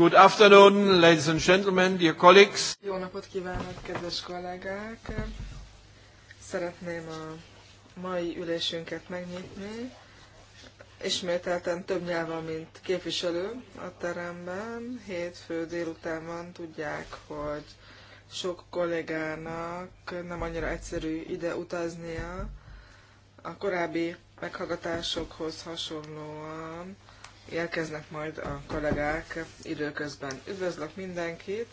Good afternoon, ladies and gentlemen, dear colleagues. Jó napot kívánok, kedves kollégák! Szeretném a mai ülésünket megnyitni. Ismételten több nyelven, mint képviselő a teremben. Hétfő délután van, tudják, hogy sok kollégának nem annyira egyszerű ide utaznia. A korábbi meghallgatásokhoz hasonlóan jelkeznek majd a kollégák időközben. Üdvözlök mindenkit,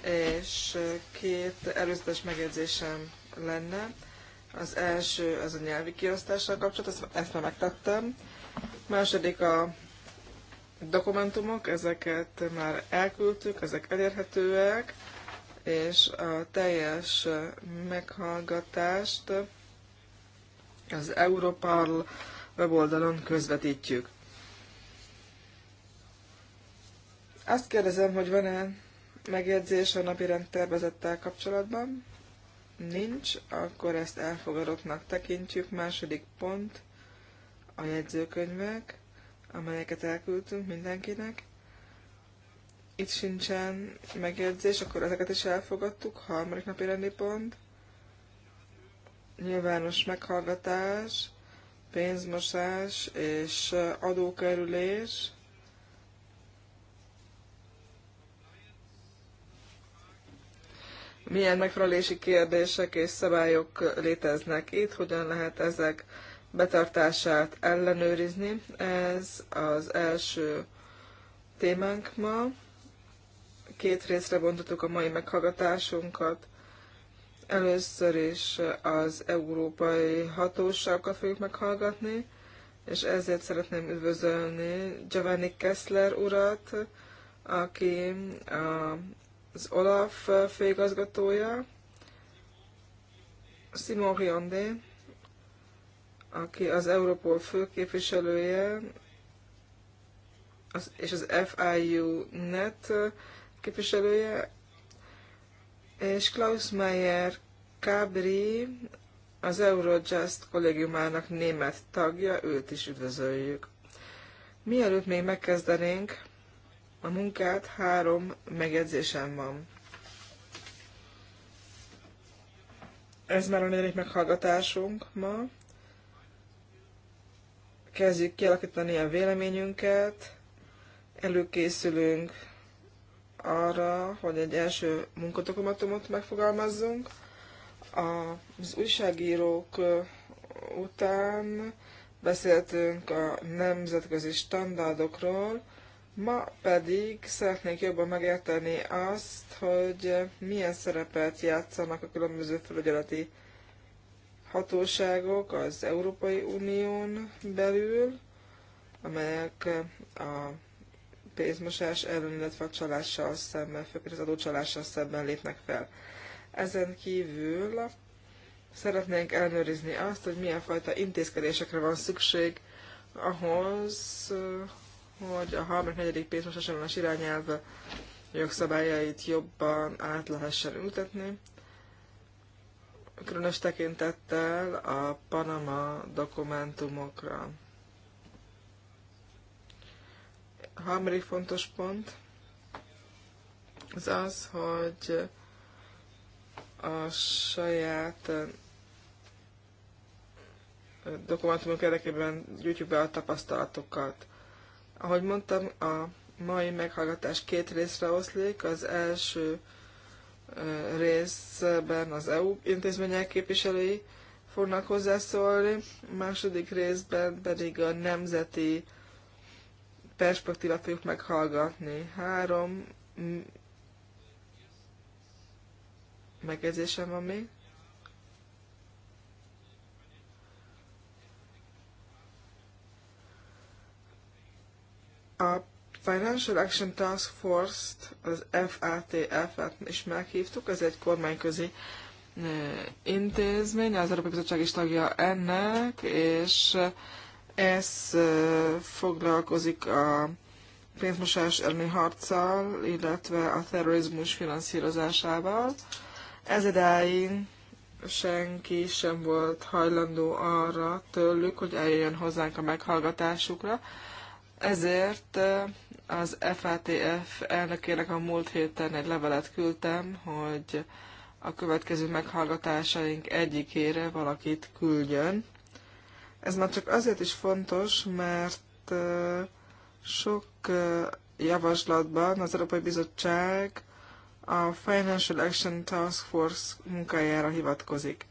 és két előzetes megjegyzésem lenne. Az első az a nyelvi kiosztással kapcsolatos, ezt, ezt már megtettem. Második a dokumentumok, ezeket már elküldtük, ezek elérhetőek, és a teljes meghallgatást az Európarl weboldalon közvetítjük. Azt kérdezem, hogy van-e megjegyzés a napi rendtervezettel kapcsolatban? Nincs, akkor ezt elfogadottnak tekintjük. Második pont a jegyzőkönyvek, amelyeket elküldtünk mindenkinek. Itt sincsen megjegyzés, akkor ezeket is elfogadtuk. Harmadik napi rendi pont. Nyilvános meghallgatás, pénzmosás és adókerülés milyen megfelelési kérdések és szabályok léteznek itt, hogyan lehet ezek betartását ellenőrizni. Ez az első témánk ma. Két részre bontottuk a mai meghallgatásunkat. Először is az európai hatóságokat fogjuk meghallgatni, és ezért szeretném üdvözölni Giovanni Kessler urat, aki a az Olaf főigazgatója, Simon Riondé, aki az Europol főképviselője, az, és az FIU Net képviselője, és Klaus Meyer Cabri, az Eurojust kollégiumának német tagja, őt is üdvözöljük. Mielőtt még megkezdenénk a munkát, három megjegyzésem van. Ez már a negyedik meghallgatásunk ma. Kezdjük kialakítani a véleményünket, előkészülünk arra, hogy egy első munkadokumentumot megfogalmazzunk. Az újságírók után beszéltünk a nemzetközi standardokról, Ma pedig szeretnénk jobban megérteni azt, hogy milyen szerepet játszanak a különböző felügyeleti hatóságok az Európai Unión belül, amelyek a pénzmosás ellen, illetve a csalással szemben, főként az adócsalással szemben lépnek fel. Ezen kívül szeretnénk ellenőrizni azt, hogy milyen fajta intézkedésekre van szükség ahhoz, hogy a harmadik, negyedik pénzmos irányelv jogszabályait jobban át lehessen ültetni. Különös tekintettel a Panama dokumentumokra. A harmadik fontos pont az az, hogy a saját dokumentumok érdekében gyűjtjük be a tapasztalatokat. Ahogy mondtam, a mai meghallgatás két részre oszlik. Az első részben az EU intézmények képviselői fognak hozzászólni, a második részben pedig a nemzeti perspektívát fogjuk meghallgatni. Három megjegyzésem van még. A Financial Action Task Force-t, az FATF-et is meghívtuk, ez egy kormányközi intézmény, az Európai Bizottság is tagja ennek, és ez foglalkozik a pénzmosás elleni harccal, illetve a terrorizmus finanszírozásával. Ez idáig senki sem volt hajlandó arra tőlük, hogy eljön hozzánk a meghallgatásukra. Ezért az FATF elnökének a múlt héten egy levelet küldtem, hogy a következő meghallgatásaink egyikére valakit küldjön. Ez már csak azért is fontos, mert sok javaslatban az Európai Bizottság a Financial Action Task Force munkájára hivatkozik.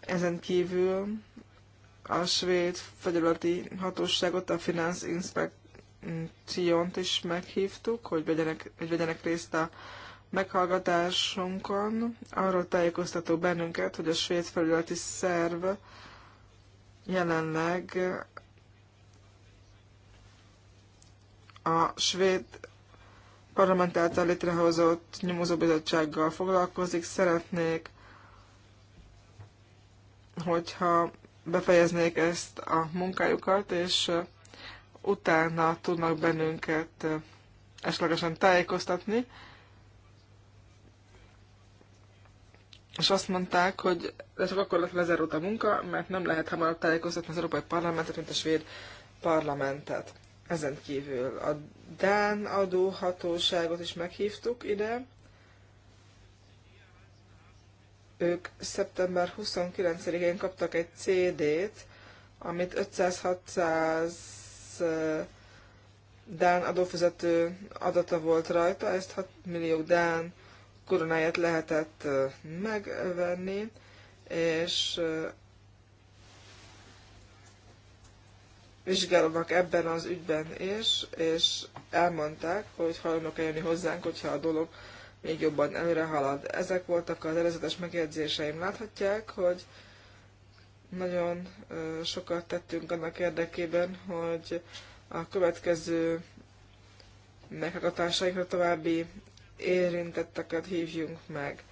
Ezen kívül a svéd fegyelati hatóságot, a finanszínspekciót is meghívtuk, hogy vegyenek, hogy vegyenek részt a meghallgatásunkon. Arról tájékoztató bennünket, hogy a svéd felületi szerv jelenleg a svéd parlament által létrehozott nyomozóbizottsággal foglalkozik. Szeretnék, hogyha befejeznék ezt a munkájukat, és utána tudnak bennünket esetlegesen tájékoztatni. És azt mondták, hogy de csak akkor lett lezárult a munka, mert nem lehet hamarabb tájékoztatni az Európai Parlamentet, mint a svéd parlamentet. Ezen kívül a Dán adóhatóságot is meghívtuk ide, ők szeptember 29-én kaptak egy CD-t, amit 500-600 Dán adófizető adata volt rajta, ezt 6 millió Dán koronáját lehetett megvenni, és vizsgálomak ebben az ügyben is, és elmondták, hogy hajlandók eljönni hozzánk, hogyha a dolog még jobban előre halad. Ezek voltak az előzetes megjegyzéseim. Láthatják, hogy nagyon sokat tettünk annak érdekében, hogy a következő meghallgatásainkra további érintetteket hívjunk meg.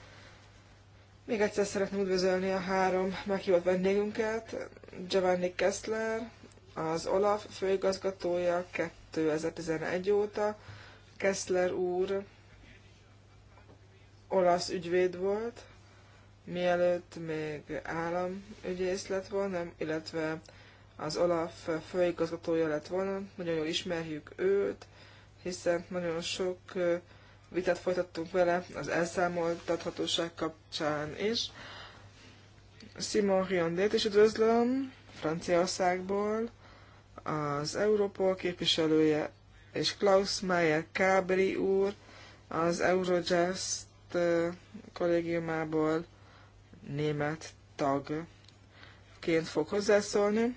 Még egyszer szeretném üdvözölni a három meghívott vendégünket, Giovanni Kessler, az Olaf főigazgatója 2011 óta, Kessler úr olasz ügyvéd volt, mielőtt még államügyész lett volna, illetve az Olaf főigazgatója lett volna. Nagyon jól ismerjük őt, hiszen nagyon sok vitát folytattunk vele az elszámoltathatóság kapcsán is. Simon Riondét is üdvözlöm Franciaországból, az Európol képviselője és Klaus Mayer Kábri úr, az Eurojust párt kollégiumából német tagként fog hozzászólni.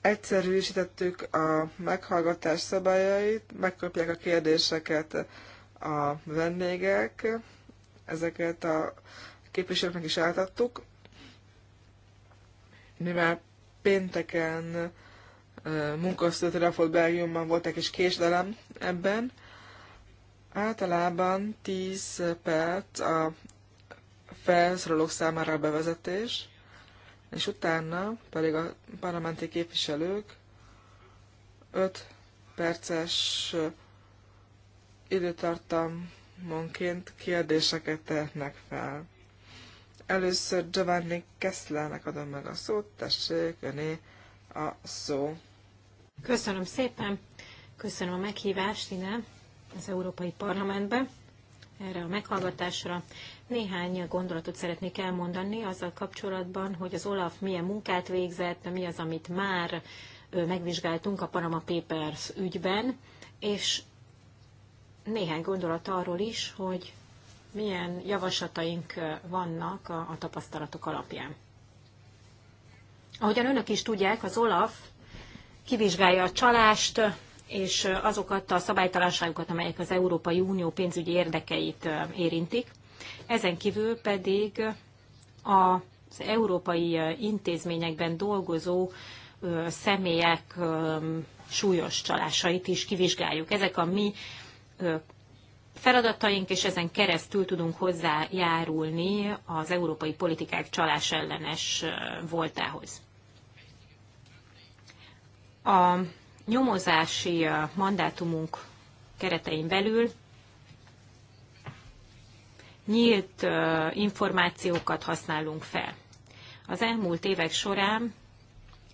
Egyszerűsítettük a meghallgatás szabályait, megkapják a kérdéseket a vendégek, ezeket a képviselőknek is átadtuk. Mivel pénteken munkaszülőtőre volt Belgiumban, volt egy kis késdelem ebben, Általában 10 perc a felszólalók számára a bevezetés, és utána pedig a parlamenti képviselők 5 perces időtartamonként kérdéseket tehetnek fel. Először Giovanni Kesslernek adom meg a szót, tessék, öné a szó. Köszönöm szépen, köszönöm a meghívást, Ine az Európai Parlamentbe erre a meghallgatásra. Néhány gondolatot szeretnék elmondani azzal kapcsolatban, hogy az Olaf milyen munkát végzett, mi az, amit már megvizsgáltunk a Panama Papers ügyben, és néhány gondolat arról is, hogy milyen javaslataink vannak a, tapasztalatok alapján. Ahogyan önök is tudják, az Olaf kivizsgálja a csalást, és azokat a szabálytalanságokat, amelyek az Európai Unió pénzügyi érdekeit érintik. Ezen kívül pedig az európai intézményekben dolgozó személyek súlyos csalásait is kivizsgáljuk. Ezek a mi feladataink, és ezen keresztül tudunk hozzájárulni az európai politikák csalás ellenes voltához. A nyomozási mandátumunk keretein belül nyílt információkat használunk fel. Az elmúlt évek során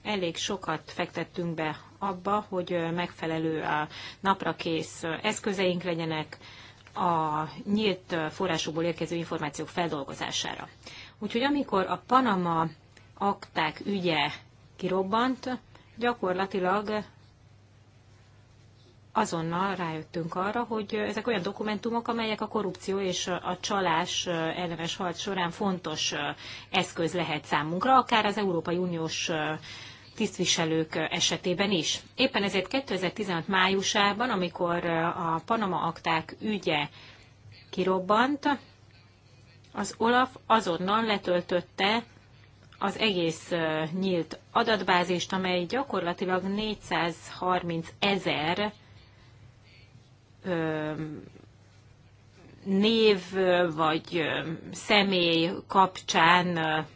elég sokat fektettünk be abba, hogy megfelelő a naprakész eszközeink legyenek a nyílt forrásokból érkező információk feldolgozására. Úgyhogy amikor a Panama akták ügye kirobbant, gyakorlatilag azonnal rájöttünk arra, hogy ezek olyan dokumentumok, amelyek a korrupció és a csalás ellenes harc során fontos eszköz lehet számunkra, akár az Európai Uniós tisztviselők esetében is. Éppen ezért 2016 májusában, amikor a Panama akták ügye kirobbant, az Olaf azonnal letöltötte az egész nyílt adatbázist, amely gyakorlatilag 430 ezer név vagy személy kapcsán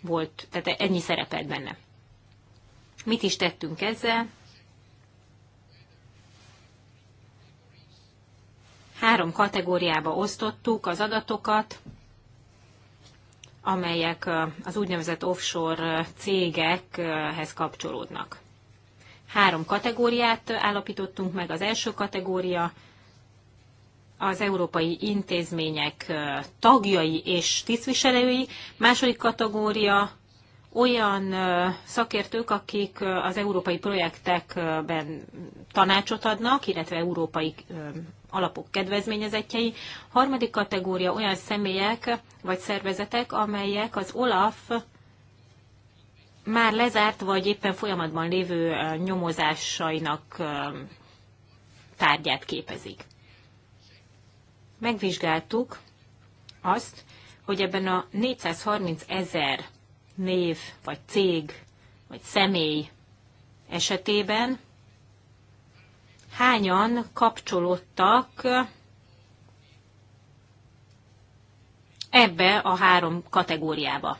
volt, tehát ennyi szerepelt benne. Mit is tettünk ezzel? Három kategóriába osztottuk az adatokat, amelyek az úgynevezett offshore cégekhez kapcsolódnak három kategóriát állapítottunk meg. Az első kategória az európai intézmények tagjai és tisztviselői, második kategória olyan szakértők, akik az európai projektekben tanácsot adnak, illetve európai alapok kedvezményezetjei. Harmadik kategória olyan személyek vagy szervezetek, amelyek az OLAF már lezárt, vagy éppen folyamatban lévő nyomozásainak tárgyát képezik. Megvizsgáltuk azt, hogy ebben a 430 ezer név, vagy cég, vagy személy esetében hányan kapcsolódtak ebbe a három kategóriába.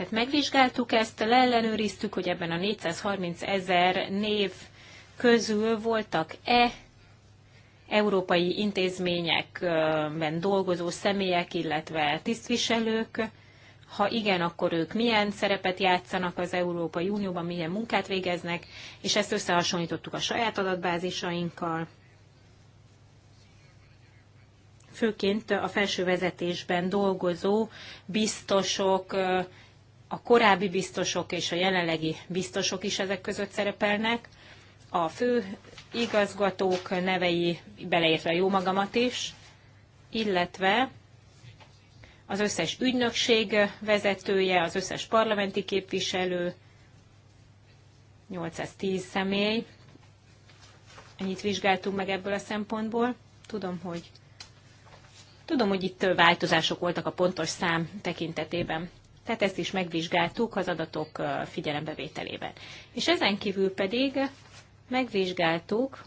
Tehát megvizsgáltuk ezt, leellenőriztük, hogy ebben a 430 ezer név közül voltak-e európai intézményekben dolgozó személyek, illetve tisztviselők. Ha igen, akkor ők milyen szerepet játszanak az Európai Unióban, milyen munkát végeznek, és ezt összehasonlítottuk a saját adatbázisainkkal. Főként a felső vezetésben dolgozó biztosok, a korábbi biztosok és a jelenlegi biztosok is ezek között szerepelnek, a fő igazgatók nevei, beleértve jó magamat is, illetve az összes ügynökség vezetője, az összes parlamenti képviselő, 810 személy. Ennyit vizsgáltunk meg ebből a szempontból. Tudom, hogy Tudom, hogy itt változások voltak a pontos szám tekintetében. Tehát ezt is megvizsgáltuk az adatok figyelembevételében. És ezen kívül pedig megvizsgáltuk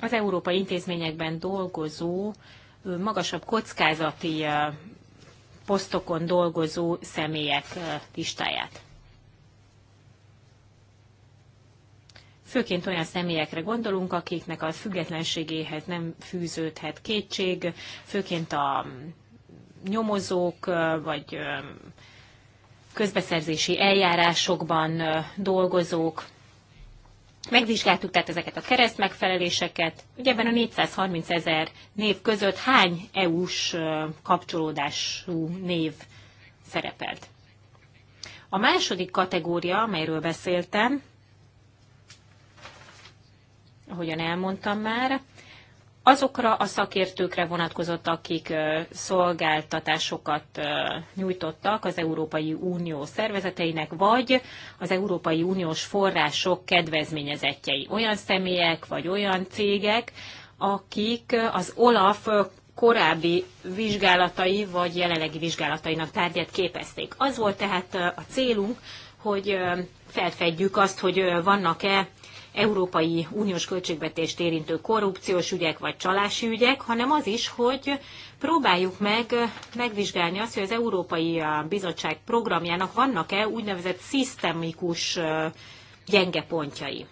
az európai intézményekben dolgozó, magasabb kockázati posztokon dolgozó személyek listáját. Főként olyan személyekre gondolunk, akiknek a függetlenségéhez nem fűződhet kétség, főként a nyomozók vagy közbeszerzési eljárásokban dolgozók. Megvizsgáltuk tehát ezeket a keresztmegfeleléseket. Ugye ebben a 430 ezer név között hány EU-s kapcsolódású név szerepelt? A második kategória, amelyről beszéltem, ahogyan elmondtam már, azokra a szakértőkre vonatkozott, akik szolgáltatásokat nyújtottak az Európai Unió szervezeteinek, vagy az Európai Uniós források kedvezményezettjei. Olyan személyek, vagy olyan cégek, akik az OLAF korábbi vizsgálatai, vagy jelenlegi vizsgálatainak tárgyát képezték. Az volt tehát a célunk, hogy felfedjük azt, hogy vannak-e Európai Uniós költségvetést érintő korrupciós ügyek vagy csalási ügyek, hanem az is, hogy próbáljuk meg megvizsgálni azt, hogy az Európai Bizottság programjának vannak-e úgynevezett szisztemikus gyenge pontjai.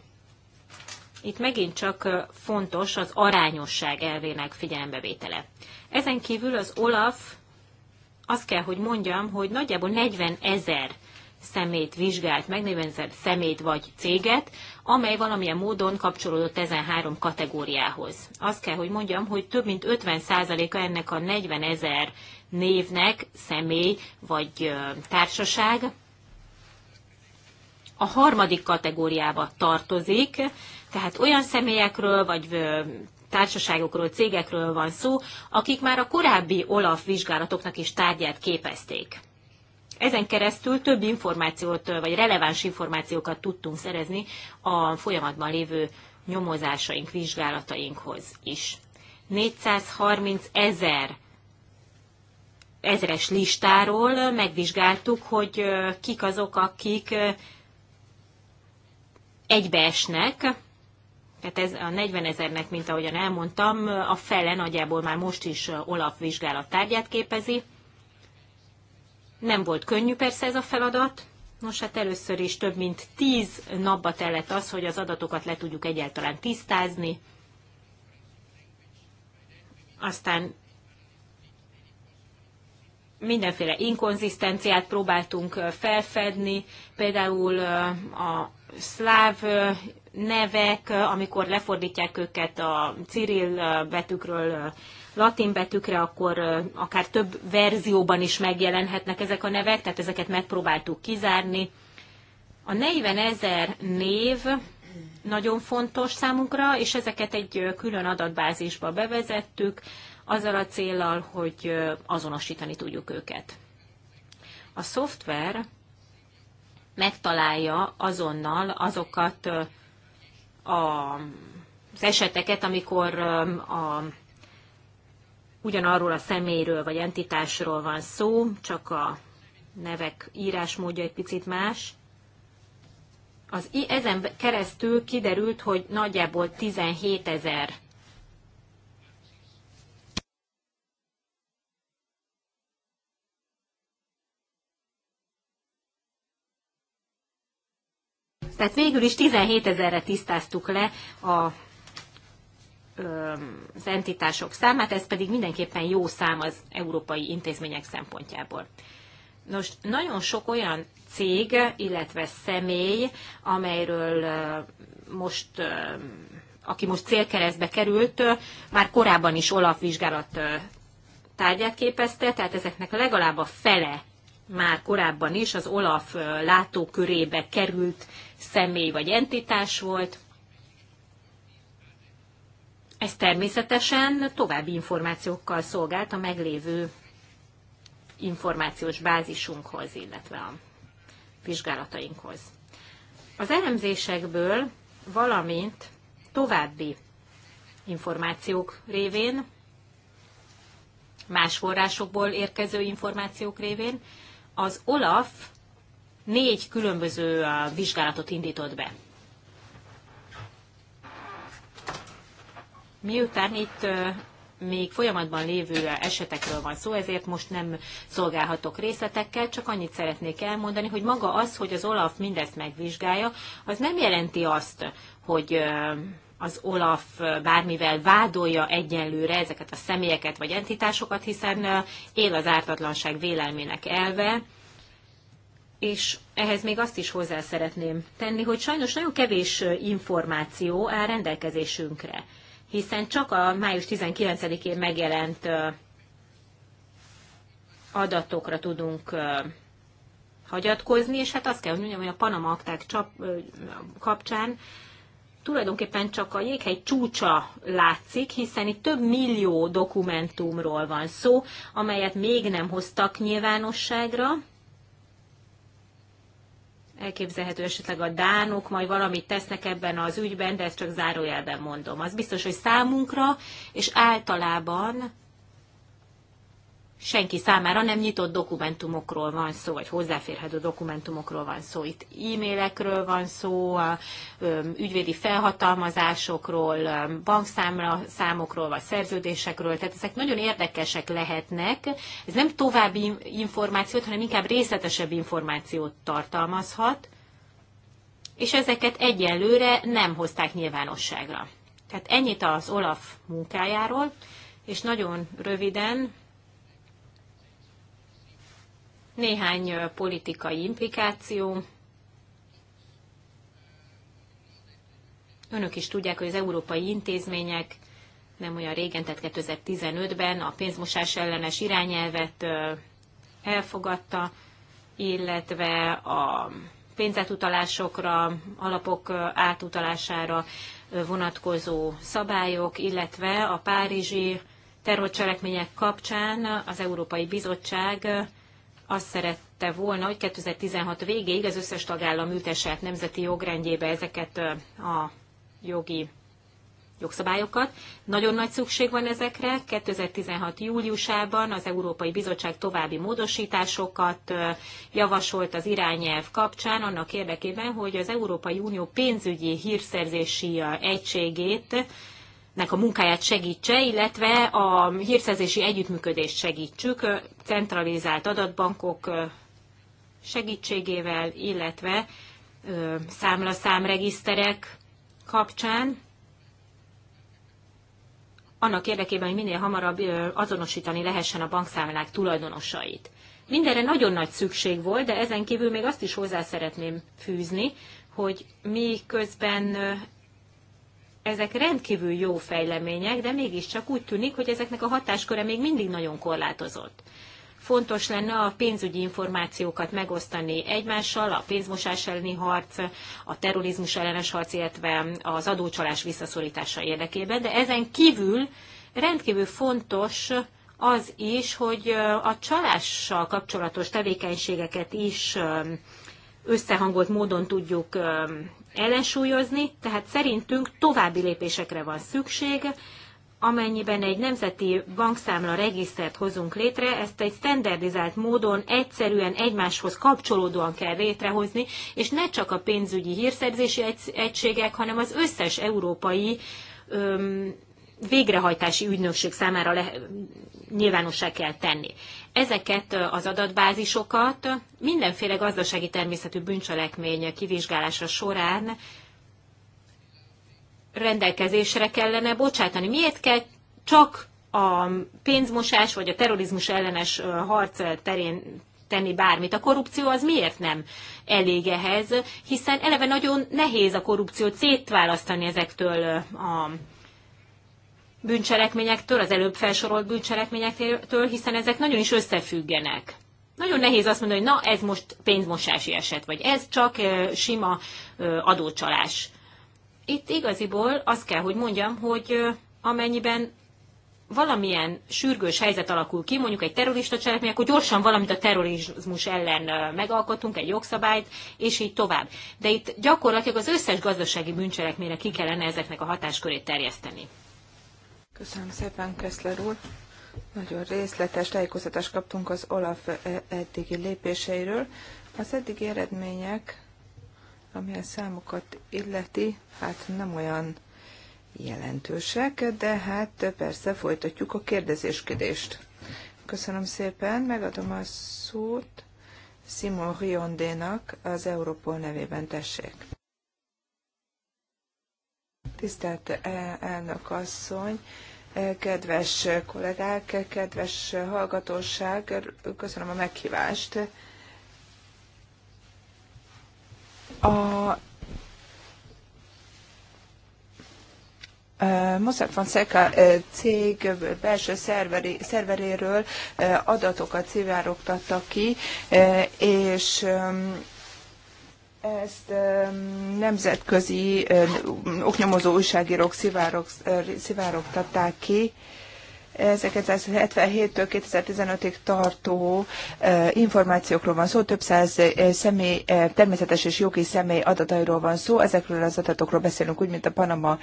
Itt megint csak fontos az arányosság elvének figyelembevétele. Ezen kívül az OLAF azt kell, hogy mondjam, hogy nagyjából 40 ezer szemét vizsgált meg, 40 ezer szemét vagy céget, amely valamilyen módon kapcsolódott ezen három kategóriához. Azt kell, hogy mondjam, hogy több mint 50%-a ennek a 40 ezer névnek személy vagy társaság a harmadik kategóriába tartozik, tehát olyan személyekről vagy társaságokról, cégekről van szó, akik már a korábbi OLAF vizsgálatoknak is tárgyát képezték. Ezen keresztül több információt, vagy releváns információkat tudtunk szerezni a folyamatban lévő nyomozásaink, vizsgálatainkhoz is. 430 ezer ezres listáról megvizsgáltuk, hogy kik azok, akik egybeesnek, tehát ez a 40 ezernek, mint ahogyan elmondtam, a fele nagyjából már most is Olaf vizsgálat tárgyát képezi, nem volt könnyű persze ez a feladat. Nos, hát először is több mint tíz napba tellett az, hogy az adatokat le tudjuk egyáltalán tisztázni. Aztán mindenféle inkonzisztenciát próbáltunk felfedni, például a szláv nevek, amikor lefordítják őket a Cyril betűkről latin betűkre, akkor akár több verzióban is megjelenhetnek ezek a nevek, tehát ezeket megpróbáltuk kizárni. A 40 ezer név nagyon fontos számunkra, és ezeket egy külön adatbázisba bevezettük, azzal a célral, hogy azonosítani tudjuk őket. A szoftver megtalálja azonnal azokat a az eseteket, amikor a ugyanarról a személyről vagy entitásról van szó, csak a nevek írásmódja egy picit más. Az, ezen keresztül kiderült, hogy nagyjából 17 ezer Tehát végül is 17 ezerre tisztáztuk le a az entitások számát, ez pedig mindenképpen jó szám az európai intézmények szempontjából. Nos, nagyon sok olyan cég, illetve személy, amelyről most, aki most célkeresztbe került, már korábban is Olaf vizsgálat tárgyát képezte, tehát ezeknek legalább a fele már korábban is az Olaf látókörébe került személy vagy entitás volt, ez természetesen további információkkal szolgált a meglévő információs bázisunkhoz, illetve a vizsgálatainkhoz. Az elemzésekből, valamint további információk révén, más forrásokból érkező információk révén, az OLAF négy különböző uh, vizsgálatot indított be. Miután itt még folyamatban lévő esetekről van szó, ezért most nem szolgálhatok részletekkel, csak annyit szeretnék elmondani, hogy maga az, hogy az Olaf mindezt megvizsgálja, az nem jelenti azt, hogy az Olaf bármivel vádolja egyenlőre ezeket a személyeket vagy entitásokat, hiszen él az ártatlanság vélelmének elve, és ehhez még azt is hozzá szeretném tenni, hogy sajnos nagyon kevés információ áll rendelkezésünkre hiszen csak a május 19-én megjelent adatokra tudunk hagyatkozni, és hát azt kell, hogy mondjam, hogy a Panama akták kapcsán tulajdonképpen csak a jéghegy csúcsa látszik, hiszen itt több millió dokumentumról van szó, amelyet még nem hoztak nyilvánosságra, elképzelhető esetleg a dánok majd valamit tesznek ebben az ügyben, de ezt csak zárójelben mondom. Az biztos, hogy számunkra és általában senki számára nem nyitott dokumentumokról van szó, vagy hozzáférhető dokumentumokról van szó. Itt e-mailekről van szó, ügyvédi felhatalmazásokról, bankszámra számokról, vagy szerződésekről. Tehát ezek nagyon érdekesek lehetnek. Ez nem további információt, hanem inkább részletesebb információt tartalmazhat, és ezeket egyelőre nem hozták nyilvánosságra. Tehát ennyit az Olaf munkájáról, és nagyon röviden néhány politikai implikáció. Önök is tudják, hogy az európai intézmények nem olyan régen, tehát 2015-ben a pénzmosás ellenes irányelvet elfogadta, illetve a pénzátutalásokra, alapok átutalására vonatkozó szabályok, illetve a párizsi terrorcselekmények kapcsán az Európai Bizottság azt szerette volna, hogy 2016 végéig az összes tagállam ültesse át nemzeti jogrendjébe ezeket a jogi jogszabályokat. Nagyon nagy szükség van ezekre. 2016. júliusában az Európai Bizottság további módosításokat javasolt az irányelv kapcsán, annak érdekében, hogy az Európai Unió pénzügyi hírszerzési egységét nek a munkáját segítse, illetve a hírszerzési együttműködést segítsük centralizált adatbankok segítségével, illetve számlaszámregiszterek kapcsán, annak érdekében, hogy minél hamarabb azonosítani lehessen a bankszámlák tulajdonosait. Mindenre nagyon nagy szükség volt, de ezen kívül még azt is hozzá szeretném fűzni, hogy mi közben ezek rendkívül jó fejlemények, de mégiscsak úgy tűnik, hogy ezeknek a hatásköre még mindig nagyon korlátozott. Fontos lenne a pénzügyi információkat megosztani egymással, a pénzmosás elleni harc, a terrorizmus ellenes harc, illetve az adócsalás visszaszorítása érdekében, de ezen kívül rendkívül fontos az is, hogy a csalással kapcsolatos tevékenységeket is összehangolt módon tudjuk ellensúlyozni, tehát szerintünk további lépésekre van szükség, amennyiben egy nemzeti bankszámla regisztert hozunk létre, ezt egy standardizált módon egyszerűen egymáshoz kapcsolódóan kell létrehozni, és ne csak a pénzügyi hírszerzési egységek, hanem az összes európai öm, végrehajtási ügynökség számára le, nyilvánossá kell tenni ezeket az adatbázisokat mindenféle gazdasági természetű bűncselekmény kivizsgálása során rendelkezésre kellene bocsátani. Miért kell csak a pénzmosás vagy a terrorizmus ellenes harc terén tenni bármit. A korrupció az miért nem elég ehhez, hiszen eleve nagyon nehéz a korrupciót szétválasztani ezektől a bűncselekményektől, az előbb felsorolt bűncselekményektől, hiszen ezek nagyon is összefüggenek. Nagyon nehéz azt mondani, hogy na ez most pénzmosási eset, vagy ez csak sima adócsalás. Itt igaziból azt kell, hogy mondjam, hogy amennyiben valamilyen sürgős helyzet alakul ki, mondjuk egy terrorista cselekmény, akkor gyorsan valamit a terrorizmus ellen megalkotunk, egy jogszabályt, és így tovább. De itt gyakorlatilag az összes gazdasági bűncselekményre ki kellene ezeknek a hatáskörét terjeszteni. Köszönöm szépen, Keszler úr. Nagyon részletes tájékoztatást kaptunk az OLAF eh, eddigi lépéseiről. Az eddigi eredmények, amilyen számokat illeti, hát nem olyan jelentősek, de hát persze folytatjuk a kérdezéskedést. Köszönöm szépen, megadom a szót Simon Riondénak az Európol nevében tessék. Tisztelt eh, elnök asszony, Kedves kollégák, kedves hallgatóság, köszönöm a meghívást. A e, Mossack Fonseca e, cég belső szerveri, szerveréről e, adatokat szivárogtattak ki, és ezt nemzetközi oknyomozó újságírók szivárogtatták ki. 1977-től 2015-ig tartó információkról van szó, több száz személy, természetes és jogi személy adatairól van szó, ezekről az adatokról beszélünk úgy, mint a Panama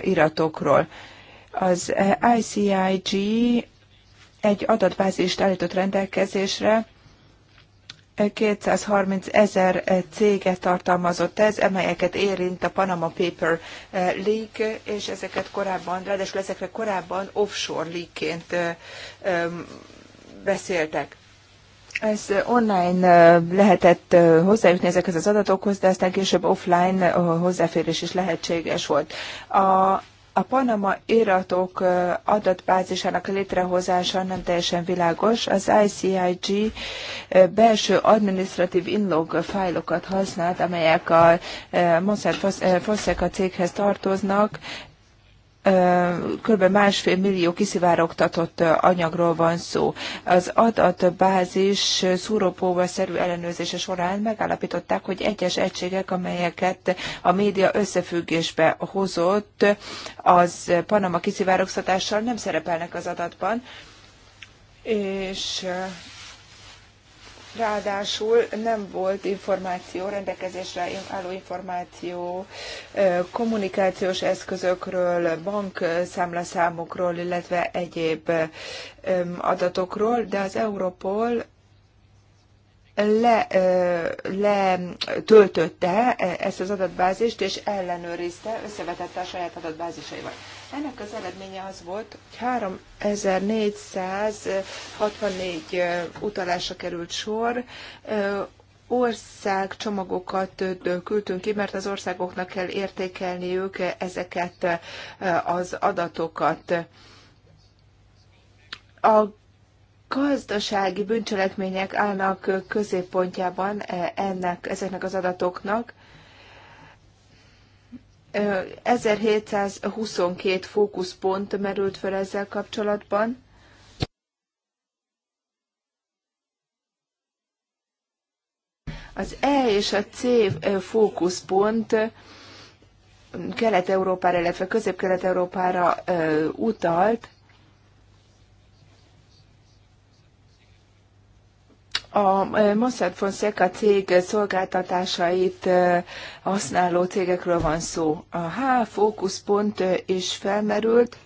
iratokról. Az ICIG egy adatbázist állított rendelkezésre, 230 ezer céget tartalmazott ez, amelyeket érint a Panama Paper eh, leak, és ezeket korábban, ráadásul ezekre korábban offshore leakként eh, beszéltek. Ez online eh, lehetett hozzájutni ezekhez az adatokhoz, de aztán később offline hozzáférés is lehetséges volt. A a Panama iratok adatbázisának létrehozása nem teljesen világos. Az ICIG belső administratív inlog fájlokat használt, amelyek a Mossad Fonseca céghez tartoznak, kb. másfél millió kiszivárogtatott anyagról van szó. Az adatbázis szúrópóval szerű ellenőrzése során megállapították, hogy egyes egységek, amelyeket a média összefüggésbe hozott, az Panama kiszivárogtatással nem szerepelnek az adatban, és Ráadásul nem volt információ, rendelkezésre álló információ kommunikációs eszközökről, bankszámlaszámokról, illetve egyéb adatokról, de az Europol le, ezt az adatbázist, és ellenőrizte, összevetette a saját adatbázisaival. Ennek az eredménye az volt, hogy 3464 utalásra került sor, ország csomagokat küldtünk ki, mert az országoknak kell értékelniük ezeket az adatokat. A gazdasági bűncselekmények állnak középpontjában eh, ennek, ezeknek az adatoknak. 1722 fókuszpont merült fel ezzel kapcsolatban. Az E és a C eh, fókuszpont eh, Kelet-Európára, illetve Közép-Kelet-Európára utalt, a e, Mossad Fonseca cég szolgáltatásait e, használó cégekről van szó. A H fókuszpont e, is felmerült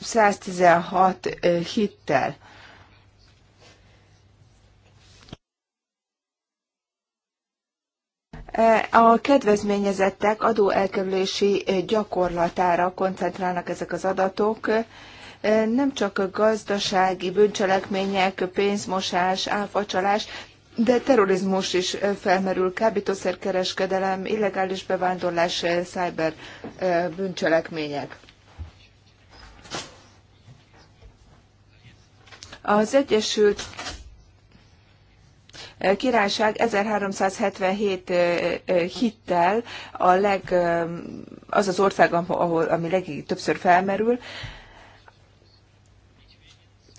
116 hittel. A kedvezményezettek adóelkerülési gyakorlatára koncentrálnak ezek az adatok nem csak a gazdasági bűncselekmények, pénzmosás, áfacsalás, de terrorizmus is felmerül, kábítószerkereskedelem, illegális bevándorlás, szájber bűncselekmények. Az Egyesült Királyság 1377 hittel a leg, az az ország, ahol, ami legtöbbször felmerül,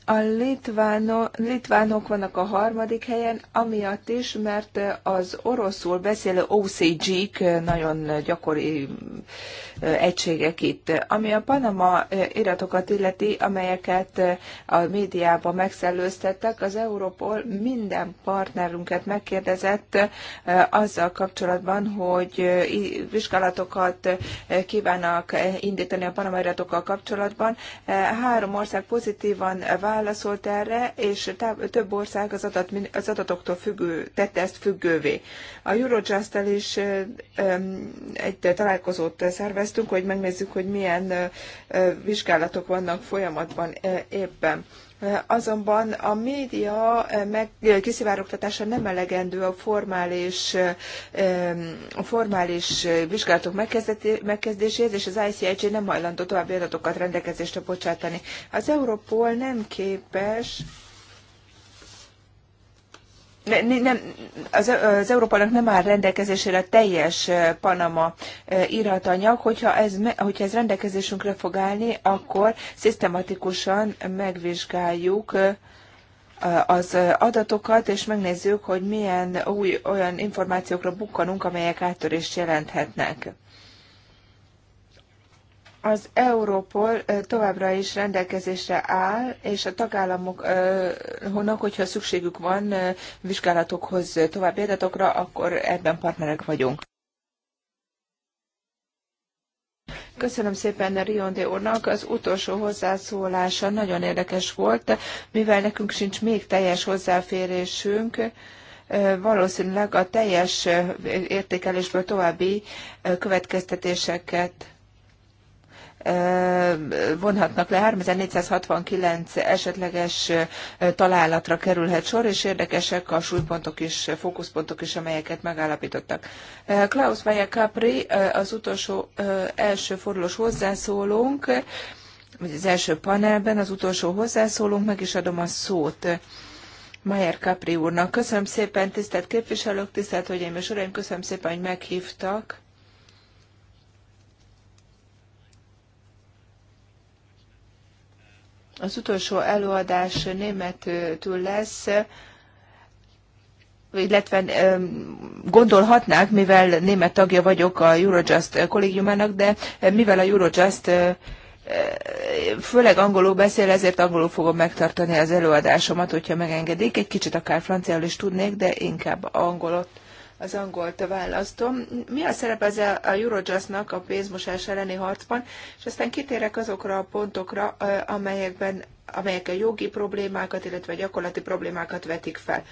a litváno, litvánok vannak a harmadik helyen, amiatt is, mert az oroszul beszélő OCG-k nagyon gyakori egységek itt. Ami a Panama iratokat illeti, amelyeket a médiában megszellőztettek, az Europol minden partnerünket megkérdezett azzal kapcsolatban, hogy vizsgálatokat kívánnak indítani a Panama iratokkal kapcsolatban. Három ország pozitívan vált válaszolt erre, és több ország az, adat, az adatoktól függő, tette ezt függővé. A eurojust is egy találkozót szerveztünk, hogy megnézzük, hogy milyen vizsgálatok vannak folyamatban éppen. Azonban a média eh, meg, eh, kiszivárogtatása nem elegendő a formális, eh, a formális vizsgálatok megkezdéséhez, és az ICIG nem hajlandó további adatokat rendelkezésre bocsátani. Az Europol nem képes ne, nem, az, az Európának nem áll rendelkezésére teljes Panama iratanyag, hogyha ez, hogyha ez rendelkezésünkre fog állni, akkor szisztematikusan megvizsgáljuk az adatokat, és megnézzük, hogy milyen új olyan információkra bukkanunk, amelyek áttörést jelenthetnek. Az Europol továbbra is rendelkezésre áll, és a tagállamoknak, hogyha szükségük van vizsgálatokhoz további adatokra, akkor ebben partnerek vagyunk. Köszönöm szépen Riondé úrnak, az utolsó hozzászólása nagyon érdekes volt, mivel nekünk sincs még teljes hozzáférésünk, valószínűleg a teljes értékelésből további következtetéseket vonhatnak le. 3469 esetleges találatra kerülhet sor, és érdekesek a súlypontok is, fókuszpontok is, amelyeket megállapítottak. Klaus Maja Capri, az utolsó első fordulós hozzászólónk, vagy az első panelben az utolsó hozzászólónk, meg is adom a szót. Mayer Capri úrnak. Köszönöm szépen, tisztelt képviselők, tisztelt hölgyeim és uraim, köszönöm szépen, hogy meghívtak. Az utolsó előadás németül lesz, illetve gondolhatnák, mivel német tagja vagyok a Eurojust kollégiumának, de mivel a Eurojust főleg angolul beszél, ezért angolul fogom megtartani az előadásomat, hogyha megengedik. Egy kicsit akár franciául is tudnék, de inkább angolot az angolt választom. Mi a szerep ez a Eurojustnak a pénzmosás elleni harcban, és aztán kitérek azokra a pontokra, amelyekben, amelyek a jogi problémákat, illetve gyakorlati problémákat vetik fel.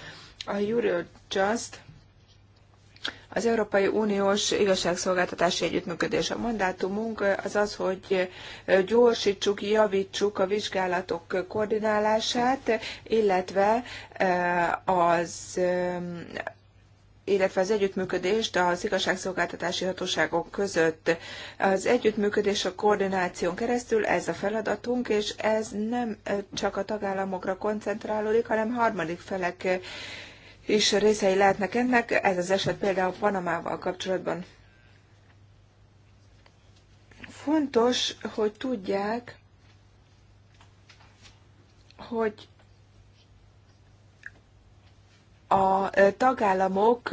A Eurojust az Európai Uniós igazságszolgáltatási együttműködés. A mandátumunk az az, hogy gyorsítsuk, javítsuk a vizsgálatok koordinálását, illetve az illetve az együttműködést az igazságszolgáltatási hatóságok között. Az együttműködés a koordináción keresztül ez a feladatunk, és ez nem csak a tagállamokra koncentrálódik, hanem harmadik felek is részei lehetnek ennek. Ez az eset például Panamával kapcsolatban. Fontos, hogy tudják, hogy a tagállamok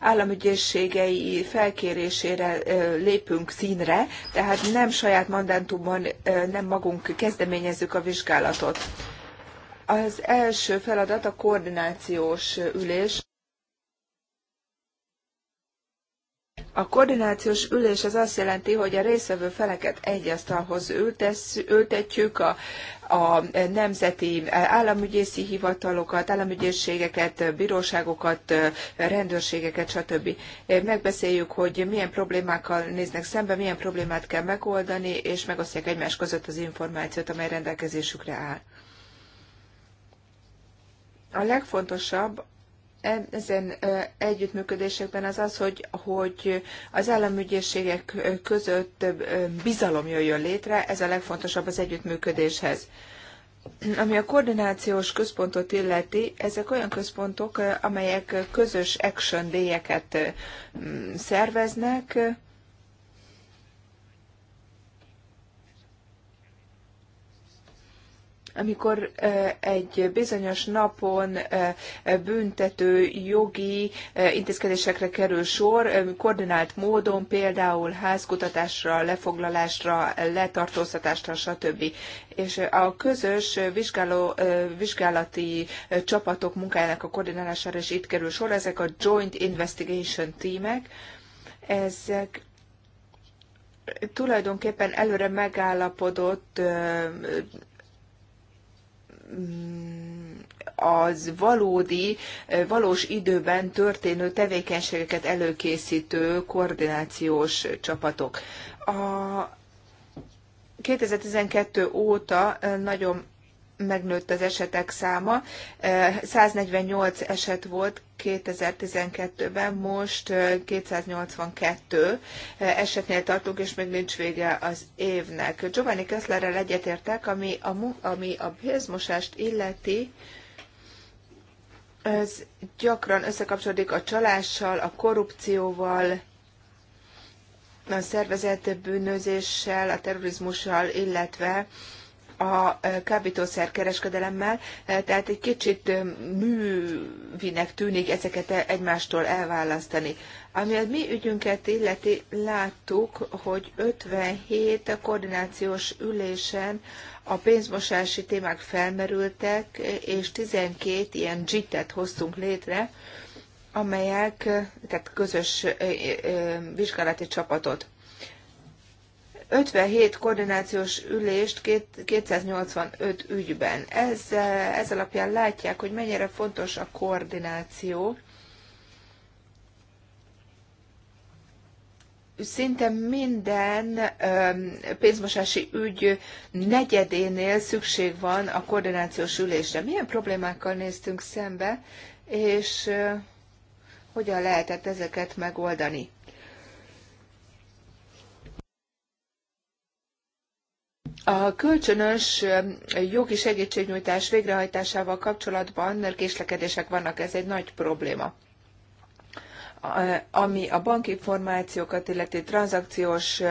államügyészségei felkérésére lépünk színre, tehát nem saját mandátumban nem magunk kezdeményezzük a vizsgálatot. Az első feladat a koordinációs ülés. A koordinációs ülés az azt jelenti, hogy a részvevő feleket egy asztalhoz ültesz, ültetjük, a, a nemzeti államügyészi hivatalokat, államügyészségeket, bíróságokat, rendőrségeket, stb. Megbeszéljük, hogy milyen problémákkal néznek szembe, milyen problémát kell megoldani, és megosztják egymás között az információt, amely rendelkezésükre áll. A legfontosabb ezen együttműködésekben az az, hogy, hogy az államügyészségek között bizalom jöjjön létre, ez a legfontosabb az együttműködéshez. Ami a koordinációs központot illeti, ezek olyan központok, amelyek közös action déjeket szerveznek, amikor egy bizonyos napon büntető jogi intézkedésekre kerül sor, koordinált módon, például házkutatásra, lefoglalásra, letartóztatásra, stb. És a közös vizsgáló, vizsgálati csapatok munkájának a koordinálására is itt kerül sor, ezek a Joint Investigation Teamek, ezek tulajdonképpen előre megállapodott Mm, az valódi, valós időben történő tevékenységeket előkészítő koordinációs csapatok. A 2012 óta nagyon megnőtt az esetek száma. 148 eset volt 2012-ben, most 282 esetnél tartunk, és még nincs vége az évnek. Giovanni Kesslerrel egyetértek, ami a, ami a pénzmosást illeti, ez gyakran összekapcsolódik a csalással, a korrupcióval, a szervezett bűnözéssel, a terrorizmussal, illetve a kábítószerkereskedelemmel, e, tehát egy kicsit e, művinek tűnik ezeket e, egymástól elválasztani. Ami a mi ügyünket illeti, láttuk, hogy 57 koordinációs ülésen a pénzmosási témák felmerültek, és 12 ilyen jit hoztunk létre, amelyek, tehát közös vizsgálati csapatot 57 koordinációs ülést 285 ügyben. Ez, eh, ez alapján látják, hogy mennyire fontos a koordináció. Szinte minden pénzmosási ügy negyedénél szükség van a koordinációs ülésre. Milyen problémákkal néztünk szembe, és eh, hogyan lehetett ezeket megoldani? A kölcsönös jogi segítségnyújtás végrehajtásával kapcsolatban késlekedések vannak, ez egy nagy probléma ami a bankinformációkat illeti, tranzakciós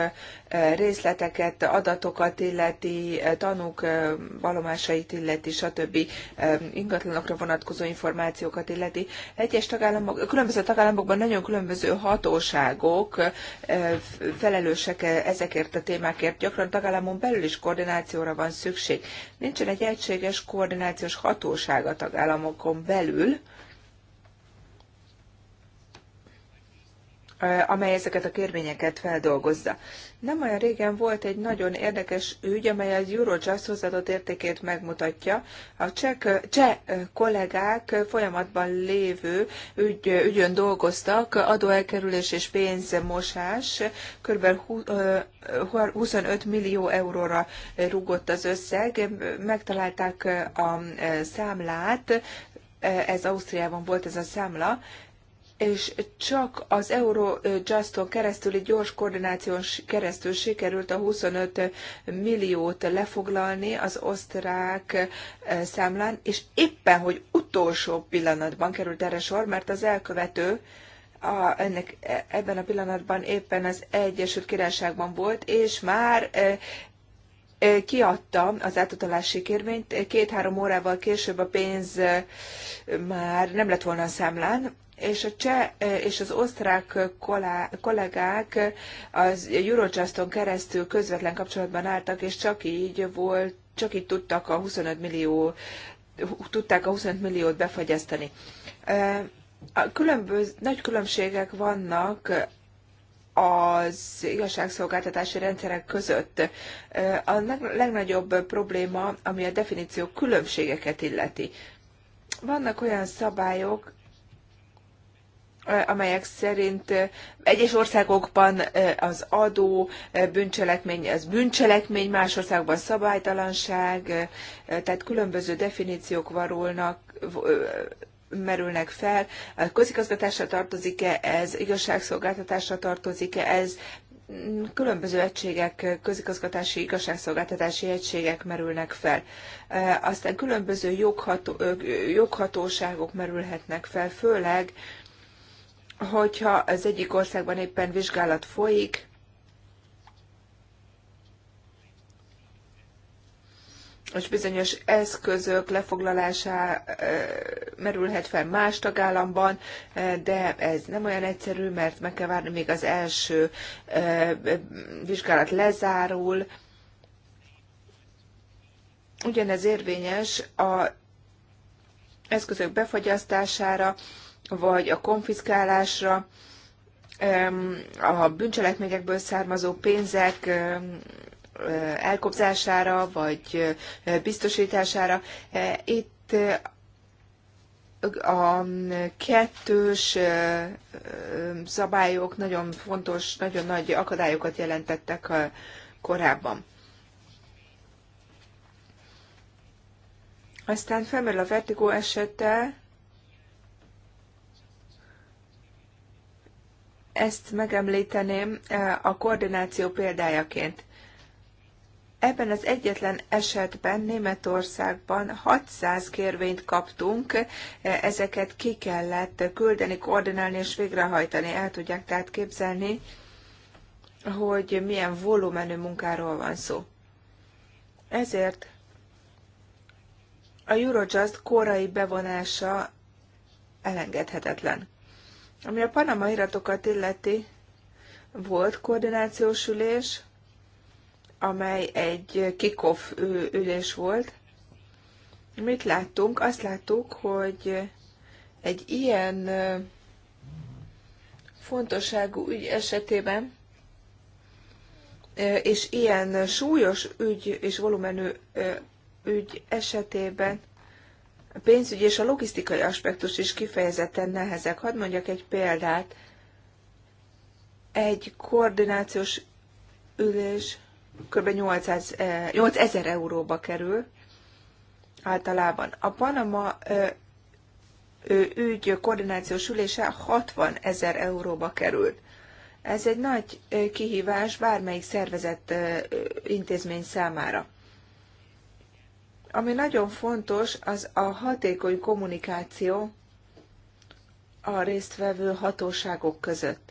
részleteket, adatokat illeti, tanúk valomásait illeti, stb. ingatlanokra vonatkozó információkat illeti. Egyes tagállamok, különböző tagállamokban nagyon különböző hatóságok felelősek e, ezekért a témákért. Gyakran tagállamon belül is koordinációra van szükség. Nincsen egy egységes koordinációs hatóság a tagállamokon belül, amely ezeket a kérvényeket feldolgozza. Nem olyan régen volt egy nagyon érdekes ügy, amely az Eurojust hozzáadott értékét megmutatja. A cseh, cseh kollégák folyamatban lévő ügy, ügyön dolgoztak, adóelkerülés és pénzmosás, kb. 25 millió euróra rugott az összeg, megtalálták a számlát, ez Ausztriában volt ez a számla, és csak az Eurojuston keresztüli gyors koordináción keresztül sikerült a 25 milliót lefoglalni az osztrák eh, számlán, és éppen, hogy utolsó pillanatban került erre sor, mert az elkövető a, ennek, e, ebben a pillanatban éppen az Egyesült Királyságban volt, és már eh, eh, kiadta az átutalási kérvényt, két-három órával később a pénz már nem lett volna a számlán, és a cseh és az osztrák kollégák az Eurojuston keresztül közvetlen kapcsolatban álltak, és csak így volt, csak így tudtak a 25 millió, tudták a 25 milliót befagyasztani. A különböz, nagy különbségek vannak az igazságszolgáltatási rendszerek között. A legnagyobb probléma, ami a definíció különbségeket illeti. Vannak olyan szabályok, amelyek szerint egyes országokban az adó bűncselekmény, az bűncselekmény, más országban szabálytalanság, tehát különböző definíciók varulnak, merülnek fel. A közigazgatásra tartozik-e ez, igazságszolgáltatásra tartozik-e ez, különböző egységek, közigazgatási, igazságszolgáltatási egységek merülnek fel. Aztán különböző jogható, joghatóságok merülhetnek fel, főleg hogyha az egyik országban éppen vizsgálat folyik, és bizonyos eszközök e, merülhet fel más tagállamban, de ez nem olyan egyszerű, mert meg kell várni, még az első vizsgálat lezárul. Ugyanez érvényes a eszközök befagyasztására, vagy a konfiszkálásra, a bűncselekményekből származó pénzek eh, elkobzására, vagy eh, biztosítására. Eh, itt a mm, kettős szabályok nagyon fontos, nagyon nagy akadályokat jelentettek korábban. Aztán felmerül a vertigó esete, ezt megemlíteném eh, a koordináció példájaként. Ebben az egyetlen esetben Németországban 600 kérvényt kaptunk, eh, ezeket ki kellett küldeni, koordinálni és végrehajtani. El tudják tehát képzelni, hogy milyen volumenű munkáról van szó. Ezért a Eurojust korai bevonása elengedhetetlen. Ami a Panama iratokat illeti, volt koordinációs ülés, amely egy kikoff ülés volt. Mit láttunk? Azt láttuk, hogy egy ilyen fontosságú ügy esetében, és ilyen súlyos ügy és volumenű ügy esetében pénzügyi és a logisztikai aspektus is kifejezetten nehezek. Hadd mondjak egy példát. Egy koordinációs ülés kb. 8000 eh, euróba kerül általában. A Panama eh, ügy koordinációs ülése 60 ezer euróba került. Ez egy nagy eh, kihívás bármelyik szervezett intézmény számára. Ami nagyon fontos, az a hatékony kommunikáció a résztvevő hatóságok között.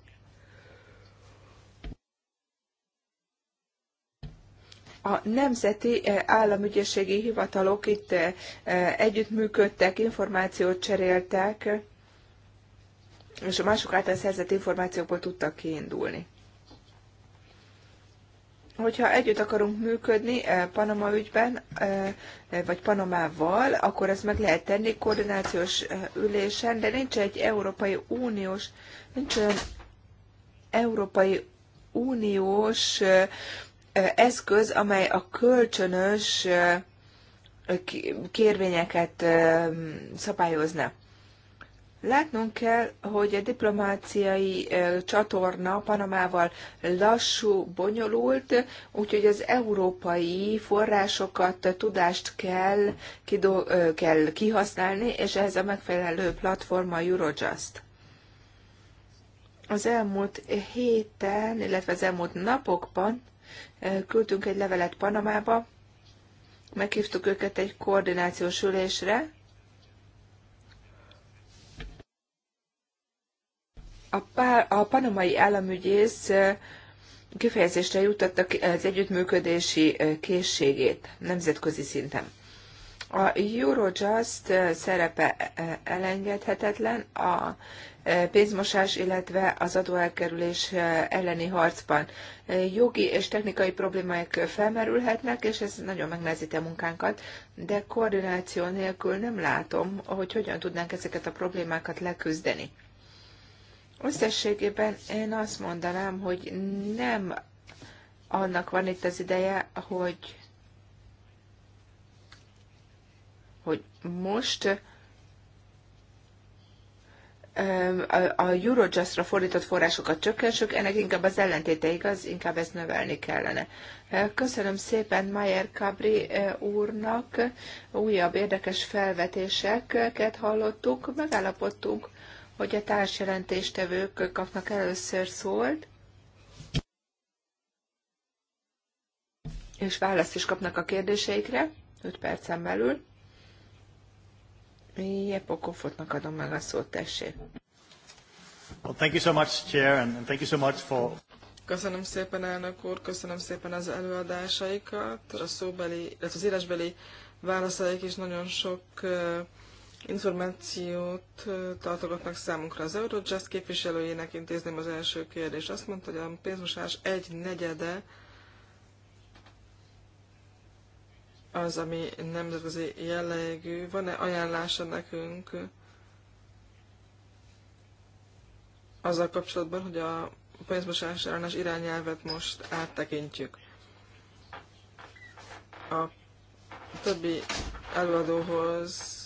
a nemzeti eh, államügyészségi hivatalok itt eh, eh, együttműködtek, információt cseréltek, és a mások által szerzett információkból tudtak kiindulni hogyha együtt akarunk működni eh, Panama ügyben, eh, eh, vagy Panamával, akkor ezt meg lehet tenni koordinációs ülésen, de nincs egy Európai Uniós, nincs olyan Európai Uniós eszköz, amely a kölcsönös kérvényeket szabályozna. Látnunk kell, hogy a diplomáciai csatorna Panamával lassú, bonyolult, úgyhogy az európai forrásokat, tudást kell, kido, kell kihasználni, és ehhez a megfelelő platforma Eurojust. Az elmúlt héten, illetve az elmúlt napokban küldtünk egy levelet Panamába, meghívtuk őket egy koordinációs ülésre, a, panamai államügyész kifejezésre juttatta az együttműködési készségét nemzetközi szinten. A Eurojust szerepe elengedhetetlen a pénzmosás, illetve az adóelkerülés elleni harcban. Jogi és technikai problémák felmerülhetnek, és ez nagyon megnehezíti a munkánkat, de koordináció nélkül nem látom, hogy hogyan tudnánk ezeket a problémákat leküzdeni. Összességében én azt mondanám, hogy nem annak van itt az ideje, hogy, hogy most a Eurojustra fordított forrásokat csökkensük, ennek inkább az ellentéte igaz, inkább ezt növelni kellene. Köszönöm szépen Mayer Cabri úrnak, újabb érdekes felvetéseket hallottuk, megállapodtunk hogy a társjelentéstevők kapnak először szólt, és választ is kapnak a kérdéseikre, 5 percen belül. Jepo Kofotnak adom meg a szót, tessék. Well, thank you so much, Chair, and thank you so much for... Köszönöm szépen, elnök úr, köszönöm szépen az előadásaikat, a szóbeli, illetve az írásbeli válaszaik is nagyon sok információt tartogatnak számunkra az Eurojust képviselőjének intézném az első kérdés. Azt mondta, hogy a pénzmosás egy negyede az, ami nemzetközi jellegű. Van-e ajánlása nekünk azzal kapcsolatban, hogy a pénzmosás ellenes irányelvet most áttekintjük? A többi előadóhoz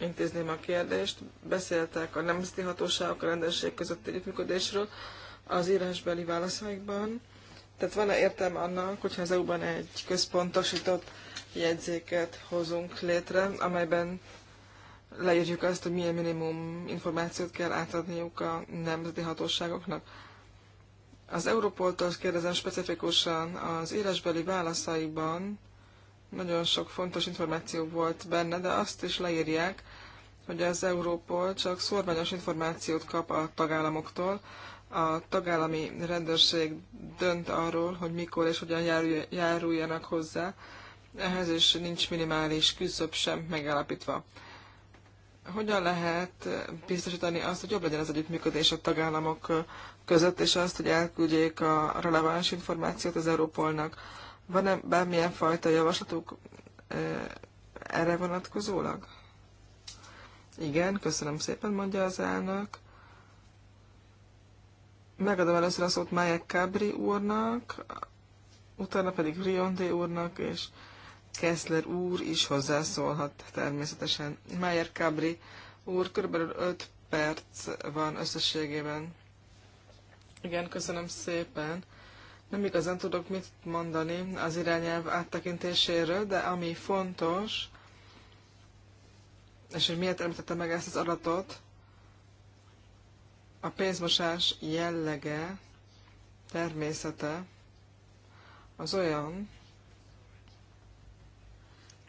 intézném a kérdést. Beszéltek a nemzeti hatóságok, a rendőrség közötti együttműködésről az írásbeli válaszaikban. Tehát van-e értelme annak, hogyha az EU-ban egy központosított jegyzéket hozunk létre, amelyben leírjuk azt, hogy milyen minimum információt kell átadniuk a nemzeti hatóságoknak. Az Európoltól kérdezem specifikusan az írásbeli válaszaiban nagyon sok fontos információ volt benne, de azt is leírják, hogy az Európol csak szorványos információt kap a tagállamoktól. A tagállami rendőrség dönt arról, hogy mikor és hogyan járuljanak hozzá. Ehhez is nincs minimális küszöb sem megállapítva. Hogyan lehet biztosítani azt, hogy jobb legyen az együttműködés a tagállamok között, és azt, hogy elküldjék a releváns információt az Európolnak? Van-e bármilyen fajta javaslatuk erre vonatkozólag? Igen, köszönöm szépen, mondja az elnök. Megadom először a szót Májek Kábri úrnak, utána pedig Rionde úrnak, és Kessler úr is hozzászólhat természetesen. Májer Kábri úr, körülbelül 5 perc van összességében. Igen, köszönöm szépen. Nem igazán tudok mit mondani az irányelv áttekintéséről, de ami fontos, és hogy miért említette meg ezt az adatot, a pénzmosás jellege, természete az olyan,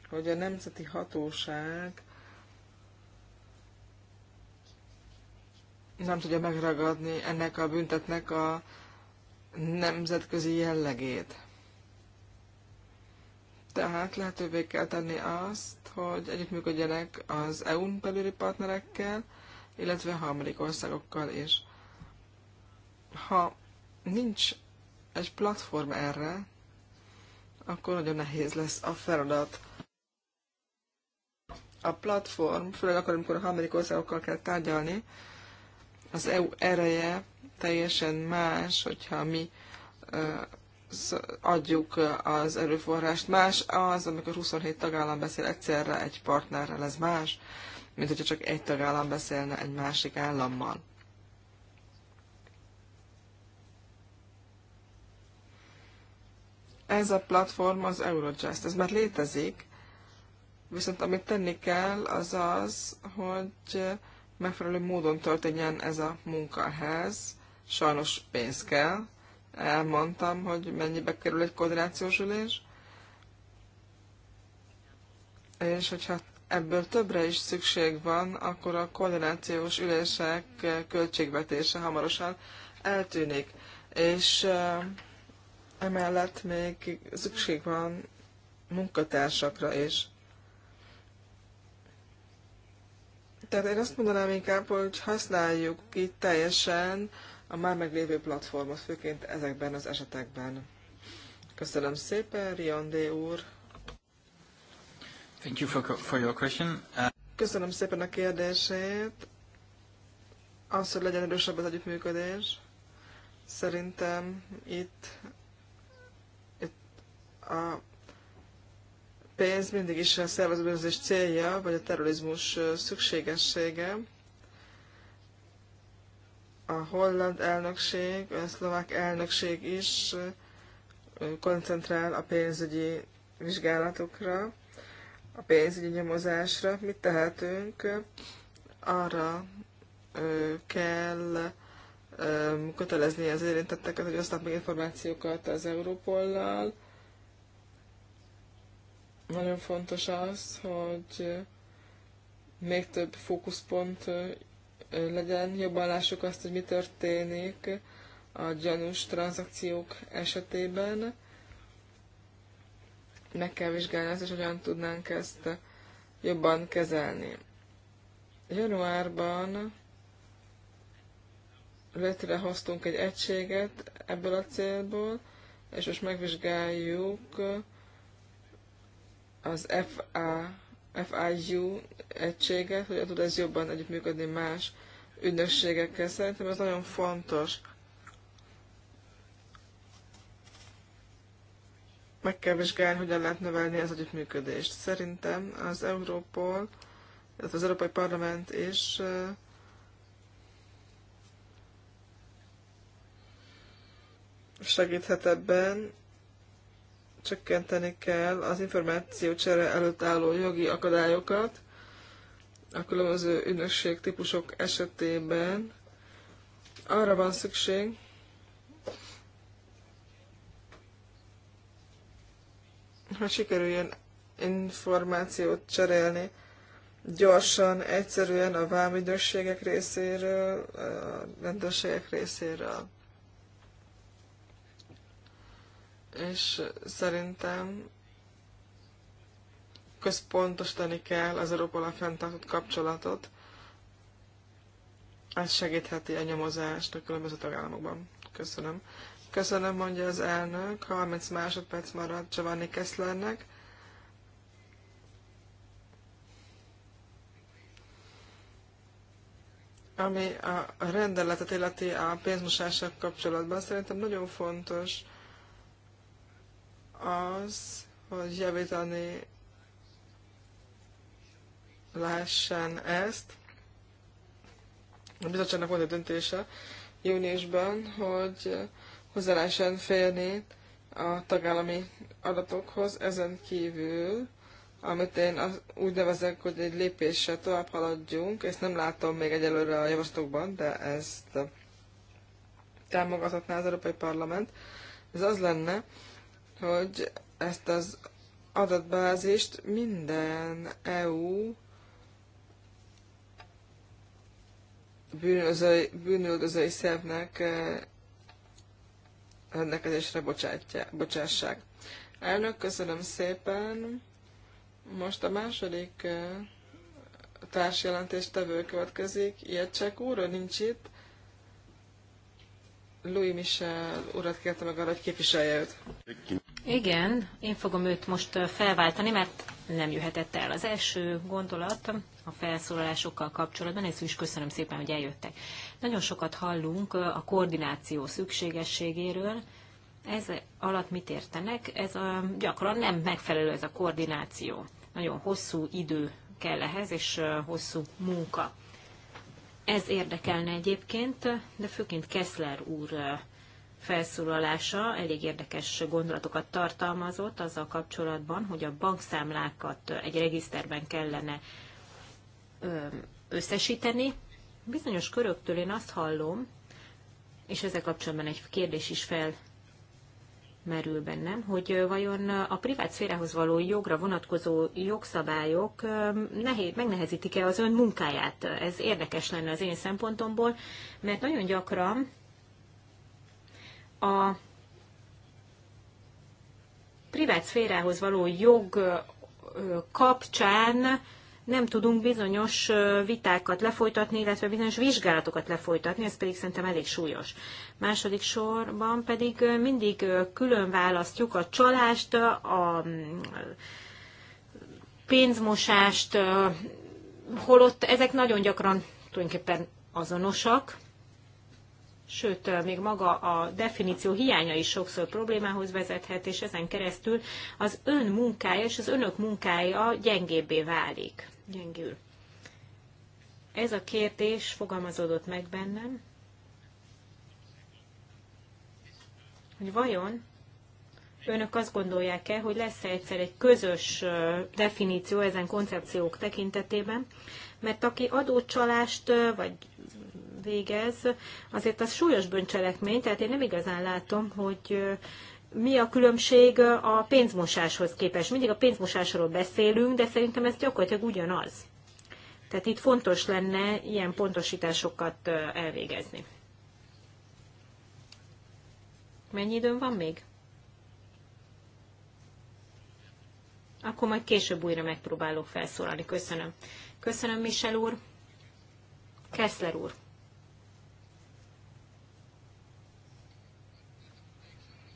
hogy a nemzeti hatóság nem tudja megragadni ennek a büntetnek a nemzetközi jellegét. Tehát lehetővé kell tenni azt, hogy együttműködjenek az EU-n belüli partnerekkel, illetve harmadik országokkal is. Ha nincs egy platform erre, akkor nagyon nehéz lesz a feladat. A platform, főleg akkor, amikor a harmadik országokkal kell tárgyalni, az EU ereje teljesen más, hogyha mi adjuk az erőforrást. Más az, amikor 27 tagállam beszél egyszerre egy partnerrel, ez más, mint hogyha csak egy tagállam beszélne egy másik állammal. Ez a platform az Eurojust, ez már létezik, viszont amit tenni kell, az az, hogy megfelelő módon történjen ez a munkahez. Sajnos pénz kell. Elmondtam, hogy mennyibe kerül egy koordinációs ülés. És hogyha ebből többre is szükség van, akkor a koordinációs ülések költségvetése hamarosan eltűnik. És emellett még szükség van munkatársakra is. Tehát én azt mondanám inkább, hogy használjuk ki teljesen a már meglévő platformot, főként ezekben az esetekben. Köszönöm szépen, Riandé úr. Thank you for, for your question. Uh... Köszönöm szépen a kérdését. Az, hogy legyen erősebb az együttműködés. Szerintem itt, itt a pénz mindig is a szervezetbűnözés célja, vagy a terrorizmus szükségessége. A holland elnökség, a szlovák elnökség is koncentrál a pénzügyi vizsgálatokra, a pénzügyi nyomozásra. Mit tehetünk? Arra kell kötelezni az érintetteket, hogy osztanak meg információkat az Európollal, nagyon fontos az, hogy még több fókuszpont legyen, jobban lássuk azt, hogy mi történik a gyanús tranzakciók esetében. Meg kell vizsgálni azt, és hogyan tudnánk ezt jobban kezelni. Januárban létrehoztunk egy egységet ebből a célból, és most megvizsgáljuk az FA, FIU egységet, hogy tud ez jobban együttműködni más ügynökségekkel. Szerintem ez nagyon fontos. Meg kell vizsgálni, hogyan lehet növelni az együttműködést. Szerintem az Európol, illetve az Európai Parlament is segíthet ebben, csökkenteni kell az információcsere előtt álló jogi akadályokat a különböző ügynökség típusok esetében. Arra van szükség, hogy sikerüljön információt cserélni gyorsan, egyszerűen a vámügynökségek részéről, a rendőrségek részéről. és szerintem központosítani kell az Európa fenntartott kapcsolatot, ez segítheti a nyomozást a különböző tagállamokban. Köszönöm. Köszönöm, mondja az elnök. 30 másodperc maradt Giovanni Kesslernek. Ami a rendeletet illeti a pénzmosással kapcsolatban, szerintem nagyon fontos az, hogy javítani lehessen ezt. A bizottságnak volt egy döntése júniusban, hogy hozzá lehessen férni a tagállami adatokhoz, ezen kívül, amit én az, úgy nevezek, hogy egy lépéssel tovább haladjunk, ezt nem látom még egyelőre a javaslatokban, de ezt támogathatná az Európai Parlament, ez az lenne, hogy ezt az adatbázist minden EU bűnözői, bűnözői szervnek eh, rendelkezésre bocsássák. Elnök, köszönöm szépen. Most a második eh, társjelentéstevő következik. Ilyet csak úr, nincs itt. Louis Michel urat kérte meg arra, hogy képviselje őt. Igen, én fogom őt most felváltani, mert nem jöhetett el. Az első gondolat a felszólalásokkal kapcsolatban, ezt is köszönöm szépen, hogy eljöttek. Nagyon sokat hallunk a koordináció szükségességéről. Ez alatt mit értenek? Ez a, gyakran nem megfelelő ez a koordináció. Nagyon hosszú idő kell ehhez, és hosszú munka. Ez érdekelne egyébként, de főként Kessler úr felszólalása elég érdekes gondolatokat tartalmazott azzal kapcsolatban, hogy a bankszámlákat egy regiszterben kellene összesíteni. Bizonyos köröktől én azt hallom, és ezzel kapcsolatban egy kérdés is fel merül bennem, hogy vajon a privát szférához való jogra vonatkozó jogszabályok nehéz, megnehezítik-e az ön munkáját. Ez érdekes lenne az én szempontomból, mert nagyon gyakran a privát szférához való jog kapcsán nem tudunk bizonyos vitákat lefolytatni, illetve bizonyos vizsgálatokat lefolytatni, ez pedig szerintem elég súlyos. Második sorban pedig mindig külön választjuk a csalást, a pénzmosást, holott ezek nagyon gyakran tulajdonképpen azonosak, sőt, még maga a definíció hiánya is sokszor problémához vezethet, és ezen keresztül az ön munkája és az önök munkája gyengébbé válik, gyengül. Ez a kérdés fogalmazódott meg bennem, hogy vajon önök azt gondolják-e, hogy lesz -e egyszer egy közös definíció ezen koncepciók tekintetében, mert aki adócsalást vagy végez, azért az súlyos bűncselekmény, tehát én nem igazán látom, hogy mi a különbség a pénzmosáshoz képest. Mindig a pénzmosásról beszélünk, de szerintem ez gyakorlatilag ugyanaz. Tehát itt fontos lenne ilyen pontosításokat elvégezni. Mennyi időn van még? Akkor majd később újra megpróbálok felszólalni. Köszönöm. Köszönöm, Michel úr. Kessler úr.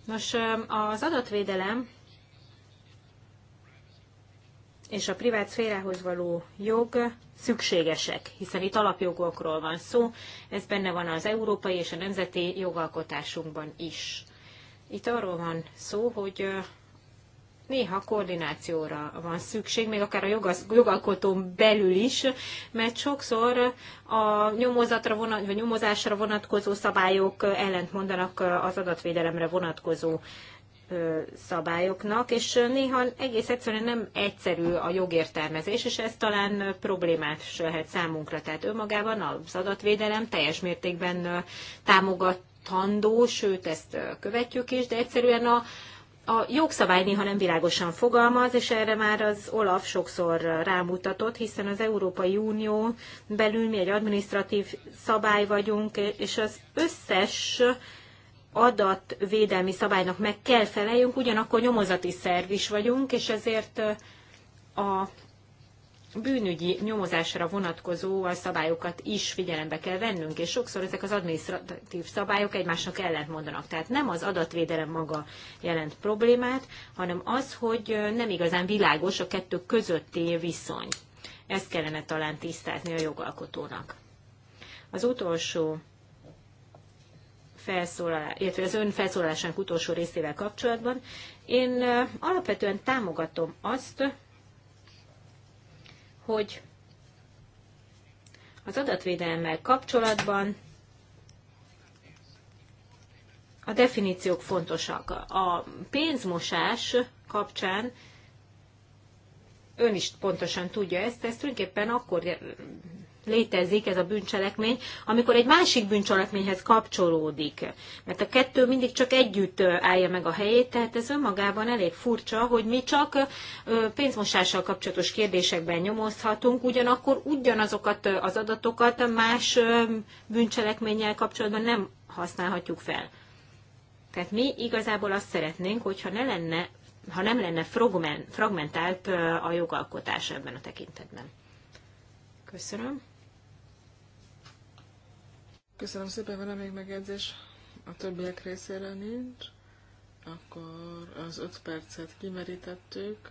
Nos, az adatvédelem és a privát szférához való jog szükségesek, hiszen itt alapjogokról van szó, ez benne van az európai és a nemzeti jogalkotásunkban is. Itt arról van szó, hogy néha koordinációra van szükség, még akár a jogalkotón belül is, mert sokszor a nyomozatra vonat, vagy nyomozásra vonatkozó szabályok ellentmondanak az adatvédelemre vonatkozó szabályoknak, és néha egész egyszerűen nem egyszerű a jogértelmezés, és ez talán problémát lehet számunkra. Tehát önmagában az adatvédelem teljes mértékben támogatandó, sőt ezt követjük is, de egyszerűen a a jogszabály néha nem világosan fogalmaz, és erre már az Olaf sokszor rámutatott, hiszen az Európai Unió belül mi egy administratív szabály vagyunk, és az összes adatvédelmi szabálynak meg kell feleljünk, ugyanakkor nyomozati szerv is vagyunk, és ezért a bűnügyi nyomozásra vonatkozó szabályokat is figyelembe kell vennünk, és sokszor ezek az administratív szabályok egymásnak mondanak. Tehát nem az adatvédelem maga jelent problémát, hanem az, hogy nem igazán világos a kettő közötti viszony. Ezt kellene talán tisztázni a jogalkotónak. Az utolsó felszólalás, illetve az ön felszólalásának utolsó részével kapcsolatban, én alapvetően támogatom azt, hogy az adatvédelemmel kapcsolatban a definíciók fontosak. A pénzmosás kapcsán ön is pontosan tudja ezt, ez tulajdonképpen akkor létezik ez a bűncselekmény, amikor egy másik bűncselekményhez kapcsolódik. Mert a kettő mindig csak együtt állja meg a helyét, tehát ez önmagában elég furcsa, hogy mi csak pénzmosással kapcsolatos kérdésekben nyomozhatunk, ugyanakkor ugyanazokat az adatokat más bűncselekménnyel kapcsolatban nem használhatjuk fel. Tehát mi igazából azt szeretnénk, hogyha ne lenne, ha nem lenne fragmentált a jogalkotás ebben a tekintetben. Köszönöm. Köszönöm szépen, van még megjegyzés? A többiek részéről nincs. Akkor az öt percet kimerítettük.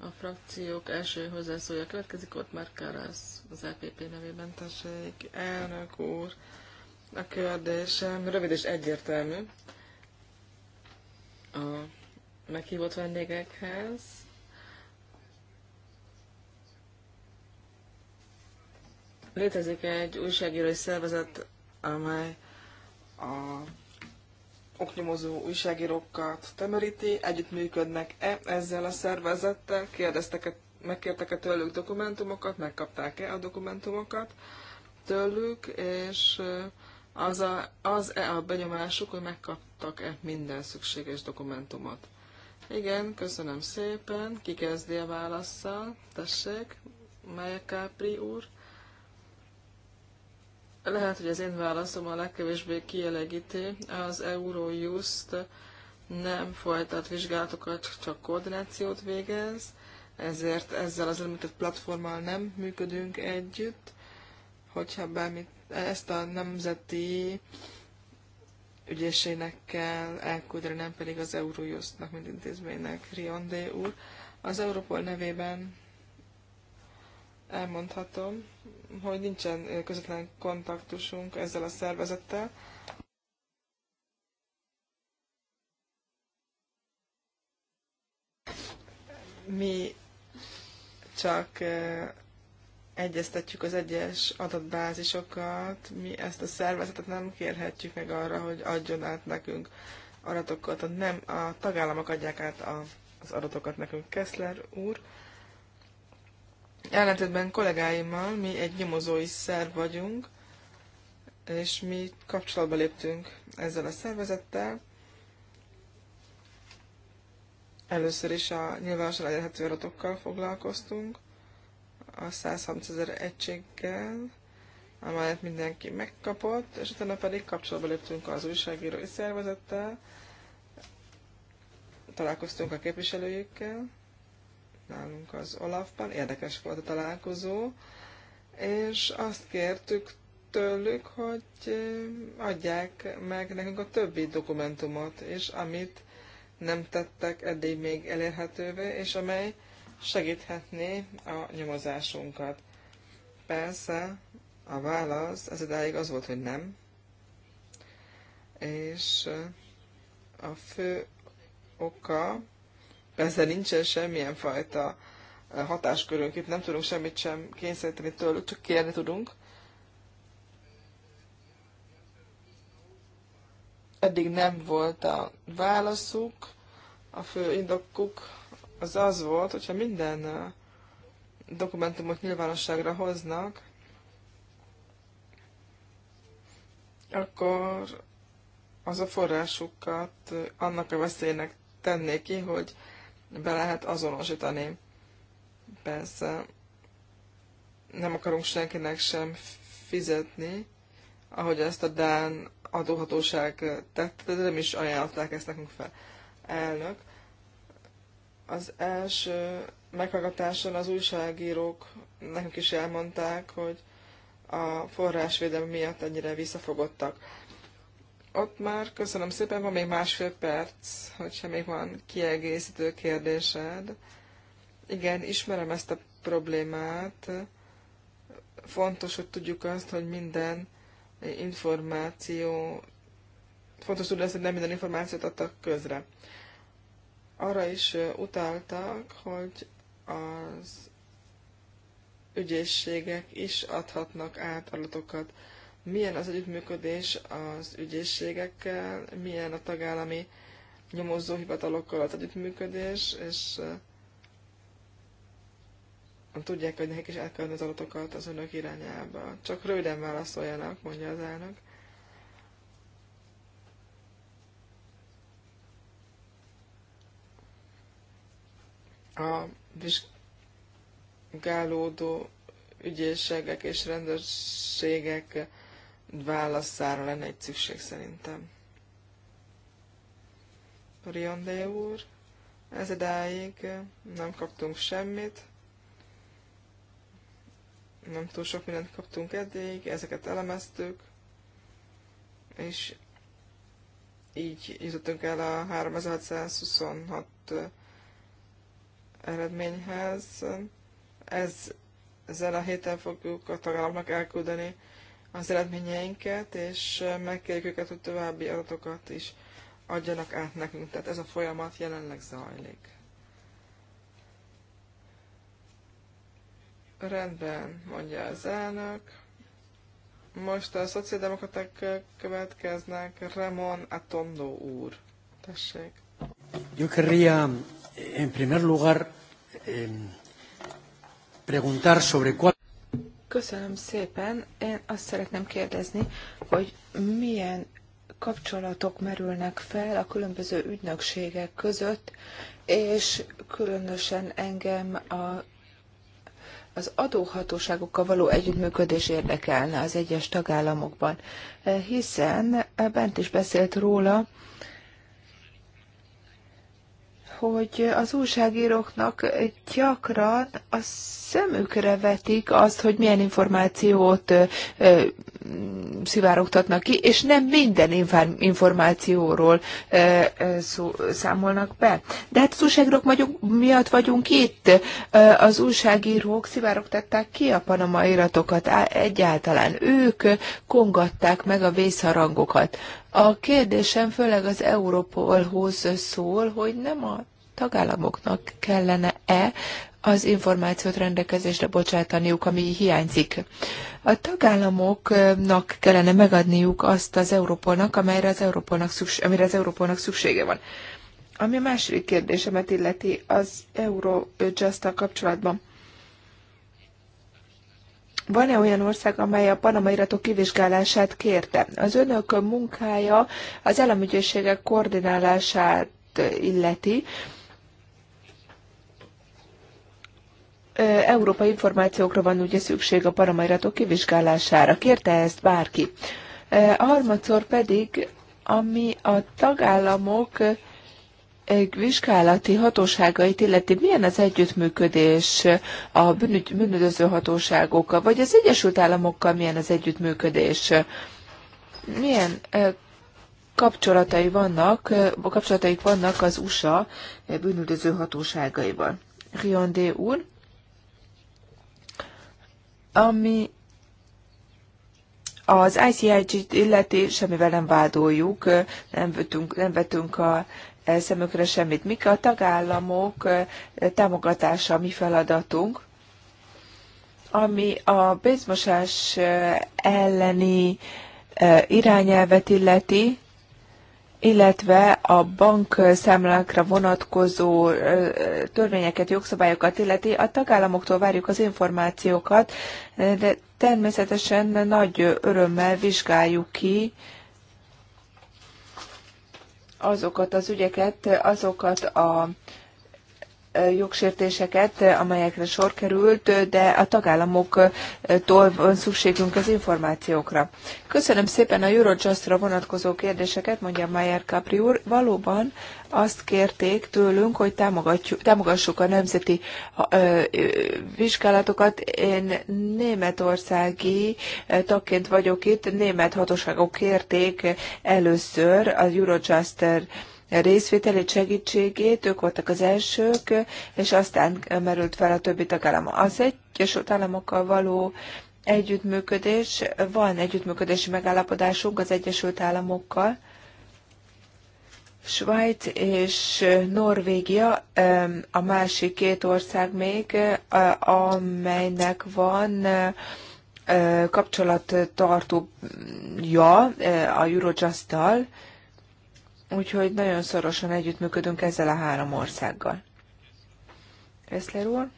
A frakciók első hozzászója következik, ott már Karasz az EPP nevében tessék. Elnök úr, a kérdésem rövid és egyértelmű. A meghívott vendégekhez Létezik egy újságírói szervezet, amely a oknyomozó újságírókat tömöríti, együttműködnek-e ezzel a szervezettel, kérdeztek-e, megkértek-e tőlük dokumentumokat, megkapták-e a dokumentumokat tőlük, és az a, az-e a benyomásuk, hogy megkaptak-e minden szükséges dokumentumot. Igen, köszönöm szépen. Ki kezdi a válaszsal? Tessék, Melyek Kápri úr. Lehet, hogy az én válaszom a legkevésbé kielegíti. Az Eurojust nem folytat vizsgálatokat, csak koordinációt végez, ezért ezzel az említett platformmal nem működünk együtt. Hogyha bármit, ezt a nemzeti ügyésének kell elküldeni, nem pedig az Eurojustnak, mint intézménynek, Riondé úr. Az Európol nevében elmondhatom, hogy nincsen közvetlen kontaktusunk ezzel a szervezettel. Mi csak egyeztetjük az egyes adatbázisokat, mi ezt a szervezetet nem kérhetjük meg arra, hogy adjon át nekünk adatokat, nem a tagállamok adják át az adatokat nekünk, Kessler úr ellentétben kollégáimmal mi egy nyomozói szerv vagyunk, és mi kapcsolatba léptünk ezzel a szervezettel. Először is a nyilvánosan elérhető adatokkal foglalkoztunk, a 130 ezer egységgel, amelyet mindenki megkapott, és utána pedig kapcsolatba léptünk az újságírói szervezettel, találkoztunk a képviselőjükkel, nálunk az Olafban. Érdekes volt a találkozó, és azt kértük tőlük, hogy eh, adják meg nekünk a többi dokumentumot, és amit nem tettek eddig még elérhetővé, és amely segíthetné a nyomozásunkat. Persze a válasz ez idáig az volt, hogy nem. És eh, a fő oka Persze nincsen semmilyen fajta hatáskörünk, itt nem tudunk semmit sem kényszeríteni tőlük, csak kérni tudunk. Eddig nem volt a válaszuk, a fő indokuk az az volt, hogyha minden dokumentumot nyilvánosságra hoznak, akkor az a forrásukat annak a veszélynek tenné ki, hogy be lehet azonosítani. Persze nem akarunk senkinek sem fizetni, ahogy ezt a Dán adóhatóság tette, de nem is ajánlották ezt nekünk fel. Elnök, az első meghallgatáson az újságírók nekünk is elmondták, hogy a forrásvédelem miatt ennyire visszafogottak ott már köszönöm szépen, van még másfél perc, hogyha még van kiegészítő kérdésed. Igen, ismerem ezt a problémát. Fontos, hogy tudjuk azt, hogy minden információ, fontos tudni azt, hogy nem minden információt adtak közre. Arra is utaltak, hogy az ügyészségek is adhatnak át adatokat milyen az együttműködés az ügyészségekkel, milyen a tagállami nyomozóhivatalokkal az együttműködés, és tudják, hogy nekik is el kell az adatokat az önök irányába. Csak röviden válaszoljanak, mondja az elnök. A vizsgálódó ügyészségek és rendőrségek válaszára lenne egy szükség szerintem. Riondé úr, ez idáig nem kaptunk semmit, nem túl sok mindent kaptunk eddig, ezeket elemeztük, és így jutottunk el a 3626 eh, eredményhez. Ez, ezzel a héten fogjuk a tagállamnak elküldeni az eredményeinket, és megkérjük őket, hogy további adatokat is adjanak át nekünk. Tehát ez a folyamat jelenleg zajlik. Rendben, mondja az elnök. Most a szociáldemokraták következnek, Ramon Atondo úr. Tessék. Yo querría, en primer lugar, eh, preguntar sobre cuál... Köszönöm szépen. Én azt szeretném kérdezni, hogy milyen kapcsolatok merülnek fel a különböző ügynökségek között, és különösen engem a, az adóhatóságokkal való együttműködés érdekelne az egyes tagállamokban, hiszen bent is beszélt róla, hogy az újságíróknak gyakran a szemükre vetik azt, hogy milyen információt szivárogtatnak ki, és nem minden információról számolnak be. De hát az újságírók vagyunk, miatt vagyunk itt. Az újságírók szivárogtatták ki a panama iratokat egyáltalán. Ők kongatták meg a vészharangokat. A kérdésem főleg az Európolhoz szól, hogy nem a tagállamoknak kellene-e az információt rendelkezésre bocsátaniuk, ami hiányzik. A tagállamoknak kellene megadniuk azt az Európolnak, amelyre az Európolnak szükség, amire az Európolnak szüksége van. Ami a második kérdésemet illeti az Eurojust-tal kapcsolatban. Van-e olyan ország, amely a panama iratok kivizsgálását kérte? Az önök munkája az államügyészségek koordinálását illeti. Európai információkra van ugye szükség a panamairatok kivizsgálására. Kérte ezt bárki? Harmadszor pedig, ami a tagállamok vizsgálati hatóságait illeti, milyen az együttműködés a bűnügy, bűnüldöző hatóságokkal, vagy az Egyesült Államokkal milyen az együttműködés? Milyen kapcsolatai vannak, kapcsolataik vannak az USA bűnüldöző hatóságaival? Riondé úr, ami az ICIG-t illeti, semmivel nem vádoljuk, nem vetünk, nem vetünk a szemükre semmit. Mik a tagállamok támogatása, mi feladatunk, ami a pénzmosás elleni irányelvet illeti, illetve a bankszámlákra vonatkozó törvényeket, jogszabályokat illeti, a tagállamoktól várjuk az információkat, de természetesen nagy örömmel vizsgáljuk ki azokat az ügyeket, azokat a jogsértéseket, eh, amelyekre sor került, eh, de a tagállamoktól eh, van szükségünk az információkra. Köszönöm szépen a Eurojustra vonatkozó kérdéseket, mondja Mayer Capri úr. Valóban azt kérték tőlünk, hogy támogassuk a nemzeti vizsgálatokat. Én németországi tagként vagyok itt, német hatóságok kérték először az Eurojust részvételét, segítségét, ők voltak az elsők, és aztán merült fel a többi tagállam. Az Egyesült Államokkal való együttműködés, van együttműködési megállapodásunk az Egyesült Államokkal, Svájc és Norvégia a másik két ország még, e, amelynek van e, kapcsolattartója e, a Eurojust-tal, Úgyhogy nagyon szorosan együttműködünk ezzel a három országgal. Eszler úr?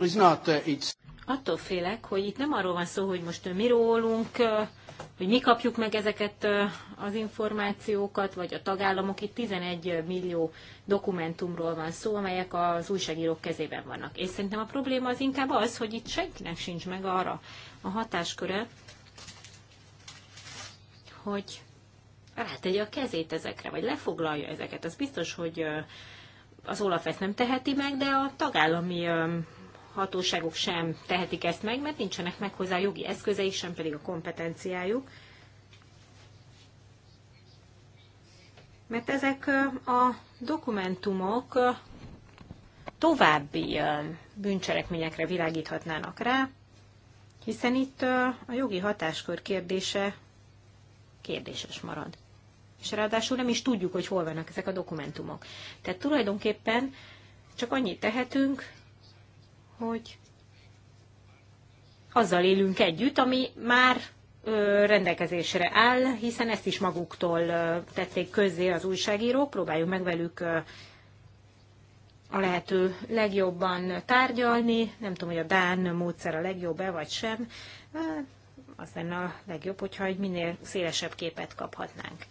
It's not, uh, it's... Attól félek, hogy itt nem arról van szó, hogy most uh, mi rólunk, uh, hogy mi kapjuk meg ezeket uh, az információkat, vagy a tagállamok. Itt 11 millió dokumentumról van szó, amelyek az újságírók kezében vannak. És szerintem a probléma az inkább az, hogy itt senkinek sincs meg arra a hatásköre, hogy rátegye a kezét ezekre, vagy lefoglalja ezeket. Az biztos, hogy az Olaf ezt nem teheti meg, de a tagállami hatóságok sem tehetik ezt meg, mert nincsenek meg hozzá jogi eszközeik, sem pedig a kompetenciájuk. Mert ezek a dokumentumok további bűncselekményekre világíthatnának rá, hiszen itt a jogi hatáskör kérdése kérdéses marad és ráadásul nem is tudjuk, hogy hol vannak ezek a dokumentumok. Tehát tulajdonképpen csak annyit tehetünk, hogy azzal élünk együtt, ami már rendelkezésre áll, hiszen ezt is maguktól tették közzé az újságírók, próbáljuk meg velük a lehető legjobban tárgyalni, nem tudom, hogy a Dán módszer a legjobb-e vagy sem, az lenne a legjobb, hogyha egy minél szélesebb képet kaphatnánk.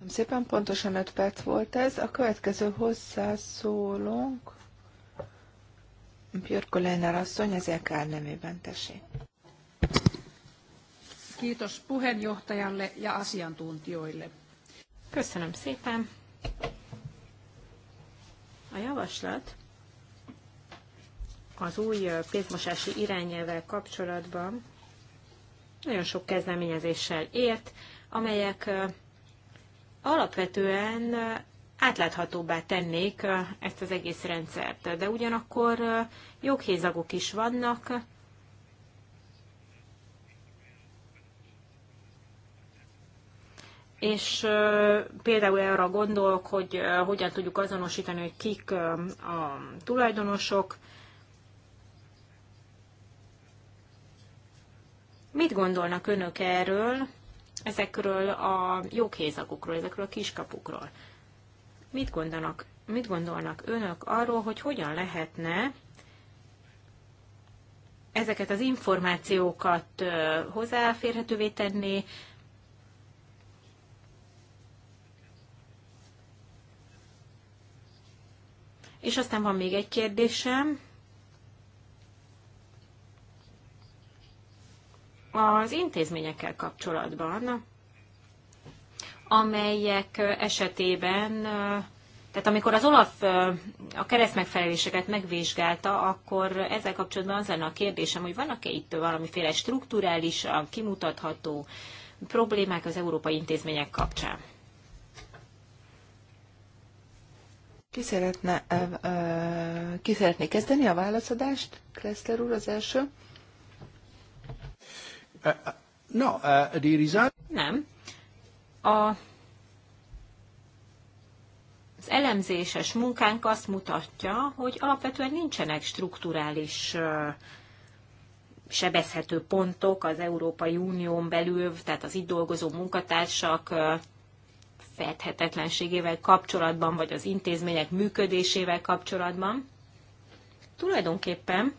Nem szépen, pontosan 5 perc volt ez. A következő hozzászólónk Björko Lenner asszony, az EKR nemében tessék. Kiitos puheenjohtajalle ja asiantuntijoille. Köszönöm szépen. A javaslat az új pénzmosási irányelvel kapcsolatban nagyon sok kezdeményezéssel ért, amelyek alapvetően átláthatóbbá tennék ezt az egész rendszert. De ugyanakkor joghézagok is vannak, és például arra gondolok, hogy hogyan tudjuk azonosítani, hogy kik a tulajdonosok. Mit gondolnak önök erről? ezekről a jókézakokról, ezekről a kiskapukról. Mit gondolnak, mit gondolnak önök arról, hogy hogyan lehetne ezeket az információkat hozzáférhetővé tenni, És aztán van még egy kérdésem. az intézményekkel kapcsolatban, amelyek esetében, tehát amikor az Olaf a keresztmegfeleléseket megvizsgálta, akkor ezzel kapcsolatban az lenne a kérdésem, hogy vannak-e itt valamiféle strukturálisan kimutatható problémák az európai intézmények kapcsán? Ki, szeretne, ö, ö, ki szeretné kezdeni a válaszadást? Kressler úr az első. No, uh, the result... Nem. A, az elemzéses munkánk azt mutatja, hogy alapvetően nincsenek strukturális sebezhető pontok az Európai Unión belül, tehát az itt dolgozó munkatársak fedhetetlenségével kapcsolatban, vagy az intézmények működésével kapcsolatban. Tulajdonképpen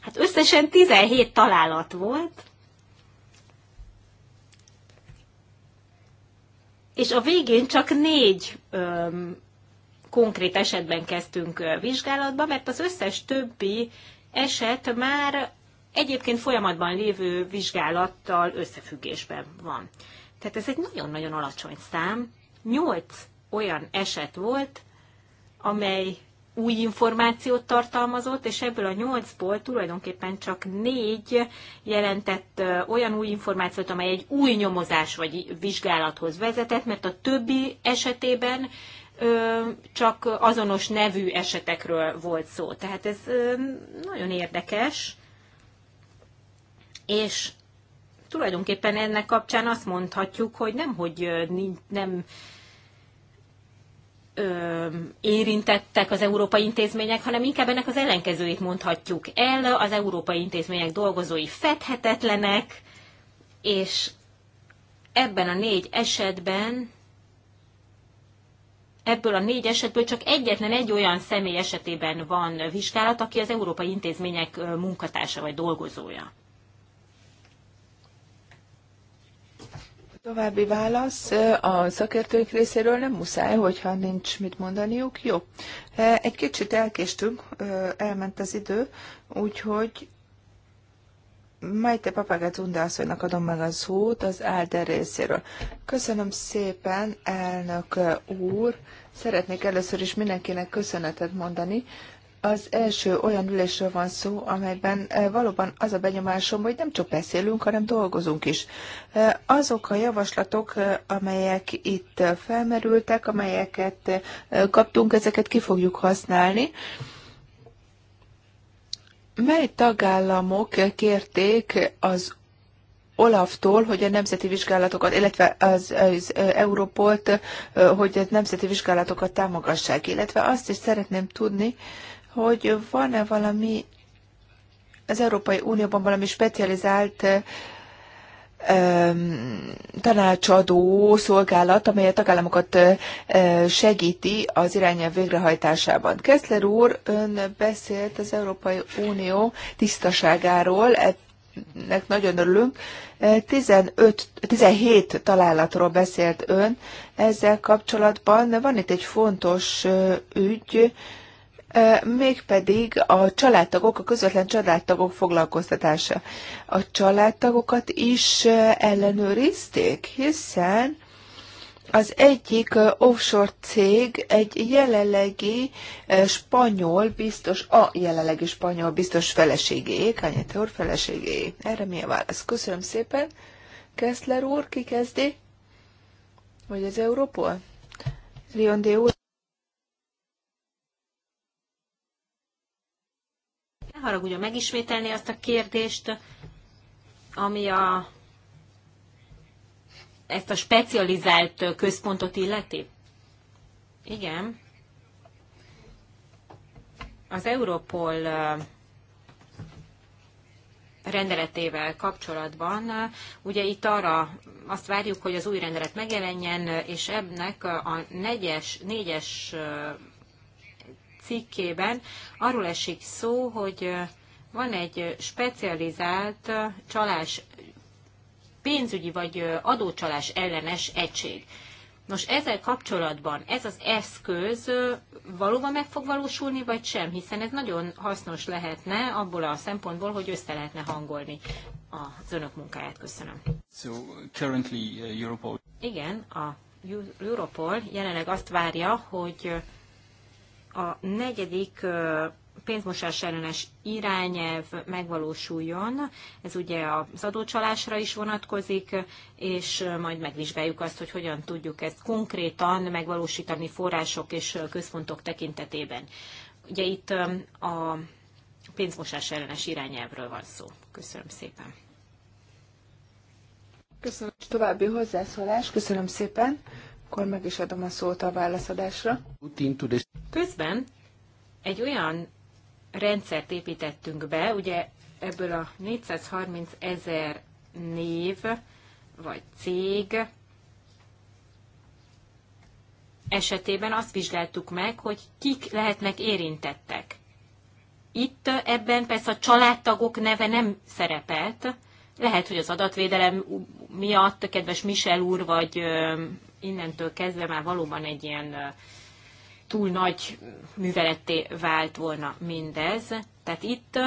Hát összesen 17 találat volt, és a végén csak négy öm, konkrét esetben kezdtünk vizsgálatba, mert az összes többi eset már egyébként folyamatban lévő vizsgálattal összefüggésben van. Tehát ez egy nagyon-nagyon alacsony szám. Nyolc olyan eset volt, amely új információt tartalmazott, és ebből a nyolcból tulajdonképpen csak négy jelentett olyan új információt, amely egy új nyomozás vagy vizsgálathoz vezetett, mert a többi esetében csak azonos nevű esetekről volt szó. Tehát ez nagyon érdekes, és tulajdonképpen ennek kapcsán azt mondhatjuk, hogy nem, hogy nem ö, érintettek az európai intézmények, hanem inkább ennek az ellenkezőjét mondhatjuk el. Az európai intézmények dolgozói fedhetetlenek, és ebben a négy esetben, ebből a négy esetből csak egyetlen egy olyan személy esetében van vizsgálat, aki az európai intézmények munkatársa vagy dolgozója. További válasz a szakértőink részéről nem muszáj, hogyha nincs mit mondaniuk. Jó. Egy kicsit elkéstünk, elment az idő, úgyhogy Majte Papagát Undászónak adom meg a szót az Álder részéről. Köszönöm szépen, elnök úr! Szeretnék először is mindenkinek köszönetet mondani, az első olyan ülésről van szó, amelyben eh, valóban az a benyomásom, hogy nem csak beszélünk, hanem dolgozunk is. Eh, azok a javaslatok, eh, amelyek itt felmerültek, amelyeket kaptunk, ezeket ki fogjuk használni. Mely tagállamok kérték az Olaftól, hogy a nemzeti vizsgálatokat, illetve az, az Európolt, hogy a nemzeti vizsgálatokat támogassák, illetve azt is szeretném tudni, hogy van-e valami az Európai Unióban valami specializált tanácsadó szolgálat, amely a tagállamokat segíti az irányelv végrehajtásában. Kessler úr, ön beszélt az Európai Unió tisztaságáról, ennek nagyon örülünk. 15, 17 találatról beszélt ön ezzel kapcsolatban. Van itt egy fontos ügy, mégpedig a családtagok, a közvetlen családtagok foglalkoztatása. A családtagokat is ellenőrizték, hiszen az egyik offshore cég egy jelenlegi spanyol biztos, a jelenlegi spanyol biztos feleségé, Kanyete úr feleségé. Erre mi a válasz? Köszönöm szépen. Kessler úr, ki kezdi? Vagy az Európol? de úr. haragudjon megismételni azt a kérdést, ami a, ezt a specializált központot illeti? Igen. Az Europol rendeletével kapcsolatban. Ugye itt arra azt várjuk, hogy az új rendelet megjelenjen, és ennek a negyes, négyes cikkében arról esik szó, hogy van egy specializált csalás, pénzügyi vagy adócsalás ellenes egység. Nos, ezzel kapcsolatban ez az eszköz valóban meg fog valósulni, vagy sem? Hiszen ez nagyon hasznos lehetne abból a szempontból, hogy össze lehetne hangolni az önök munkáját. Köszönöm. So, currently, uh, Europol... Igen, a Europol jelenleg azt várja, hogy a negyedik pénzmosás ellenes irányelv megvalósuljon. Ez ugye az adócsalásra is vonatkozik, és majd megvizsgáljuk azt, hogy hogyan tudjuk ezt konkrétan megvalósítani források és központok tekintetében. Ugye itt a pénzmosás ellenes irányelvről van szó. Köszönöm szépen. Köszönöm. További hozzászólás. Köszönöm szépen. Akkor meg is adom a szót a válaszadásra. Közben egy olyan rendszert építettünk be, ugye ebből a 430 ezer név vagy cég esetében azt vizsgáltuk meg, hogy kik lehetnek érintettek. Itt ebben persze a családtagok neve nem szerepelt, lehet, hogy az adatvédelem miatt, kedves Michel úr, vagy innentől kezdve már valóban egy ilyen túl nagy műveletté vált volna mindez. Tehát itt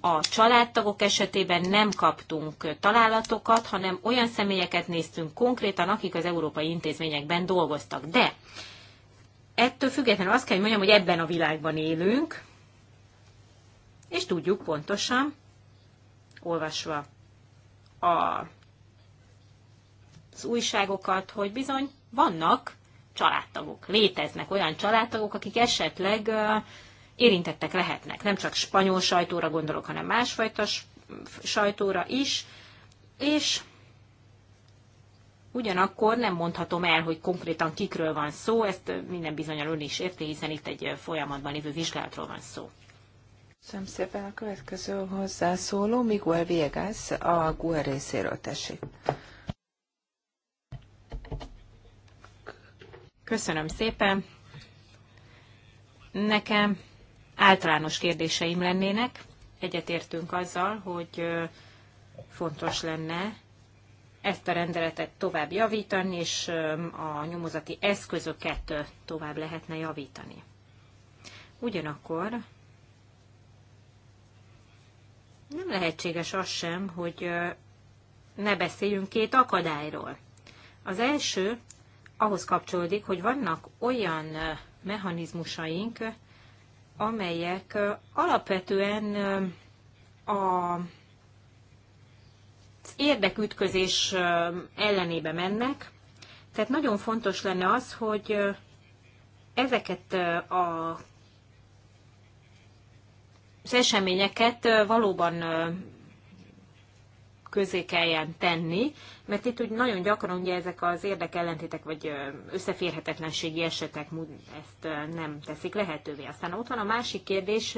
a családtagok esetében nem kaptunk találatokat, hanem olyan személyeket néztünk konkrétan, akik az európai intézményekben dolgoztak. De ettől függetlenül azt kell, hogy mondjam, hogy ebben a világban élünk, és tudjuk pontosan, olvasva a, az újságokat, hogy bizony vannak családtagok, léteznek olyan családtagok, akik esetleg érintettek lehetnek. Nem csak spanyol sajtóra gondolok, hanem másfajta sajtóra is. És ugyanakkor nem mondhatom el, hogy konkrétan kikről van szó, ezt minden bizonyal ön is érti, hiszen itt egy folyamatban lévő vizsgálatról van szó. Köszönöm szépen a következő hozzászóló, Miguel Viegas, a GUE részéről tessék. Köszönöm szépen. Nekem általános kérdéseim lennének. Egyetértünk azzal, hogy fontos lenne ezt a rendeletet tovább javítani, és a nyomozati eszközöket tovább lehetne javítani. Ugyanakkor nem lehetséges az sem, hogy ne beszéljünk két akadályról. Az első ahhoz kapcsolódik, hogy vannak olyan mechanizmusaink, amelyek alapvetően a érdekütközés ellenébe mennek. Tehát nagyon fontos lenne az, hogy ezeket a, az eseményeket valóban közé kelljen tenni, mert itt úgy nagyon gyakran ugye ezek az érdekellentétek vagy összeférhetetlenségi esetek ezt nem teszik lehetővé. Aztán ott van a másik kérdés,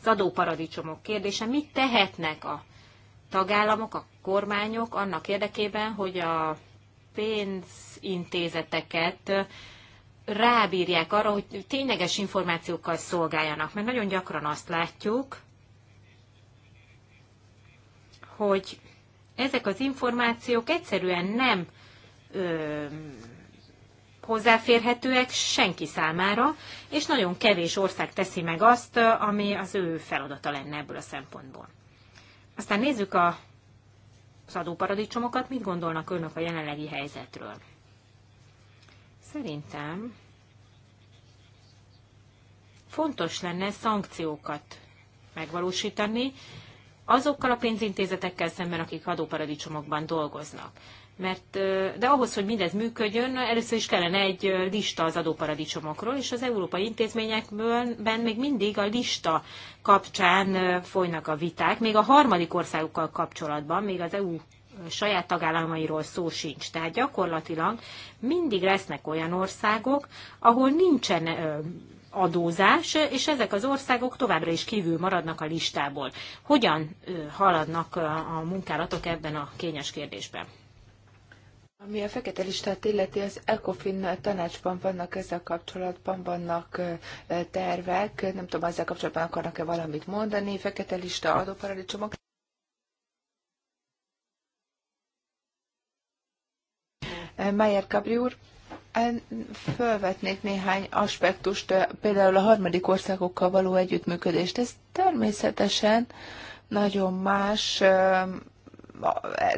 az adóparadicsomok kérdése. Mit tehetnek a tagállamok, a kormányok annak érdekében, hogy a pénzintézeteket rábírják arra, hogy tényleges információkkal szolgáljanak, mert nagyon gyakran azt látjuk, hogy ezek az információk egyszerűen nem ö, hozzáférhetőek senki számára, és nagyon kevés ország teszi meg azt, ami az ő feladata lenne ebből a szempontból. Aztán nézzük a, az adóparadicsomokat, mit gondolnak önök a jelenlegi helyzetről. Szerintem fontos lenne szankciókat megvalósítani, azokkal a pénzintézetekkel szemben, akik adóparadicsomokban dolgoznak. Mert, de ahhoz, hogy mindez működjön, először is kellene egy lista az adóparadicsomokról, és az európai intézményekben még mindig a lista kapcsán folynak a viták, még a harmadik országokkal kapcsolatban, még az EU saját tagállamairól szó sincs. Tehát gyakorlatilag mindig lesznek olyan országok, ahol nincsen adózás, és ezek az országok továbbra is kívül maradnak a listából. Hogyan haladnak a munkálatok ebben a kényes kérdésben? Ami a fekete listát illeti, az ECOFIN tanácsban vannak ezzel kapcsolatban, vannak tervek, nem tudom, ezzel kapcsolatban akarnak-e valamit mondani, fekete lista, adóparadicsomok. Meyer Kabri úr. Fölvetnék néhány aspektust, eh, például a harmadik országokkal való együttműködést. Ez természetesen nagyon más, eh,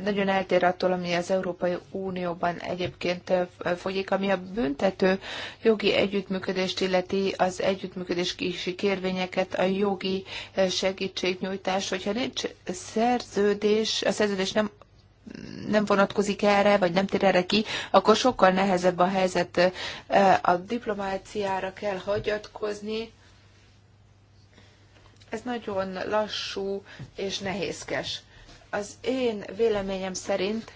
nagyon eltér attól, ami az Európai Unióban egyébként eh, folyik, ami a büntető jogi együttműködést illeti, az együttműködés kisi kérvényeket, a jogi segítségnyújtás, hogyha nincs szerződés, a szerződés nem nem vonatkozik erre, vagy nem tér erre ki, akkor sokkal nehezebb a helyzet. E, a diplomáciára kell hagyatkozni. Ez nagyon lassú és nehézkes. Az én véleményem szerint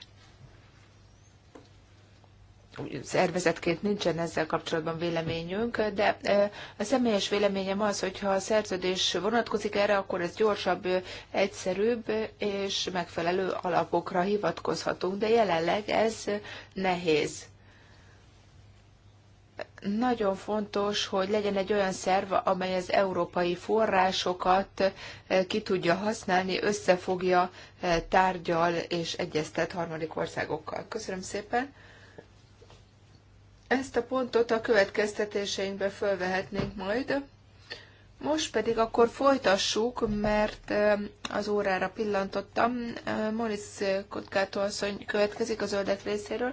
szervezetként nincsen ezzel kapcsolatban véleményünk, de e, a személyes véleményem az, hogy ha a szerződés vonatkozik erre, akkor ez gyorsabb, egyszerűbb és megfelelő alapokra hivatkozhatunk, de jelenleg ez nehéz. Nagyon fontos, hogy legyen egy olyan szerv, amely az európai forrásokat e, ki tudja használni, összefogja, e, tárgyal és egyeztet harmadik országokkal. Köszönöm szépen! Ezt a pontot a következtetéseinkbe fölvehetnénk majd. Most pedig akkor folytassuk, mert az órára pillantottam. Moritz Kotkátó asszony következik a zöldek részéről.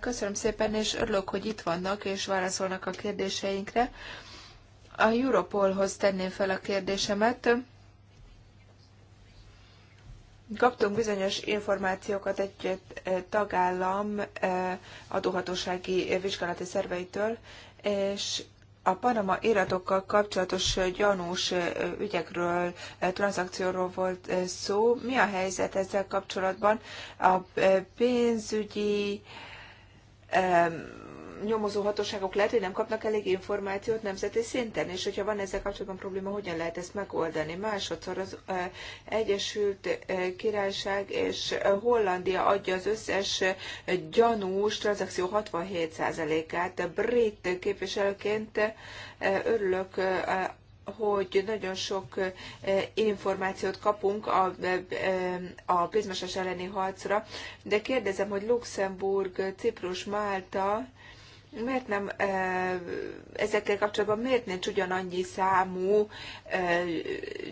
Köszönöm szépen, és örülök, hogy itt vannak, és válaszolnak a kérdéseinkre. A Europolhoz tenném fel a kérdésemet kaptunk bizonyos információkat egy e, tagállam e, adóhatósági vizsgálati szerveitől, és a Panama iratokkal kapcsolatos gyanús e, ügyekről, tranzakcióról volt szó. Mi a helyzet ezzel kapcsolatban? A pénzügyi nyomozó hatóságok lehet, hogy nem kapnak elég információt nemzeti szinten, és hogyha van ezzel kapcsolatban probléma, hogyan lehet ezt megoldani? Másodszor az Egyesült Királyság és Hollandia adja az összes gyanús tranzakció 67%-át. Brit képviselőként örülök hogy nagyon sok információt kapunk a, a pénzmosás elleni harcra, de kérdezem, hogy Luxemburg, Ciprus, Málta miért nem ezekkel kapcsolatban miért nincs ugyanannyi számú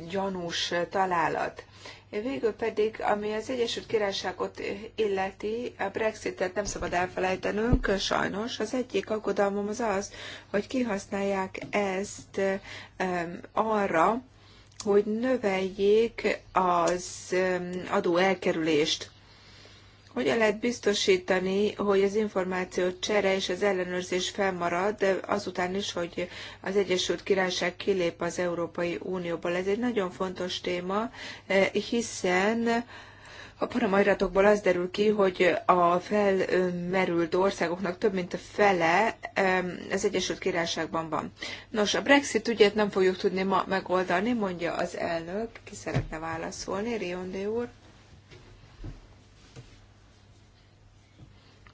gyanús találat? Végül pedig, ami az Egyesült Királyságot illeti, a Brexitet nem szabad elfelejtenünk, sajnos. Az egyik aggodalmam az az, hogy kihasználják ezt arra, hogy növeljék az adó elkerülést hogyan lehet biztosítani, hogy az információ csere és az ellenőrzés felmarad azután is, hogy az Egyesült Királyság kilép az Európai Unióból? Ez egy nagyon fontos téma, hiszen a panamairatokból az derül ki, hogy a felmerült országoknak több mint a fele az Egyesült Királyságban van. Nos, a Brexit ügyet nem fogjuk tudni ma megoldani, mondja az elnök, ki szeretne válaszolni, Rionde úr.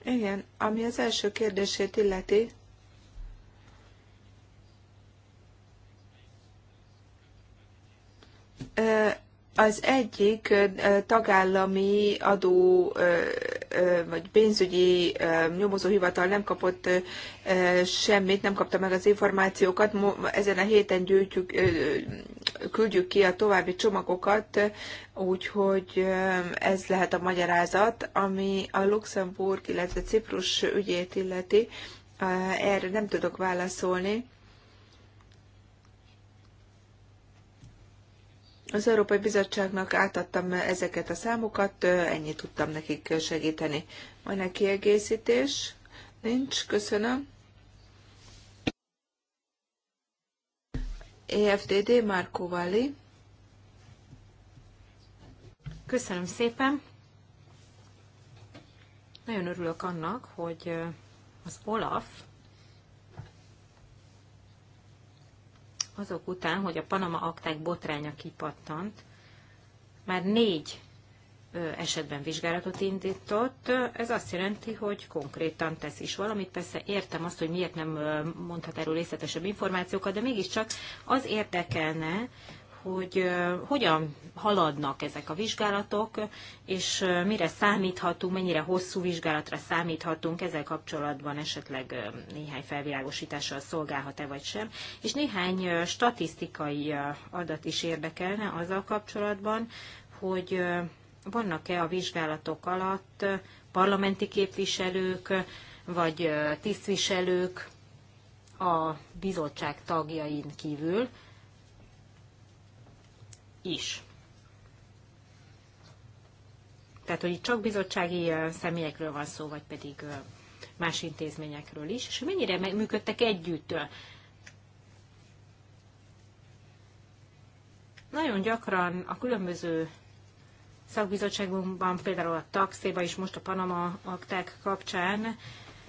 Igen, ami az első kérdését illeti, az egyik tagállami adó vagy pénzügyi nyomozóhivatal nem kapott semmit, nem kapta meg az információkat. Ezen a héten gyűjtjük, küldjük ki a további csomagokat, úgyhogy ez lehet a magyarázat, ami a Luxemburg, illetve Ciprus ügyét illeti. Erre nem tudok válaszolni Az Európai Bizottságnak átadtam ezeket a számokat, ennyit tudtam nekik segíteni. Van-e kiegészítés? Nincs, köszönöm. EFDD Marco Valli. Köszönöm szépen. Nagyon örülök annak, hogy az Olaf azok után, hogy a Panama akták botránya kipattant, már négy esetben vizsgálatot indított. Ez azt jelenti, hogy konkrétan tesz is valamit. Persze értem azt, hogy miért nem mondhat erről részletesebb információkat, de mégiscsak az érdekelne, hogy hogyan haladnak ezek a vizsgálatok, és mire számíthatunk, mennyire hosszú vizsgálatra számíthatunk, ezzel kapcsolatban esetleg néhány felvilágosítással szolgálhat-e vagy sem. És néhány statisztikai adat is érdekelne azzal kapcsolatban, hogy vannak-e a vizsgálatok alatt parlamenti képviselők, vagy tisztviselők a bizottság tagjain kívül, is. Tehát, hogy itt csak bizottsági személyekről van szó, vagy pedig más intézményekről is, és mennyire működtek együtt. Nagyon gyakran a különböző szakbizottságunkban, például a taxéba és most a Panama akták kapcsán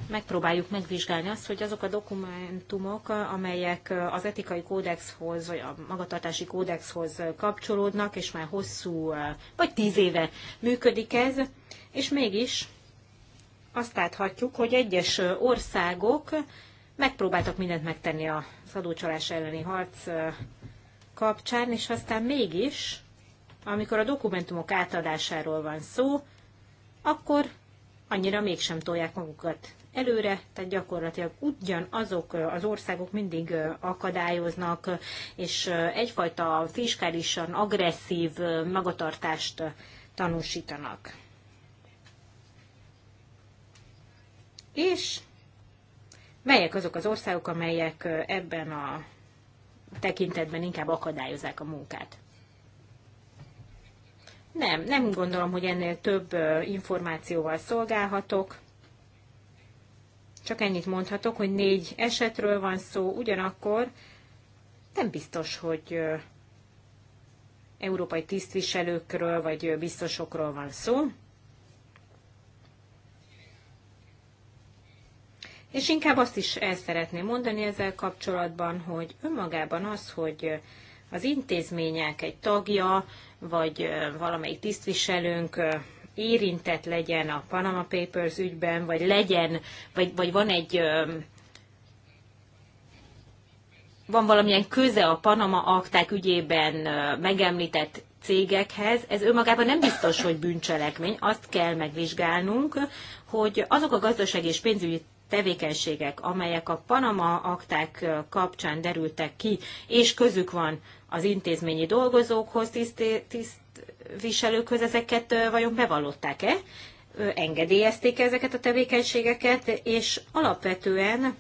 megpróbáljuk megvizsgálni azt, hogy azok a dokumentumok, amelyek az etikai kódexhoz, vagy a magatartási kódexhoz kapcsolódnak, és már hosszú, vagy tíz éve működik ez, és mégis azt láthatjuk, hogy egyes országok megpróbáltak mindent megtenni az adócsalás elleni harc kapcsán, és aztán mégis, amikor a dokumentumok átadásáról van szó, akkor annyira mégsem tolják magukat előre, tehát gyakorlatilag ugyanazok az országok mindig akadályoznak, és egyfajta fiskálisan agresszív magatartást tanúsítanak. És melyek azok az országok, amelyek ebben a tekintetben inkább akadályozzák a munkát? Nem, nem gondolom, hogy ennél több információval szolgálhatok. Csak ennyit mondhatok, hogy négy esetről van szó, ugyanakkor nem biztos, hogy európai tisztviselőkről vagy biztosokról van szó. És inkább azt is el szeretném mondani ezzel kapcsolatban, hogy önmagában az, hogy az intézmények egy tagja, vagy valamelyik tisztviselőnk érintett legyen a Panama Papers ügyben, vagy legyen, vagy, vagy van egy van valamilyen köze a Panama akták ügyében megemlített cégekhez, ez önmagában nem biztos, hogy bűncselekmény, azt kell megvizsgálnunk, hogy azok a gazdasági és pénzügyi tevékenységek, amelyek a Panama akták kapcsán derültek ki, és közük van az intézményi dolgozókhoz, tiszt, tiszt, viselőkhöz ezeket vajon bevallották-e, engedélyezték -e ezeket a tevékenységeket, és alapvetően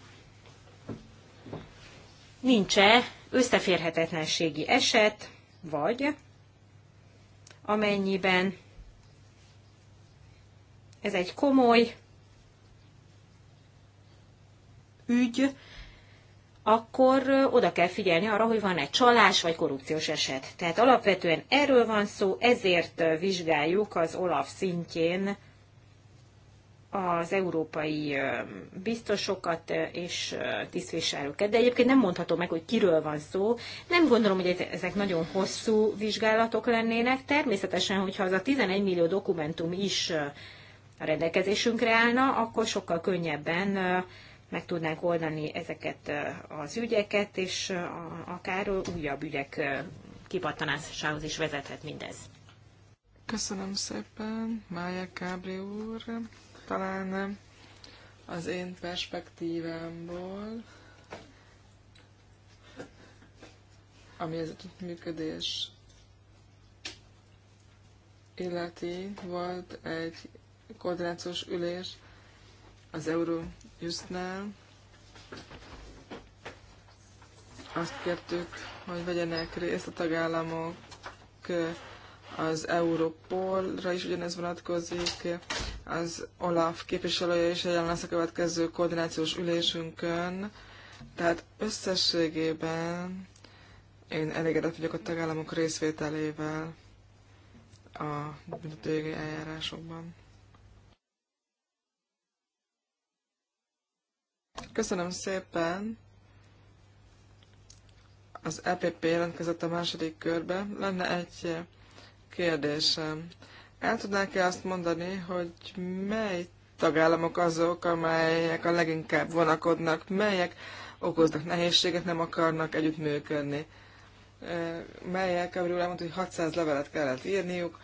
nincs-e összeférhetetlenségi eset, vagy amennyiben ez egy komoly ügy, akkor oda kell figyelni arra, hogy van-e csalás vagy korrupciós eset. Tehát alapvetően erről van szó, ezért vizsgáljuk az OLAF szintjén az európai biztosokat és tisztviselőket, de egyébként nem mondhatom meg, hogy kiről van szó. Nem gondolom, hogy ezek nagyon hosszú vizsgálatok lennének. Természetesen, hogyha az a 11 millió dokumentum is a rendelkezésünkre állna, akkor sokkal könnyebben meg tudnánk oldani ezeket az ügyeket, és akár újabb ügyek kipattanásához is vezethet mindez. Köszönöm szépen, Mája Kábré úr. Talán az én perspektívámból, ami az működés illeti, volt egy koordinációs ülés az Euró küzdne. Azt kértük, hogy vegyenek részt a tagállamok az Europolra is ugyanez vonatkozik, az Olaf képviselője is jelen lesz a következő koordinációs ülésünkön. Tehát összességében én elégedett vagyok a tagállamok részvételével a büntetőjogi eljárásokban. Köszönöm szépen. Az EPP jelentkezett a második körbe. Lenne egy kérdésem. El tudnák-e azt mondani, hogy mely tagállamok azok, amelyek a leginkább vonakodnak, melyek okoznak nehézséget, nem akarnak együttműködni, melyek, amiről elmondta, hogy 600 levelet kellett írniuk,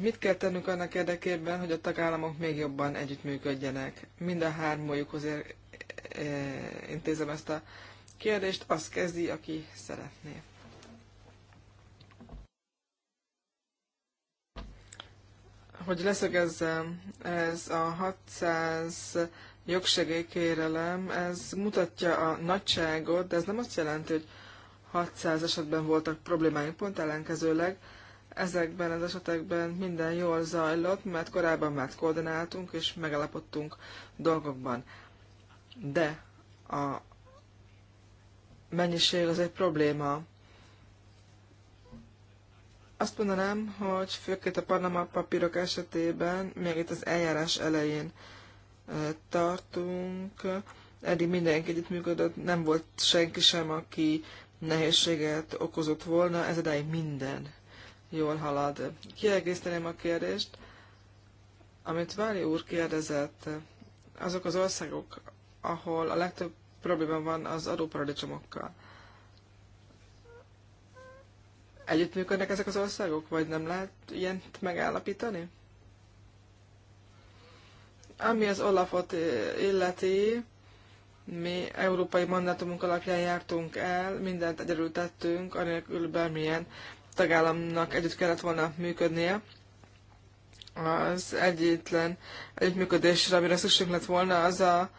mit kell tennünk annak érdekében, hogy a tagállamok még jobban együttműködjenek? Mind a hármójukhoz Eh, intézem ezt a kérdést, azt kezdi, aki szeretné. Hogy leszögezzem, ez a 600 jogsegélykérelem, ez mutatja a nagyságot, de ez nem azt jelenti, hogy 600 esetben voltak problémáink, pont ellenkezőleg ezekben az esetekben minden jól zajlott, mert korábban már koordináltunk és megalapodtunk dolgokban de a mennyiség az egy probléma. Azt mondanám, hogy főként a Panama papírok esetében, még itt az eljárás elején tartunk, eddig mindenki együtt működött, nem volt senki sem, aki nehézséget okozott volna, ez idáig minden jól halad. Kiegészteném a kérdést, amit Vári úr kérdezett, azok az országok, ahol a legtöbb probléma van az adóparadicsomokkal. Együttműködnek ezek az országok, vagy nem lehet ilyent megállapítani? Ami az Olafot illeti, mi európai mandátumunk alapján jártunk el, mindent egyedül tettünk, anélkül bármilyen tagállamnak együtt kellett volna működnie. Az egyetlen együttműködésre, amire szükség lett volna, az a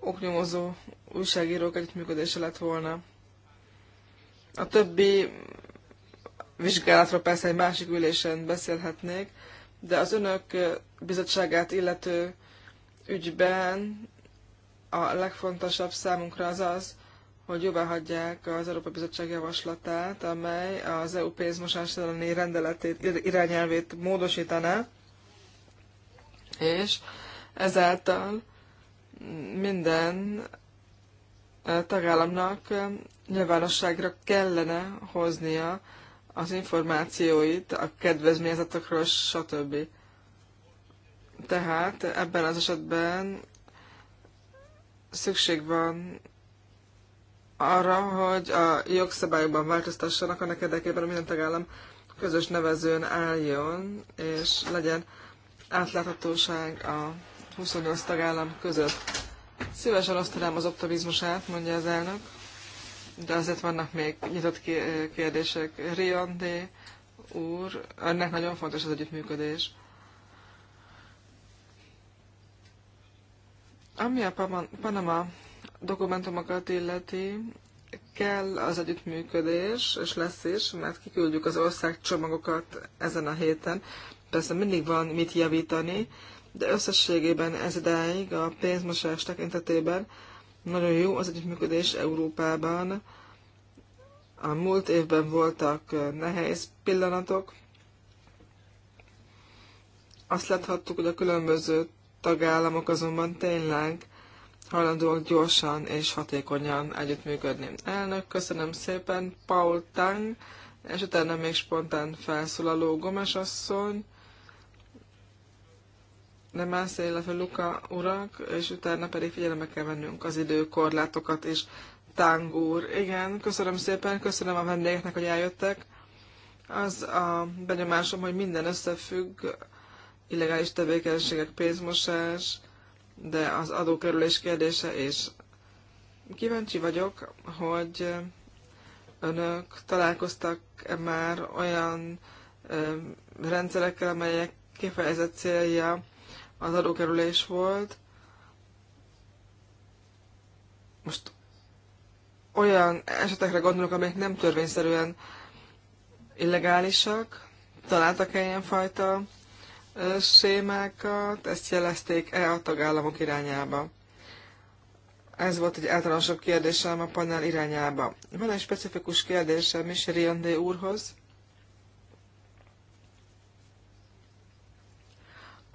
oknyomozó újságírók együttműködése lett volna. A többi vizsgálatról persze egy másik ülésen beszélhetnék, de az önök bizottságát illető ügyben a legfontosabb számunkra az az, hogy jóvá hagyják az Európa Bizottság javaslatát, amely az EU pénzmosás elleni rendeletét, irányelvét módosítaná, és ezáltal minden tagállamnak nyilvánosságra kellene hoznia az információit a kedvezményezetekről, stb. Tehát ebben az esetben szükség van arra, hogy a jogszabályokban változtassanak annak érdekében, hogy minden tagállam közös nevezőn álljon, és legyen átláthatóság a 28 tagállam között. Szívesen osztanám az optimizmusát, mondja az elnök, de azért vannak még nyitott kérdések. Riondé úr, ennek nagyon fontos az együttműködés. Ami a Panama dokumentumokat illeti, kell az együttműködés, és lesz is, mert kiküldjük az ország csomagokat ezen a héten. Persze mindig van mit javítani, de összességében ez idáig a pénzmosás tekintetében nagyon jó az együttműködés Európában. A múlt évben voltak nehéz pillanatok. Azt láthattuk, hogy a különböző tagállamok azonban tényleg hajlandóak gyorsan és hatékonyan együttműködni. Elnök, köszönöm szépen, Paul Tang, és utána még spontán felszólaló Gomes asszony, nem Lemász, illetve Luka urak, és utána pedig figyelembe kell vennünk az időkorlátokat és tángúr. Igen, köszönöm szépen, köszönöm a vendégeknek, hogy eljöttek. Az a benyomásom, hogy minden összefügg, illegális tevékenységek, pénzmosás, de az adókerülés kérdése és Kíváncsi vagyok, hogy önök találkoztak -e már olyan rendszerekkel, amelyek kifejezett célja az adókerülés volt. Most olyan esetekre gondolok, amelyek nem törvényszerűen illegálisak, találtak-e ilyenfajta sémákat, ezt jelezték-e a tagállamok irányába? Ez volt egy általánosabb kérdésem a panel irányába. Van egy specifikus kérdésem is Riandé úrhoz.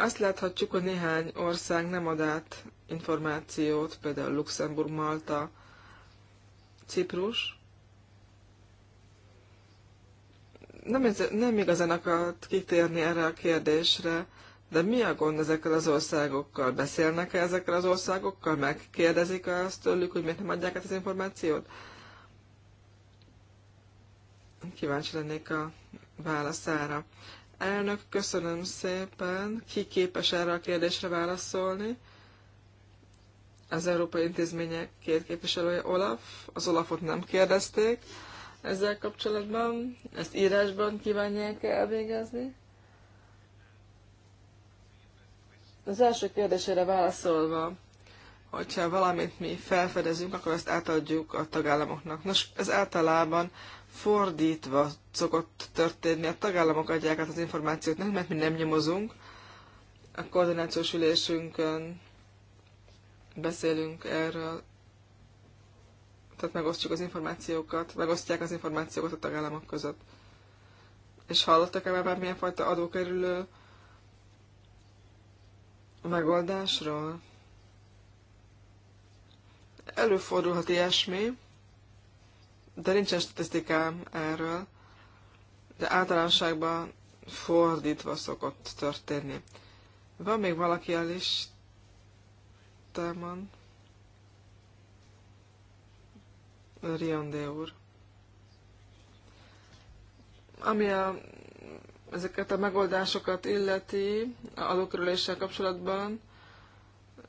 Azt láthatjuk, hogy néhány ország nem ad át információt, például Luxemburg, Malta, Ciprus. Nem, ez, nem igazán akart kitérni erre a kérdésre, de mi a gond ezekkel az országokkal? Beszélnek-e ezekkel az országokkal? Megkérdezik azt tőlük, hogy miért nem adják át az információt? Kíváncsi lennék a válaszára. Elnök, köszönöm szépen. Ki képes erre a kérdésre válaszolni? Az Európai Intézmények két képviselője Olaf. Az Olafot nem kérdezték ezzel kapcsolatban. Ezt írásban kívánják elvégezni? Az első kérdésére válaszolva, hogyha valamit mi felfedezünk, akkor ezt átadjuk a tagállamoknak. Nos, ez általában fordítva szokott történni. A tagállamok adják át az információt nekünk, mert mi nem nyomozunk. A koordinációs ülésünkön beszélünk erről, tehát megosztjuk az információkat, megosztják az információkat a tagállamok között. És hallottak-e már bármilyen fajta adókerülő megoldásról? Előfordulhat ilyesmi, de nincsen statisztikám erről, de általánosságban fordítva szokott történni. Van még valaki a listámon? Riondé úr. Ami a, ezeket a megoldásokat illeti a adókerüléssel kapcsolatban,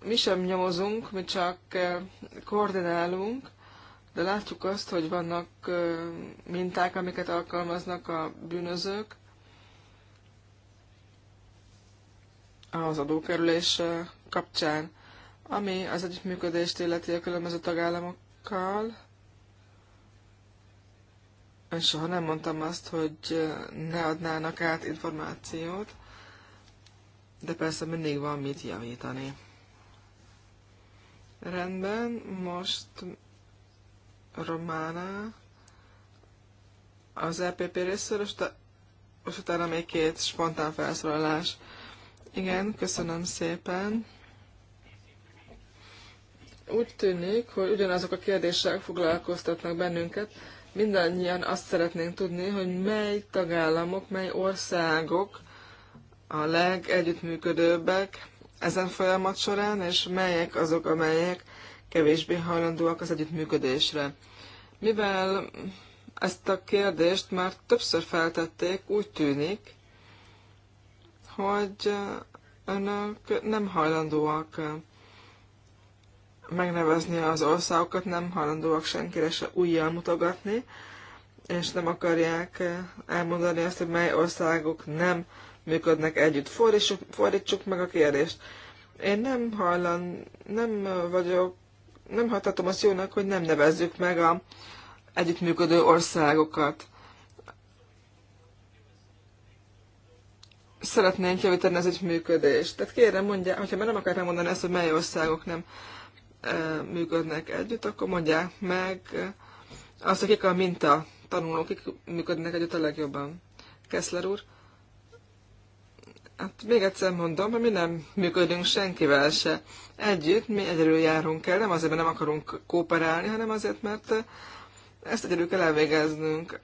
mi sem nyomozunk, mi csak eh, koordinálunk, de látjuk azt, hogy vannak minták, amiket alkalmaznak a bűnözők az adókerülés kapcsán, ami az együttműködést illeti a különböző tagállamokkal. Én soha nem mondtam azt, hogy ne adnának át információt, de persze mindig van mit javítani. Rendben, most romana. az EPP részéről, és utána még két spontán felszólalás. Igen, köszönöm szépen. Úgy tűnik, hogy ugyanazok a kérdések foglalkoztatnak bennünket. Mindannyian azt szeretnénk tudni, hogy mely tagállamok, mely országok a legegyüttműködőbbek ezen folyamat során, és melyek azok, amelyek kevésbé hajlandóak az együttműködésre. Mivel ezt a kérdést már többször feltették, úgy tűnik, hogy önök nem hajlandóak megnevezni az országokat, nem hajlandóak senkire se újjal mutogatni, és nem akarják elmondani azt, hogy mely országok nem működnek együtt. Fordítsuk, fordítsuk meg a kérdést. Én nem hajlan, nem vagyok nem hatatom azt jónak, hogy nem nevezzük meg a együttműködő országokat. Szeretnénk javítani az együttműködést. Tehát kérem, mondják, hogyha már nem akarnám mondani ezt, hogy mely országok nem e, működnek együtt, akkor mondják meg azt, akik a minta tanulók, akik működnek együtt a legjobban. Kessler úr. Hát még egyszer mondom, hogy mi nem működünk senkivel se. Együtt mi egyedül járunk el, nem azért, mert nem akarunk kooperálni, hanem azért, mert eh, ezt egyedül kell elvégeznünk.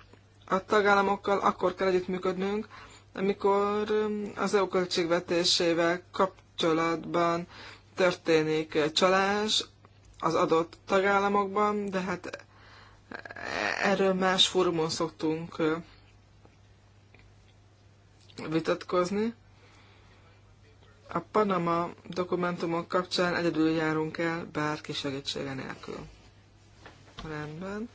A tagállamokkal akkor kell együttműködnünk, amikor eh, az EU költségvetésével kapcsolatban történik eh, csalás az adott tagállamokban, de hát erről más fórumon szoktunk vitatkozni. A Panama dokumentumok kapcsán egyedül járunk el, bárki segítsége nélkül. Rendben.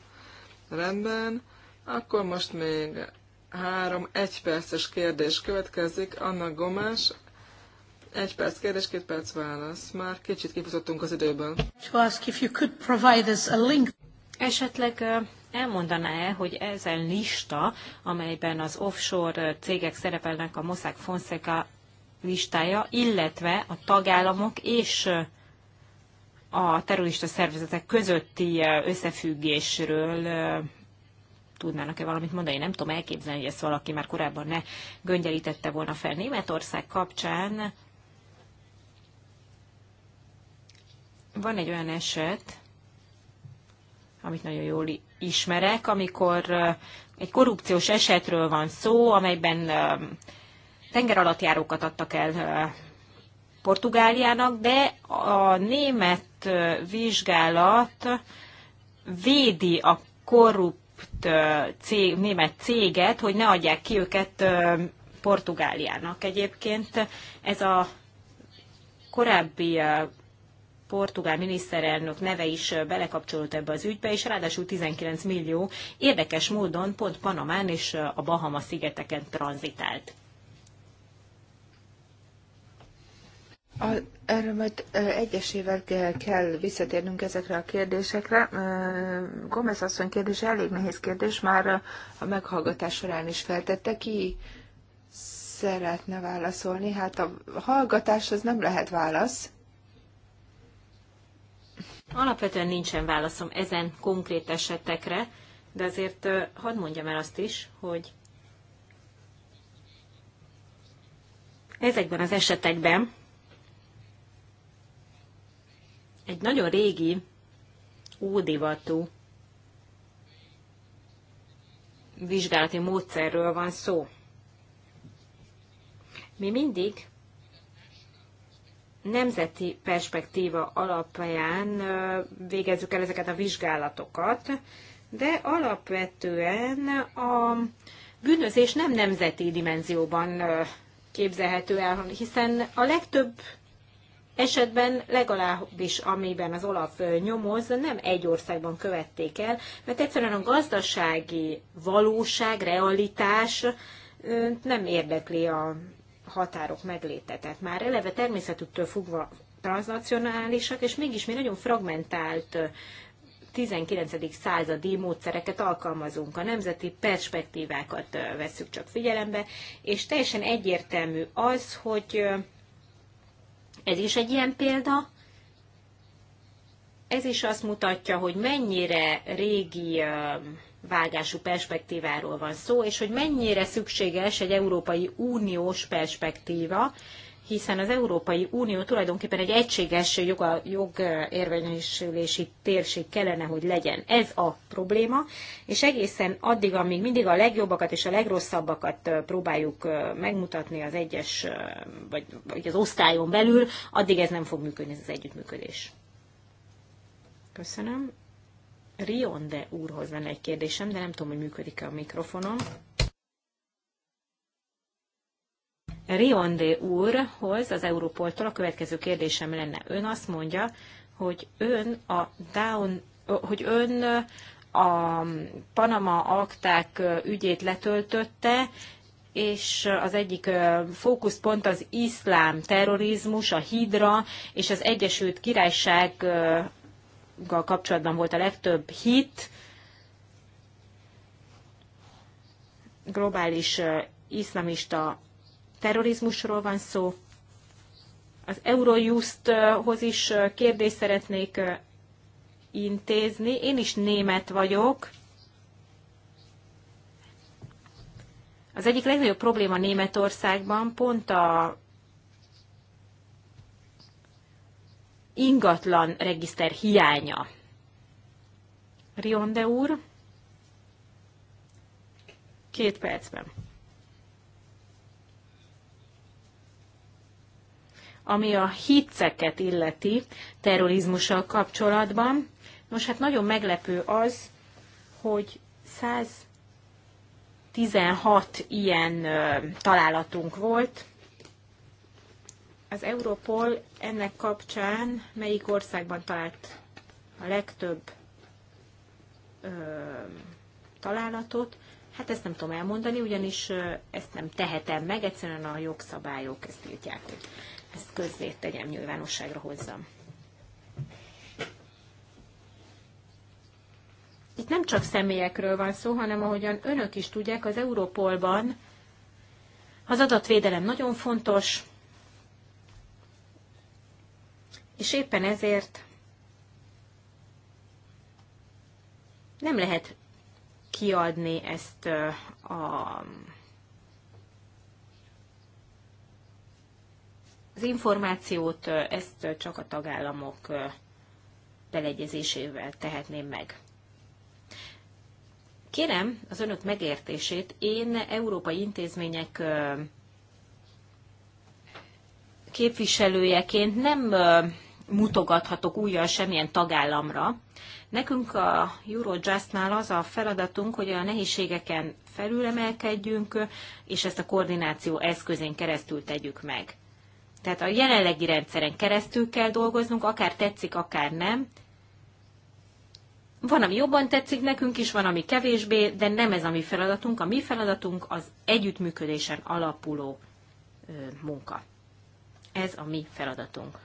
Rendben. Akkor most még három egyperces kérdés következik. Anna Gomás, egy perc kérdés, két perc válasz. Már kicsit kifutottunk az időből. Esetleg elmondaná-e, hogy ezen lista, amelyben az offshore cégek szerepelnek a Mossack Fonseca listája, illetve a tagállamok és a terrorista szervezetek közötti összefüggésről tudnának-e valamit mondani. Nem tudom elképzelni, hogy ezt valaki már korábban ne göngyelítette volna fel. Németország kapcsán van egy olyan eset, amit nagyon jól ismerek, amikor egy korrupciós esetről van szó, amelyben tengeralattjárókat adtak el Portugáliának, de a német vizsgálat védi a korrupt cég, német céget, hogy ne adják ki őket Portugáliának. Egyébként ez a korábbi portugál miniszterelnök neve is belekapcsolódott ebbe az ügybe, és ráadásul 19 millió érdekes módon pont Panamán és a Bahama szigeteken tranzitált. A, erről majd egyesével kell visszatérnünk ezekre a kérdésekre. Gomez asszony kérdés elég nehéz kérdés, már a meghallgatás során is feltette ki. Szeretne válaszolni? Hát a hallgatás az nem lehet válasz. Alapvetően nincsen válaszom ezen konkrét esetekre, de azért hadd mondjam el azt is, hogy ezekben az esetekben egy nagyon régi, ódivatú vizsgálati módszerről van szó. Mi mindig nemzeti perspektíva alapján végezzük el ezeket a vizsgálatokat, de alapvetően a bűnözés nem nemzeti dimenzióban képzelhető el, hiszen a legtöbb esetben legalábbis amiben az Olaf nyomoz, nem egy országban követték el, mert egyszerűen a gazdasági valóság, realitás nem érdekli a határok megléte. Tehát már eleve természetüktől fogva transnacionálisak, és mégis mi nagyon fragmentált 19. századi módszereket alkalmazunk, a nemzeti perspektívákat veszük csak figyelembe, és teljesen egyértelmű az, hogy ez is egy ilyen példa. Ez is azt mutatja, hogy mennyire régi vágású perspektíváról van szó, és hogy mennyire szükséges egy Európai Uniós perspektíva, hiszen az Európai Unió tulajdonképpen egy egységes joga, jogérvényesülési térség kellene, hogy legyen. Ez a probléma, és egészen addig, amíg mindig a legjobbakat és a legrosszabbakat próbáljuk megmutatni az egyes, vagy, vagy az osztályon belül, addig ez nem fog működni, ez az együttműködés. Köszönöm. Rionde úrhoz lenne egy kérdésem, de nem tudom, hogy működik-e a mikrofonom. Riondé úrhoz, az Európoltól a következő kérdésem lenne. Ön azt mondja, hogy ön a down, hogy ön a Panama akták ügyét letöltötte, és az egyik fókuszpont az iszlám terrorizmus, a hidra és az Egyesült Királysággal kapcsolatban volt a legtöbb hit, globális iszlamista terrorizmusról van szó. Az hoz is kérdést szeretnék intézni. Én is német vagyok. Az egyik legnagyobb probléma Németországban pont a ingatlan regiszter hiánya. Rionde úr, két percben. ami a hitceket illeti terrorizmussal kapcsolatban. Nos, hát nagyon meglepő az, hogy 116 ilyen találatunk volt. Az Europol ennek kapcsán melyik országban talált a legtöbb ö, találatot? Hát ezt nem tudom elmondani, ugyanis ezt nem tehetem meg, egyszerűen a jogszabályok ezt tiltják ezt közzé tegyem, nyilvánosságra hozzam. Itt nem csak személyekről van szó, hanem ahogyan önök is tudják, az Európolban az adatvédelem nagyon fontos, és éppen ezért nem lehet kiadni ezt a Az információt ezt csak a tagállamok beleegyezésével tehetném meg. Kérem az önök megértését, én európai intézmények képviselőjeként nem mutogathatok újjal semmilyen tagállamra. Nekünk a Eurojustnál az a feladatunk, hogy a nehézségeken felülemelkedjünk, és ezt a koordináció eszközén keresztül tegyük meg. Tehát a jelenlegi rendszeren keresztül kell dolgoznunk, akár tetszik, akár nem. Van, ami jobban tetszik nekünk is, van, ami kevésbé, de nem ez a mi feladatunk. A mi feladatunk az együttműködésen alapuló ö, munka. Ez a mi feladatunk.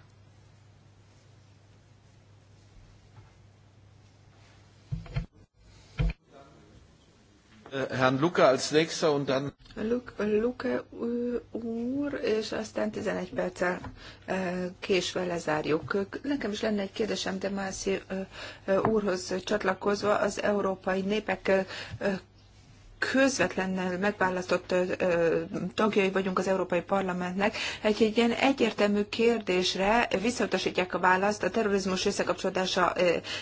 Äh, Herrn Luca als nächster und dann... Luca, Luca úr, és aztán 11 perccel äh, késve lezárjuk. Nekem is lenne egy kérdésem de Demászi úrhoz csatlakozva az európai népek közvetlenül megválasztott tagjai vagyunk az Európai Parlamentnek, egy, ilyen egyértelmű kérdésre visszautasítják a választ, a terrorizmus összekapcsolódása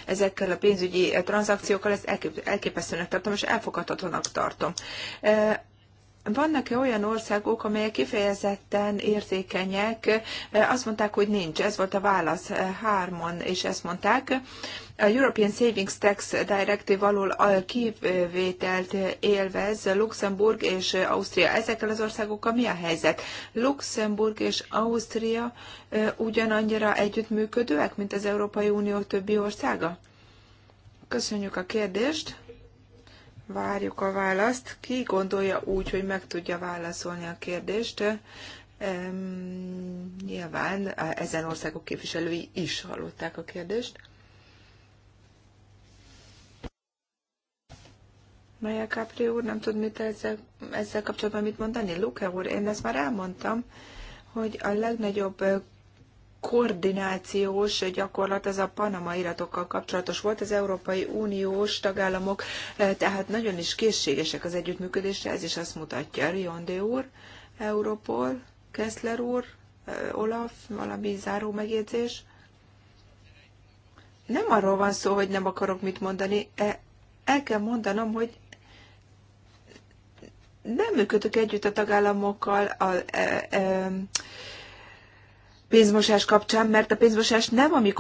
ezekkel a pénzügyi tranzakciókkal, ezt elképesztőnek tartom, és elfogadhatónak tartom vannak-e olyan országok, amelyek kifejezetten érzékenyek? Azt mondták, hogy nincs. Ez volt a válasz hárman, és ezt mondták. A European Savings Tax Directive alól a kivételt élvez Luxemburg és Ausztria. Ezekkel az országokkal mi a helyzet? Luxemburg és Ausztria ugyanannyira együttműködőek, mint az Európai Unió többi országa? Köszönjük a kérdést! Várjuk a választ. Ki gondolja úgy, hogy meg tudja válaszolni a kérdést? Ehm, nyilván ezen országok képviselői is hallották a kérdést. Maja Capri úr nem tud mit ezzel, ezzel kapcsolatban mit mondani. Luke úr, én ezt már elmondtam, hogy a legnagyobb koordinációs gyakorlat, ez a Panama iratokkal kapcsolatos volt, az Európai Uniós tagállamok, eh, tehát nagyon is készségesek az együttműködésre, ez is azt mutatja Rionde úr, Europol, Kessler úr, eh, Olaf, valami záró megjegyzés. Nem arról van szó, hogy nem akarok mit mondani, eh, el kell mondanom, hogy nem működök együtt a tagállamokkal, a, a, a, pénzmosás kapcsán, mert a pénzmosás nem a mi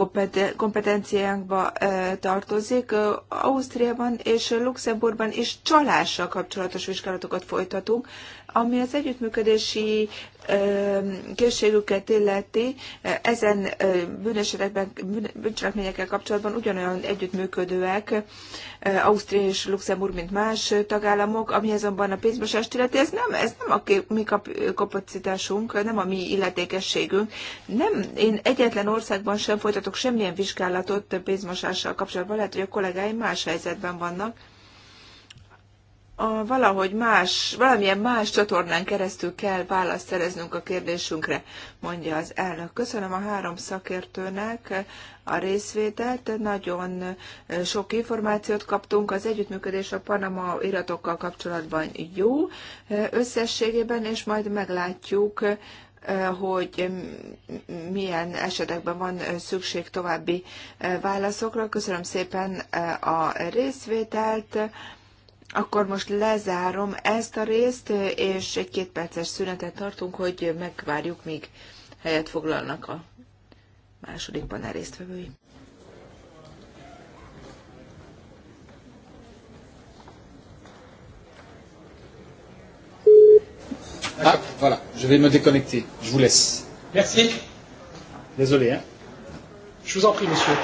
kompetenciánkba tartozik. Ausztriában és Luxemburgban is csalással kapcsolatos vizsgálatokat folytatunk, ami az együttműködési készségüket illeti, ezen bűncselekményekkel kapcsolatban ugyanolyan együttműködőek Ausztria és Luxemburg, mint más tagállamok, ami azonban a pénzmosást illeti, ez nem, ez nem a mi kapacitásunk, nem a mi illetékességünk. Nem, én egyetlen országban sem folytatok semmilyen vizsgálatot pénzmosással kapcsolatban, lehet, hogy a kollégáim más helyzetben vannak a, valahogy más, valamilyen más csatornán keresztül kell választ szereznünk a kérdésünkre, mondja az elnök. Köszönöm a három szakértőnek a részvételt, nagyon sok információt kaptunk, az együttműködés a Panama iratokkal kapcsolatban jó összességében, és majd meglátjuk, hogy milyen esetekben van szükség további válaszokra. Köszönöm szépen a részvételt. Akkor most lezárom ezt a részt, és egy két perces szünetet tartunk, hogy megvárjuk, míg helyet foglalnak a második panel résztvevői. Ah, voilà, je vais me déconnecter. Je vous laisse. Merci. Désolé, hein. Je vous en prie, monsieur.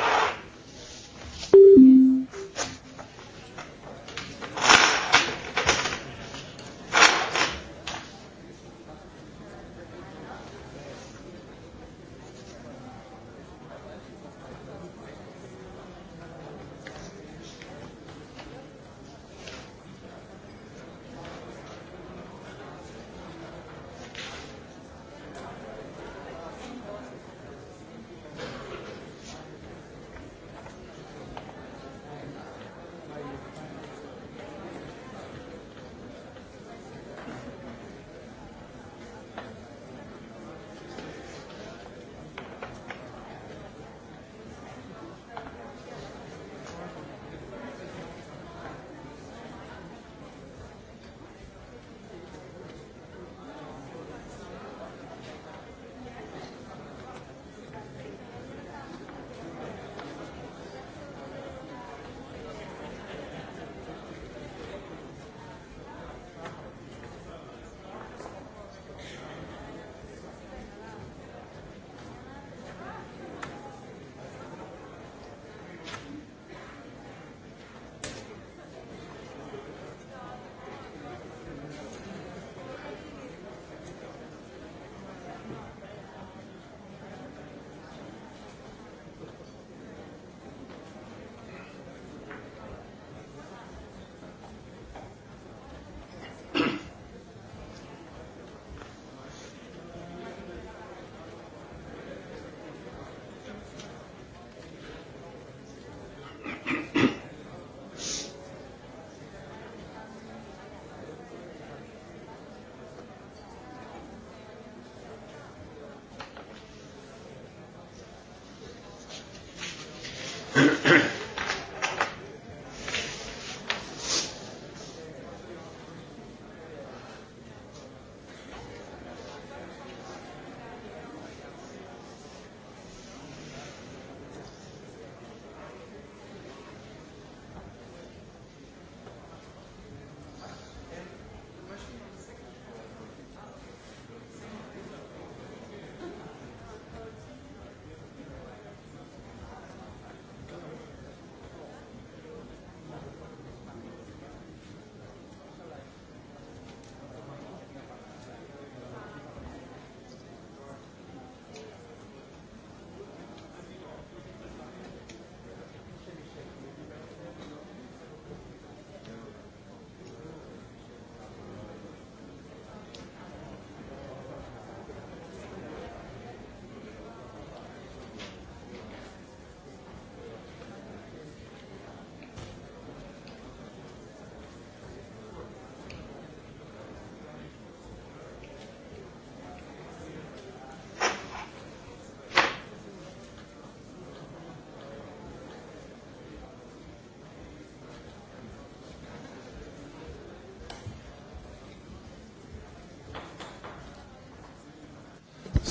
Thank you.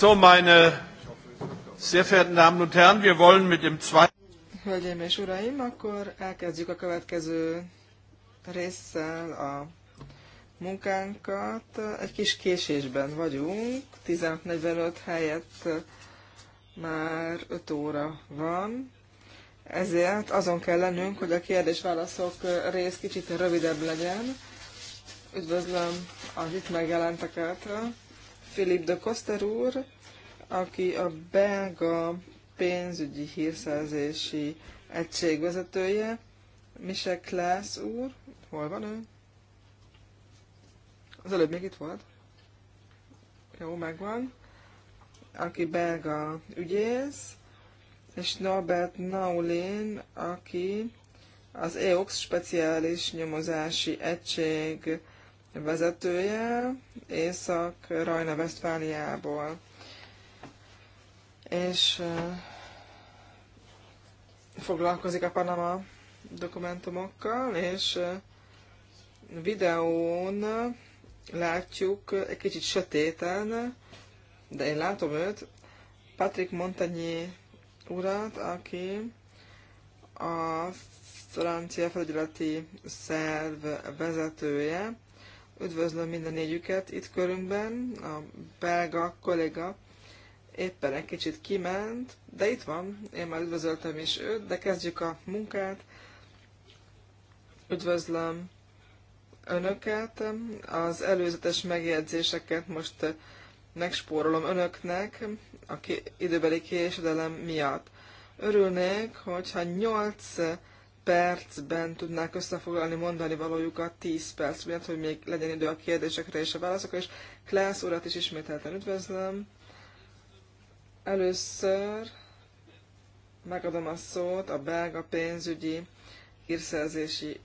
So, meine sehr verehrten Damen und Herren, wir wollen mit dem zweiten... Hölgyeim és Uraim, akkor elkezdjük a következő résszel a munkánkat. Egy kis késésben vagyunk, 16.45 helyett már 5 óra van, ezért azon kell lennünk, hogy a kérdés-válaszok rész kicsit rövidebb legyen. Üdvözlöm az itt megjelenteket, Filip de Koster úr, aki a belga pénzügyi hírszerzési egység vezetője, Mise Klász úr. Hol van ő? Az előbb még itt volt. Jó, megvan. Aki belga ügyész, és Norbert Naulin, aki az EOX speciális nyomozási egység vezetője Észak-Rajna-Vesztfáliából és foglalkozik a Panama dokumentumokkal, és videón látjuk egy kicsit sötéten, de én látom őt, Patrick Montagné urat, aki a francia felügyeleti szerv vezetője. Üdvözlöm minden négyüket itt körünkben, a belga kolléga éppen egy kicsit kiment, de itt van, én már üdvözöltem is őt, de kezdjük a munkát. Üdvözlöm önöket, az előzetes megjegyzéseket most megspórolom önöknek a időbeli késedelem miatt. Örülnék, hogyha 8 percben tudnák összefoglalni mondani valójukat 10 perc miatt, hogy még legyen idő a kérdésekre és a válaszokra, és Klász urat is ismételten üdvözlöm. Először megadom a szót a belga pénzügyi hírszerzési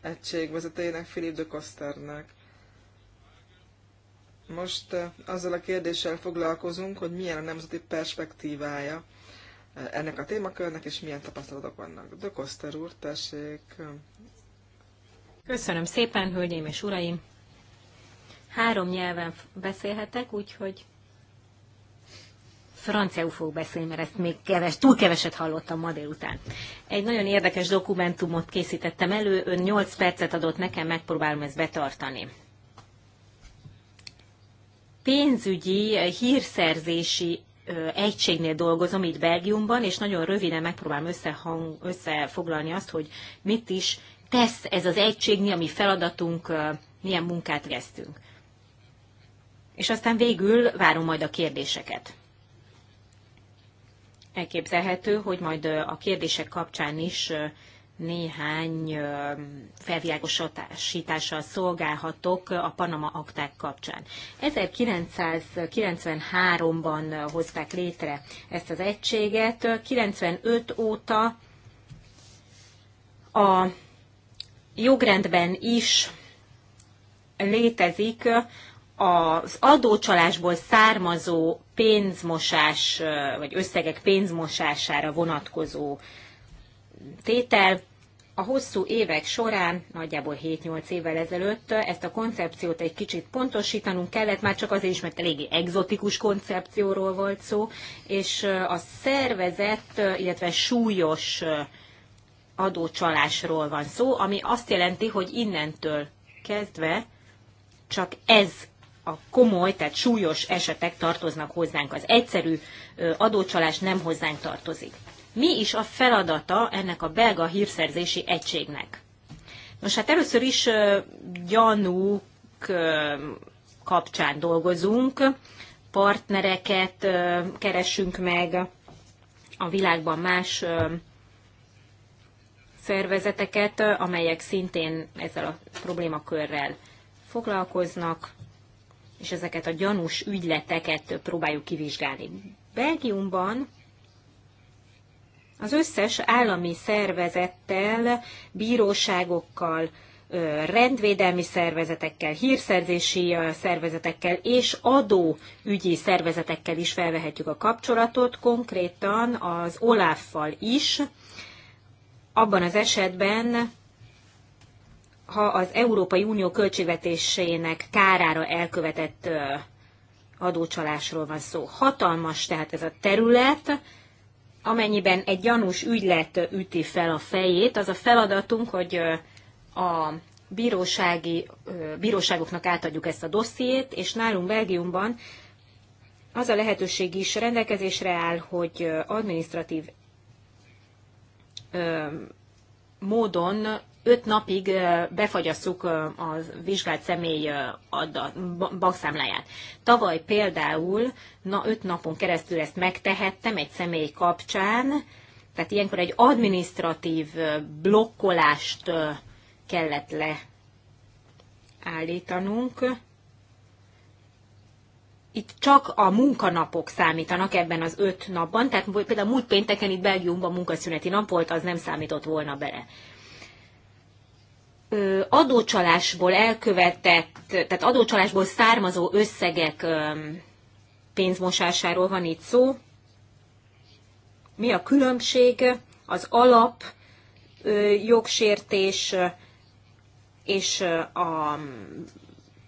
egység vezetőjének, Filip de Kosternek. Most eh, azzal a kérdéssel foglalkozunk, hogy milyen a nemzeti perspektívája eh, ennek a témakörnek, és milyen tapasztalatok vannak. De Koster úr, tessék! Köszönöm szépen, hölgyeim és uraim! Három nyelven beszélhetek, úgyhogy franciául fogok beszélni, mert ezt még keves, túl keveset hallottam ma délután. Egy nagyon érdekes dokumentumot készítettem elő, ön 8 percet adott nekem, megpróbálom ezt betartani. Pénzügyi eh, hírszerzési eh, egységnél dolgozom itt Belgiumban, és nagyon röviden megpróbálom összehang, összefoglalni azt, hogy mit is tesz ez az egység, mi a mi feladatunk, eh, milyen munkát kezdtünk. És aztán végül várom majd a kérdéseket elképzelhető, hogy majd a kérdések kapcsán is néhány felvilágosítással szolgálhatok a Panama akták kapcsán. 1993-ban hozták létre ezt az egységet, 95 óta a jogrendben is létezik az adócsalásból származó pénzmosás, vagy összegek pénzmosására vonatkozó tétel. A hosszú évek során, nagyjából 7-8 évvel ezelőtt ezt a koncepciót egy kicsit pontosítanunk kellett, már csak azért is, mert eléggé egzotikus koncepcióról volt szó, és a szervezett, illetve súlyos adócsalásról van szó, ami azt jelenti, hogy innentől kezdve csak ez a komoly, tehát súlyos esetek tartoznak hozzánk. Az egyszerű adócsalás nem hozzánk tartozik. Mi is a feladata ennek a belga hírszerzési egységnek? Nos, hát először is gyanúk kapcsán dolgozunk, partnereket keresünk meg a világban más szervezeteket, amelyek szintén ezzel a problémakörrel foglalkoznak és ezeket a gyanús ügyleteket próbáljuk kivizsgálni. Belgiumban az összes állami szervezettel, bíróságokkal, rendvédelmi szervezetekkel, hírszerzési szervezetekkel és adóügyi szervezetekkel is felvehetjük a kapcsolatot, konkrétan az Oláffal is, abban az esetben, ha az Európai Unió költségvetésének kárára elkövetett adócsalásról van szó. Hatalmas tehát ez a terület, amennyiben egy gyanús ügylet üti fel a fejét, az a feladatunk, hogy a bírósági, bíróságoknak átadjuk ezt a dossziét, és nálunk Belgiumban az a lehetőség is rendelkezésre áll, hogy administratív módon öt napig befagyasszuk a vizsgált személy bankszámláját. Tavaly például na, öt napon keresztül ezt megtehettem egy személy kapcsán, tehát ilyenkor egy administratív blokkolást kellett leállítanunk. Itt csak a munkanapok számítanak ebben az öt napban, tehát például múlt pénteken itt Belgiumban munkaszüneti nap volt, az nem számított volna bele adócsalásból elkövetett, tehát adócsalásból származó összegek pénzmosásáról van itt szó. Mi a különbség az alap jogsértés és a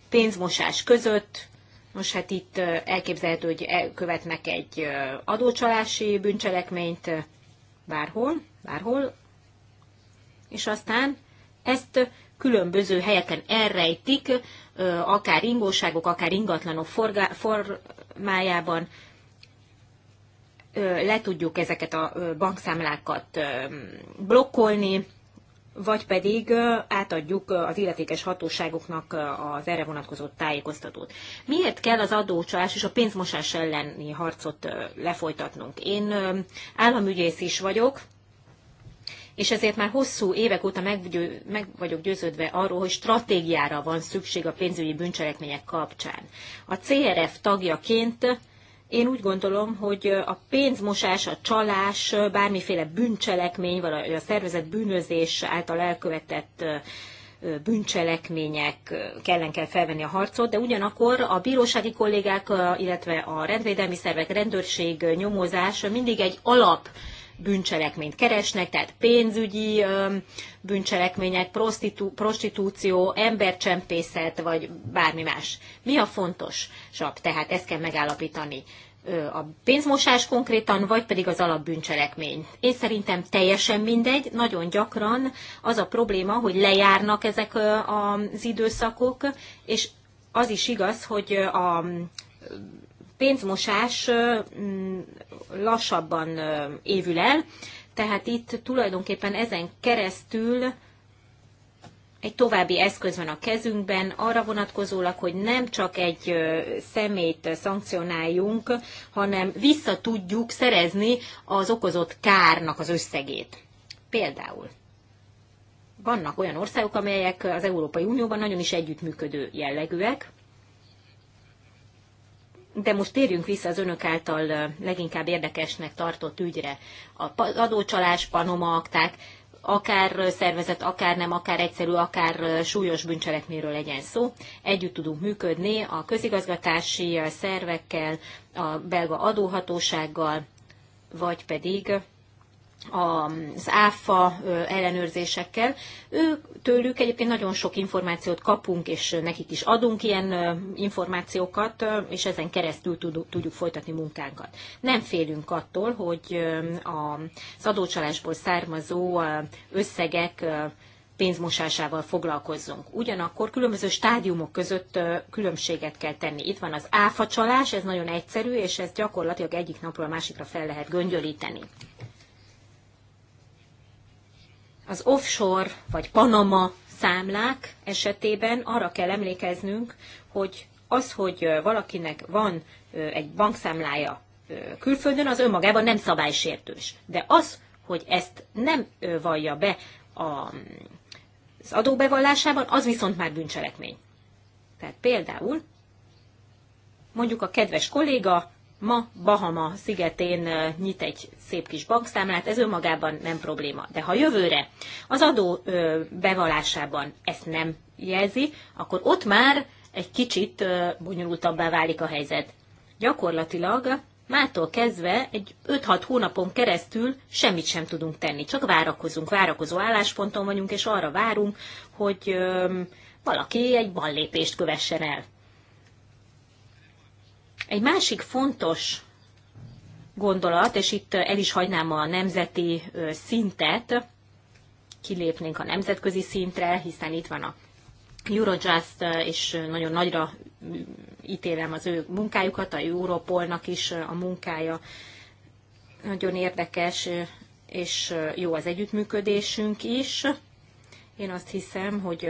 pénzmosás között? Most hát itt elképzelhető, hogy követnek egy adócsalási bűncselekményt bárhol, bárhol, és aztán ezt különböző helyeken elrejtik, akár ingóságok, akár ingatlanok formájában le tudjuk ezeket a bankszámlákat blokkolni, vagy pedig átadjuk az illetékes hatóságoknak az erre vonatkozó tájékoztatót. Miért kell az adócsalás és a pénzmosás elleni harcot lefolytatnunk? Én államügyész is vagyok, és ezért már hosszú évek óta meggyő, meg vagyok győződve arról, hogy stratégiára van szükség a pénzügyi bűncselekmények kapcsán. A CRF tagjaként én úgy gondolom, hogy a pénzmosás, a csalás, bármiféle bűncselekmény, vagy a szervezett bűnözés által elkövetett bűncselekmények ellen kell felvenni a harcot, de ugyanakkor a bírósági kollégák, illetve a rendvédelmi szervek, rendőrség, nyomozás mindig egy alap bűncselekményt keresnek, tehát pénzügyi bűncselekmények, prostitú, prostitúció, embercsempészet, vagy bármi más. Mi a fontosabb? Tehát ezt kell megállapítani a pénzmosás konkrétan, vagy pedig az alapbűncselekmény. Én szerintem teljesen mindegy, nagyon gyakran az a probléma, hogy lejárnak ezek az időszakok, és az is igaz, hogy a pénzmosás mm, lassabban évül el, tehát itt tulajdonképpen ezen keresztül egy további eszköz van a kezünkben, arra vonatkozólag, hogy nem csak egy szemét szankcionáljunk, hanem vissza tudjuk szerezni az okozott kárnak az összegét. Például vannak olyan országok, amelyek az Európai Unióban nagyon is együttműködő jellegűek, de most térjünk vissza az önök által leginkább érdekesnek tartott ügyre. A adócsalás, panoma akták, akár szervezet, akár nem, akár egyszerű, akár súlyos bűncselekményről legyen szó. Együtt tudunk működni a közigazgatási szervekkel, a belga adóhatósággal, vagy pedig az áfa ellenőrzésekkel. Ők tőlük egyébként nagyon sok információt kapunk, és nekik is adunk ilyen információkat, és ezen keresztül tudjuk folytatni munkánkat. Nem félünk attól, hogy az adócsalásból származó összegek pénzmosásával foglalkozzunk. Ugyanakkor különböző stádiumok között különbséget kell tenni. Itt van az áfacsalás, ez nagyon egyszerű, és ez gyakorlatilag egyik napról a másikra fel lehet göngyölíteni. Az offshore vagy Panama számlák esetében arra kell emlékeznünk, hogy az, hogy valakinek van egy bankszámlája külföldön, az önmagában nem szabálysértős. De az, hogy ezt nem vallja be az adóbevallásában, az viszont már bűncselekmény. Tehát például mondjuk a kedves kolléga ma Bahama szigetén nyit egy szép kis bankszámlát, ez önmagában nem probléma. De ha jövőre az adó bevallásában ezt nem jelzi, akkor ott már egy kicsit bonyolultabbá válik a helyzet. Gyakorlatilag mától kezdve egy 5-6 hónapon keresztül semmit sem tudunk tenni, csak várakozunk, várakozó állásponton vagyunk, és arra várunk, hogy valaki egy ballépést kövessen el. Egy másik fontos gondolat, és itt el is hagynám a nemzeti szintet, kilépnénk a nemzetközi szintre, hiszen itt van a Eurojust, és nagyon nagyra ítélem az ő munkájukat, a Europolnak is a munkája nagyon érdekes, és jó az együttműködésünk is. Én azt hiszem, hogy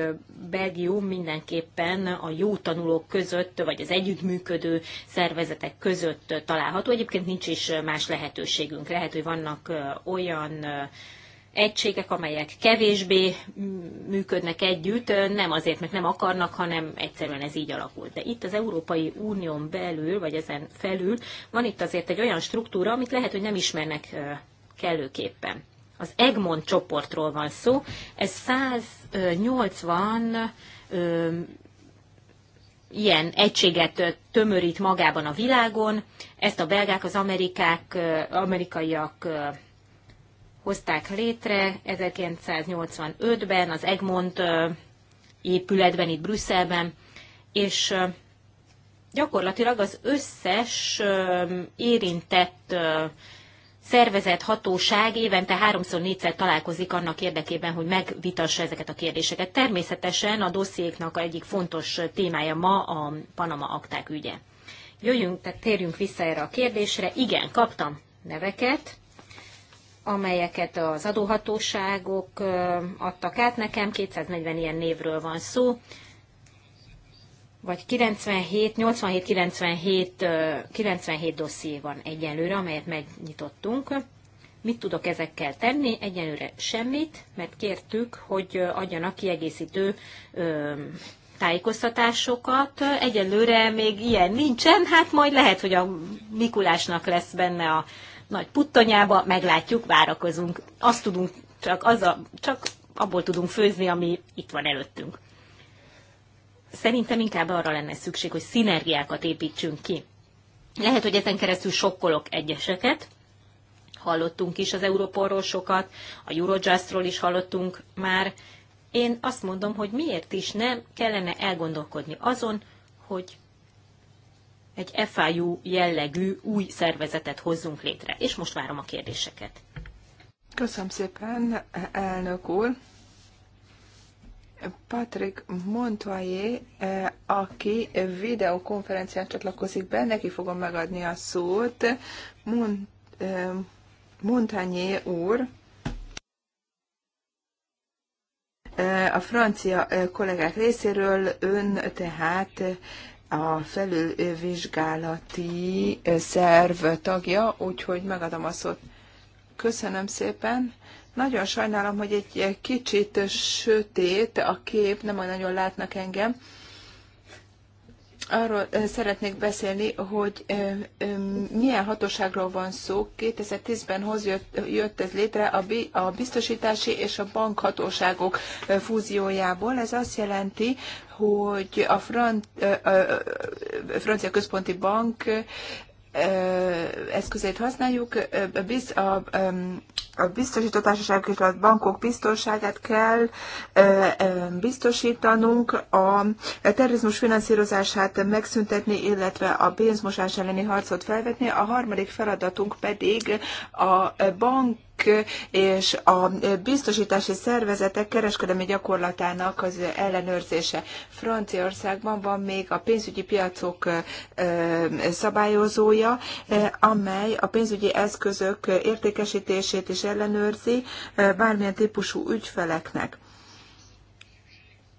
Belgium mindenképpen a jó tanulók között, vagy az együttműködő szervezetek között található. Egyébként nincs is más lehetőségünk. Lehet, hogy vannak olyan egységek, amelyek kevésbé működnek együtt, nem azért, mert nem akarnak, hanem egyszerűen ez így alakult. De itt az Európai Unión belül, vagy ezen felül van itt azért egy olyan struktúra, amit lehet, hogy nem ismernek kellőképpen. Az Egmont csoportról van szó. Ez 180 ö, ilyen egységet tömörít magában a világon. Ezt a belgák, az amerikák, amerikaiak hozták létre 1985-ben az Egmont épületben itt Brüsszelben, és gyakorlatilag az összes érintett szervezet, hatóság évente háromszor, négyszer találkozik annak érdekében, hogy megvitassa ezeket a kérdéseket. Természetesen a dossziéknak egyik fontos témája ma a Panama akták ügye. Jöjjünk, tehát térjünk vissza erre a kérdésre. Igen, kaptam neveket amelyeket az adóhatóságok adtak át nekem, 240 ilyen névről van szó, vagy 97, 87, 97, 97 dosszié van egyenlőre, amelyet megnyitottunk. Mit tudok ezekkel tenni? Egyenlőre semmit, mert kértük, hogy adjanak kiegészítő tájékoztatásokat. Egyelőre még ilyen nincsen, hát majd lehet, hogy a Mikulásnak lesz benne a nagy puttonyába, meglátjuk, várakozunk. Azt tudunk, csak, az a, csak abból tudunk főzni, ami itt van előttünk szerintem inkább arra lenne szükség, hogy szinergiákat építsünk ki. Lehet, hogy ezen keresztül sokkolok egyeseket, hallottunk is az Europolról sokat, a Eurojustról is hallottunk már. Én azt mondom, hogy miért is nem kellene elgondolkodni azon, hogy egy FIU jellegű új szervezetet hozzunk létre. És most várom a kérdéseket. Köszönöm szépen, elnök úr. Patrick Montoyer, eh, aki videokonferencián csatlakozik be, neki fogom megadni a szót. Eh, Montagné úr, eh, a francia kollégák részéről ön tehát a felülvizsgálati szerv tagja, úgyhogy megadom a szót. Köszönöm szépen. Nagyon sajnálom, hogy egy kicsit sötét a kép, nem olyan nagyon látnak engem. Arról eh, szeretnék beszélni, hogy eh, milyen hatóságról van szó. 2010-ben hoz jött ez létre a, a biztosítási és a bankhatóságok eh, fúziójából. Ez azt jelenti, hogy a, Fran- a Francia Központi Bank eszközét használjuk, a, a, a biztosító társaságok és a bankok biztonságát kell biztosítanunk, a terrorizmus finanszírozását megszüntetni, illetve a pénzmosás elleni harcot felvetni, a harmadik feladatunk pedig a bank és a biztosítási szervezetek kereskedelmi gyakorlatának az ellenőrzése. Franciaországban van még a pénzügyi piacok szabályozója, amely a pénzügyi eszközök értékesítését is ellenőrzi bármilyen típusú ügyfeleknek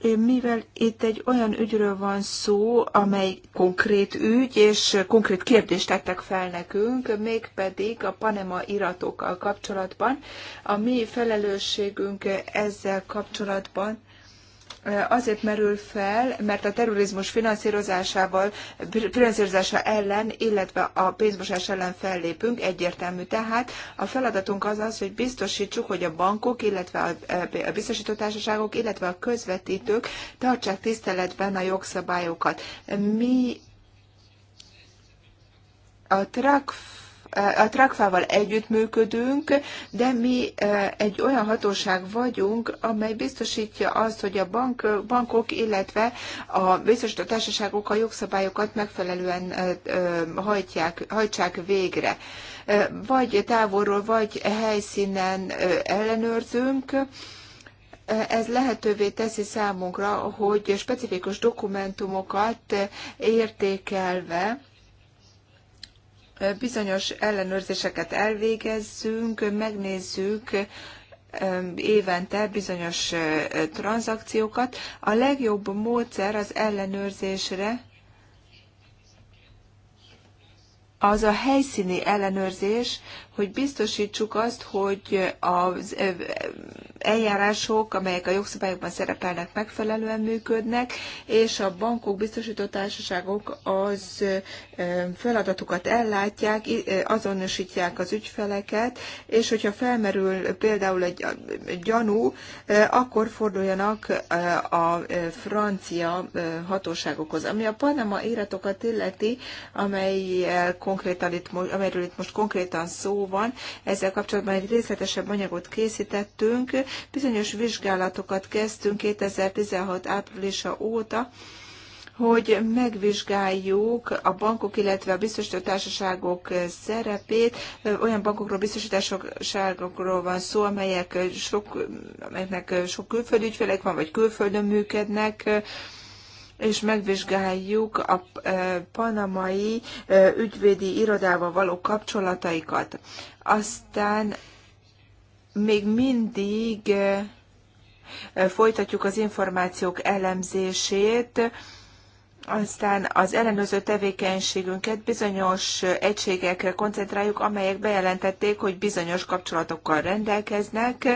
mivel itt egy olyan ügyről van szó, amely konkrét ügy, és konkrét kérdést tettek fel nekünk, mégpedig a Panema iratokkal kapcsolatban. A mi felelősségünk ezzel kapcsolatban Eh, azért merül fel, mert a terrorizmus finanszírozásával, finanszírozása ellen, illetve a pénzmosás ellen fellépünk, egyértelmű tehát. A feladatunk az az, hogy biztosítsuk, hogy a bankok, illetve a eh, biztosítótársaságok, illetve a közvetítők tartsák tiszteletben a jogszabályokat. Mi a trakf a Trakfával együttműködünk, de mi e, egy olyan hatóság vagyunk, amely biztosítja azt, hogy a bank, bankok, illetve a biztosító társaságok a jogszabályokat megfelelően e, e, hajtják, hajtsák végre. Vagy távolról, vagy helyszínen ellenőrzünk, ez lehetővé teszi számunkra, hogy specifikus dokumentumokat értékelve, bizonyos ellenőrzéseket elvégezzünk, megnézzük évente bizonyos tranzakciókat. A legjobb módszer az ellenőrzésre az a helyszíni ellenőrzés, hogy biztosítsuk azt, hogy az eljárások, amelyek a jogszabályokban szerepelnek, megfelelően működnek, és a bankok, biztosító társaságok az feladatukat ellátják, azonosítják az ügyfeleket, és hogyha felmerül például egy gyanú, akkor forduljanak a francia hatóságokhoz. Ami a Panama íratokat illeti, amely konkrétan itt, amelyről itt most konkrétan szó szóban. Ezzel kapcsolatban egy részletesebb anyagot készítettünk. Bizonyos vizsgálatokat kezdtünk 2016 áprilisa óta, hogy megvizsgáljuk a bankok, illetve a biztosítótársaságok szerepét. Olyan bankokról, biztosítótársaságokról van szó, amelyek sok, amelyeknek sok külföldi ügyfelek van, vagy külföldön működnek, és megvizsgáljuk a panamai ügyvédi irodával való kapcsolataikat. Aztán még mindig folytatjuk az információk elemzését, aztán az ellenőrző tevékenységünket bizonyos egységekre koncentráljuk, amelyek bejelentették, hogy bizonyos kapcsolatokkal rendelkeznek.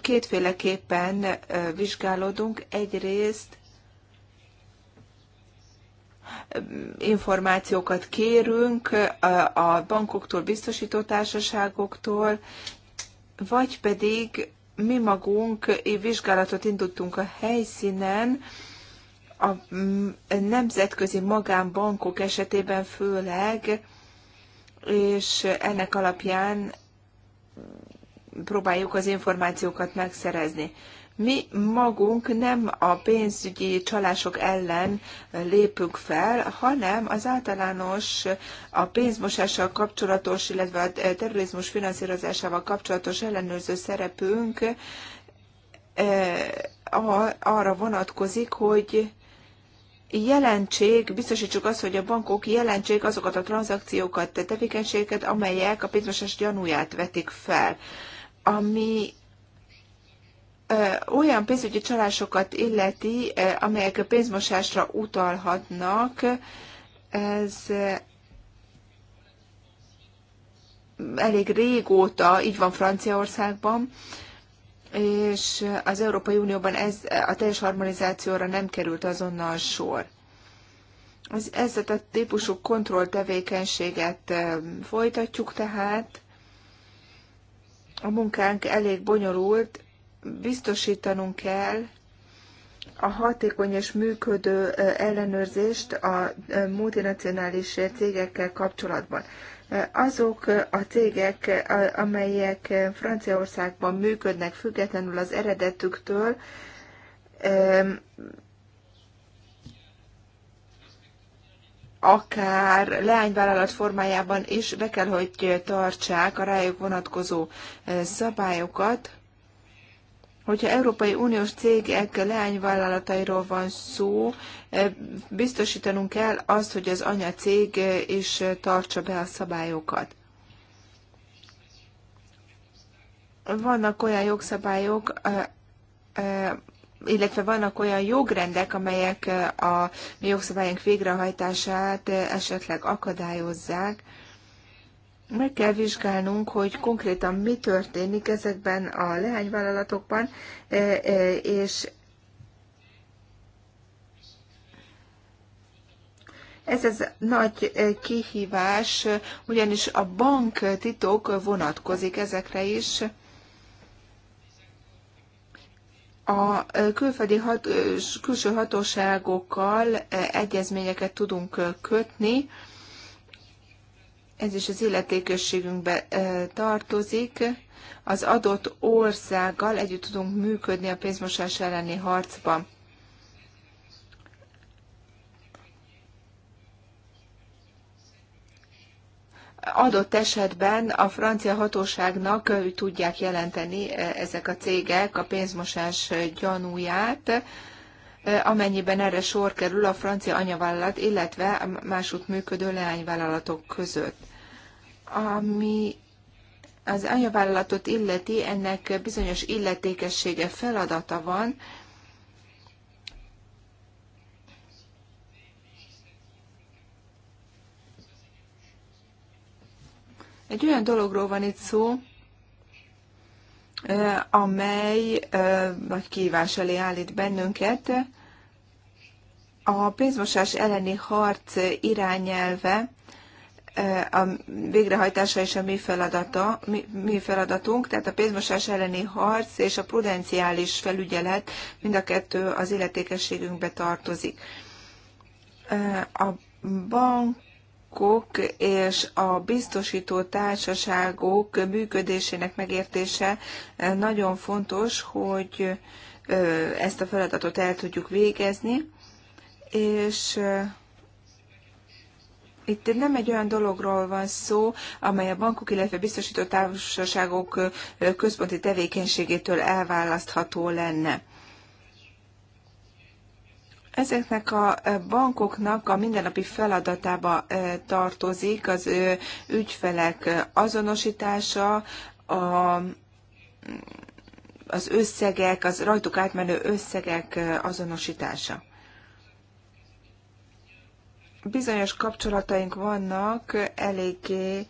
Kétféleképpen vizsgálódunk. Egyrészt információkat kérünk eh, a bankoktól, biztosítótársaságoktól, vagy pedig mi magunk vizsgálatot indultunk a helyszínen, a mm, nemzetközi magánbankok esetében főleg, és ennek alapján próbáljuk az információkat megszerezni. Mi magunk nem a pénzügyi csalások ellen lépünk fel, hanem az általános a pénzmosással kapcsolatos, illetve a terrorizmus finanszírozásával kapcsolatos ellenőrző szerepünk e, arra vonatkozik, hogy jelentség, biztosítsuk azt, hogy a bankok jelentség azokat a tranzakciókat, tevékenységeket, amelyek a pénzmosás gyanúját vetik fel. Ami olyan pénzügyi csalásokat illeti, amelyek a pénzmosásra utalhatnak, ez elég régóta így van Franciaországban, és az Európai Unióban ez a teljes harmonizációra nem került azonnal sor. Ez, a típusú kontrolltevékenységet folytatjuk tehát. A munkánk elég bonyolult, biztosítanunk kell a hatékony és működő ellenőrzést a multinacionális cégekkel kapcsolatban. Azok a cégek, amelyek Franciaországban működnek függetlenül az eredetüktől, akár leányvállalat formájában is be kell, hogy tartsák a rájuk vonatkozó szabályokat, hogyha Európai Uniós cégek leányvállalatairól van szó, eh, biztosítanunk kell azt, hogy az anya cég eh, is eh, tartsa be a szabályokat. Vannak olyan jogszabályok, illetve vannak olyan jogrendek, amelyek a mi jogszabályunk végrehajtását esetleg akadályozzák meg kell vizsgálnunk, hogy konkrétan mi történik ezekben a leányvállalatokban, e, e, és Ez az nagy e, kihívás, ugyanis a bank titok vonatkozik ezekre is. A külföldi hat, külső hatóságokkal egyezményeket tudunk kötni, ez is az illetékösségünkbe tartozik. Az adott országgal együtt tudunk működni a pénzmosás elleni harcban. adott esetben a francia hatóságnak tudják jelenteni ezek a cégek a pénzmosás gyanúját, amennyiben erre sor kerül a francia anyavállalat, illetve a másút működő leányvállalatok között. Ami az anyavállalatot illeti, ennek bizonyos illetékessége, feladata van, Egy olyan dologról van itt szó, amely nagy kívás elé állít bennünket. A pénzmosás elleni harc irányelve Eh, a végrehajtása és a mi, feladata, mi, mi feladatunk, tehát a pénzmosás elleni harc és a prudenciális felügyelet mind a kettő az illetékességünkbe tartozik. Eh, a bankok és a biztosító társaságok működésének megértése eh, nagyon fontos, hogy ezt a feladatot el tudjuk végezni, és itt nem egy olyan dologról van szó, amely a bankok, illetve biztosító társaságok központi tevékenységétől elválasztható lenne. Ezeknek a bankoknak a mindennapi feladatába tartozik az ügyfelek azonosítása, a, az összegek, az rajtuk átmenő összegek azonosítása bizonyos kapcsolataink vannak, eléggé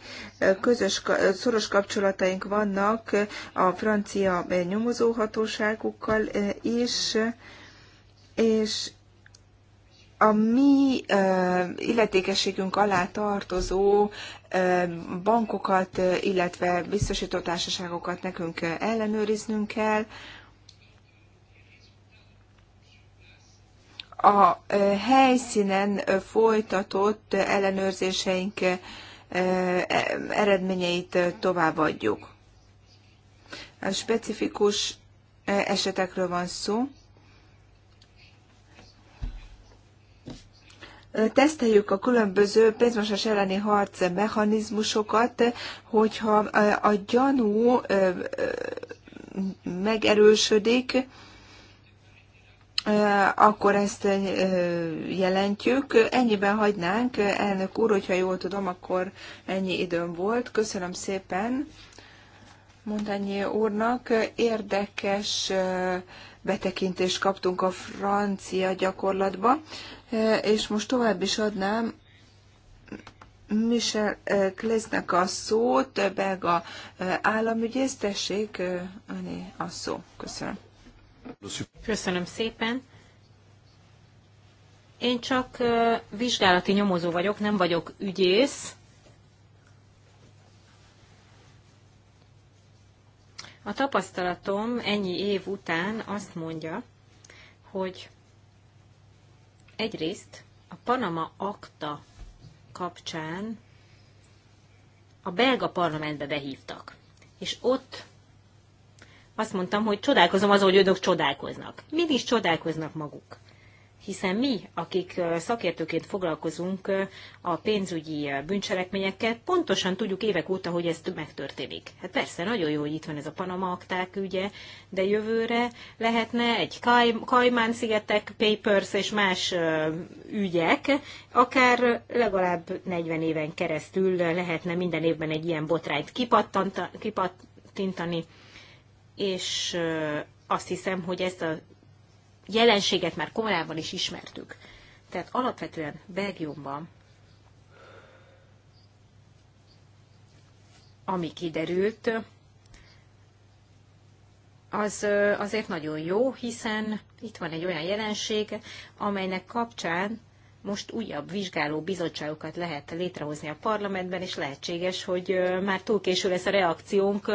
közös, szoros kapcsolataink vannak a francia nyomozóhatóságukkal is, és a mi illetékességünk alá tartozó bankokat, illetve biztosítótársaságokat nekünk ellenőriznünk kell, a helyszínen folytatott ellenőrzéseink eredményeit továbbadjuk. A specifikus esetekről van szó. teszteljük a különböző pénzmosás elleni harc mechanizmusokat, hogyha a gyanú megerősödik, akkor ezt jelentjük. Ennyiben hagynánk, elnök úr, hogyha jól tudom, akkor ennyi időm volt. Köszönöm szépen Montagné úrnak. Érdekes betekintést kaptunk a francia gyakorlatba, és most tovább is adnám Michel Klesznek a szót, belga államügyész, tessék, Ani a szó. Köszönöm. Köszönöm szépen. Én csak vizsgálati nyomozó vagyok, nem vagyok ügyész. A tapasztalatom ennyi év után azt mondja, hogy egyrészt a Panama akta kapcsán a belga parlamentbe behívtak, és ott azt mondtam, hogy csodálkozom az, hogy önök csodálkoznak. Mit is csodálkoznak maguk? Hiszen mi, akik szakértőként foglalkozunk a pénzügyi bűncselekményekkel, pontosan tudjuk évek óta, hogy ez megtörténik. Hát persze, nagyon jó, hogy itt van ez a Panama akták ügye, de jövőre lehetne egy Kajmán szigetek, Papers és más ügyek, akár legalább 40 éven keresztül lehetne minden évben egy ilyen botrányt kipattintani, és azt hiszem, hogy ezt a jelenséget már korábban is ismertük. Tehát alapvetően Belgiumban, ami kiderült, az azért nagyon jó, hiszen itt van egy olyan jelenség, amelynek kapcsán most újabb vizsgáló bizottságokat lehet létrehozni a parlamentben, és lehetséges, hogy már túl késő lesz a reakciónk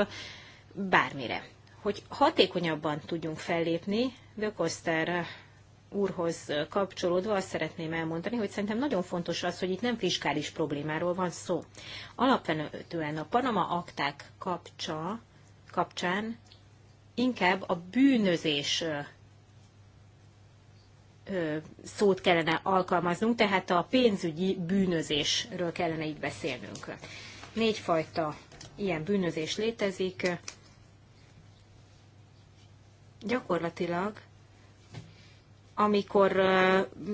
bármire hogy hatékonyabban tudjunk fellépni, Bökoszter úrhoz kapcsolódva azt szeretném elmondani, hogy szerintem nagyon fontos az, hogy itt nem fiskális problémáról van szó. Alapvetően a Panama akták kapcsa, kapcsán inkább a bűnözés szót kellene alkalmaznunk, tehát a pénzügyi bűnözésről kellene így beszélnünk. Négyfajta ilyen bűnözés létezik, gyakorlatilag, amikor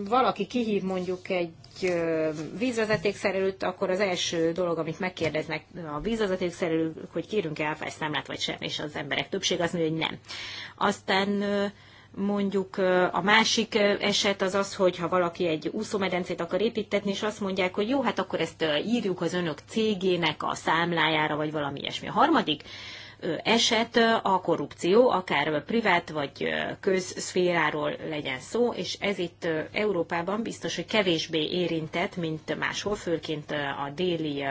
valaki kihív mondjuk egy vízvezetékszerelőt, akkor az első dolog, amit megkérdeznek a vízvezetékszerelő, hogy kérünk-e áfás számlát vagy sem, és az emberek többség azt mondja, hogy nem. Aztán mondjuk a másik eset az az, hogy ha valaki egy úszómedencét akar építetni, és azt mondják, hogy jó, hát akkor ezt írjuk az önök cégének a számlájára, vagy valami ilyesmi. A harmadik eset a korrupció, akár privát vagy közszféráról legyen szó, és ez itt Európában biztos, hogy kevésbé érintett, mint máshol, főként a déli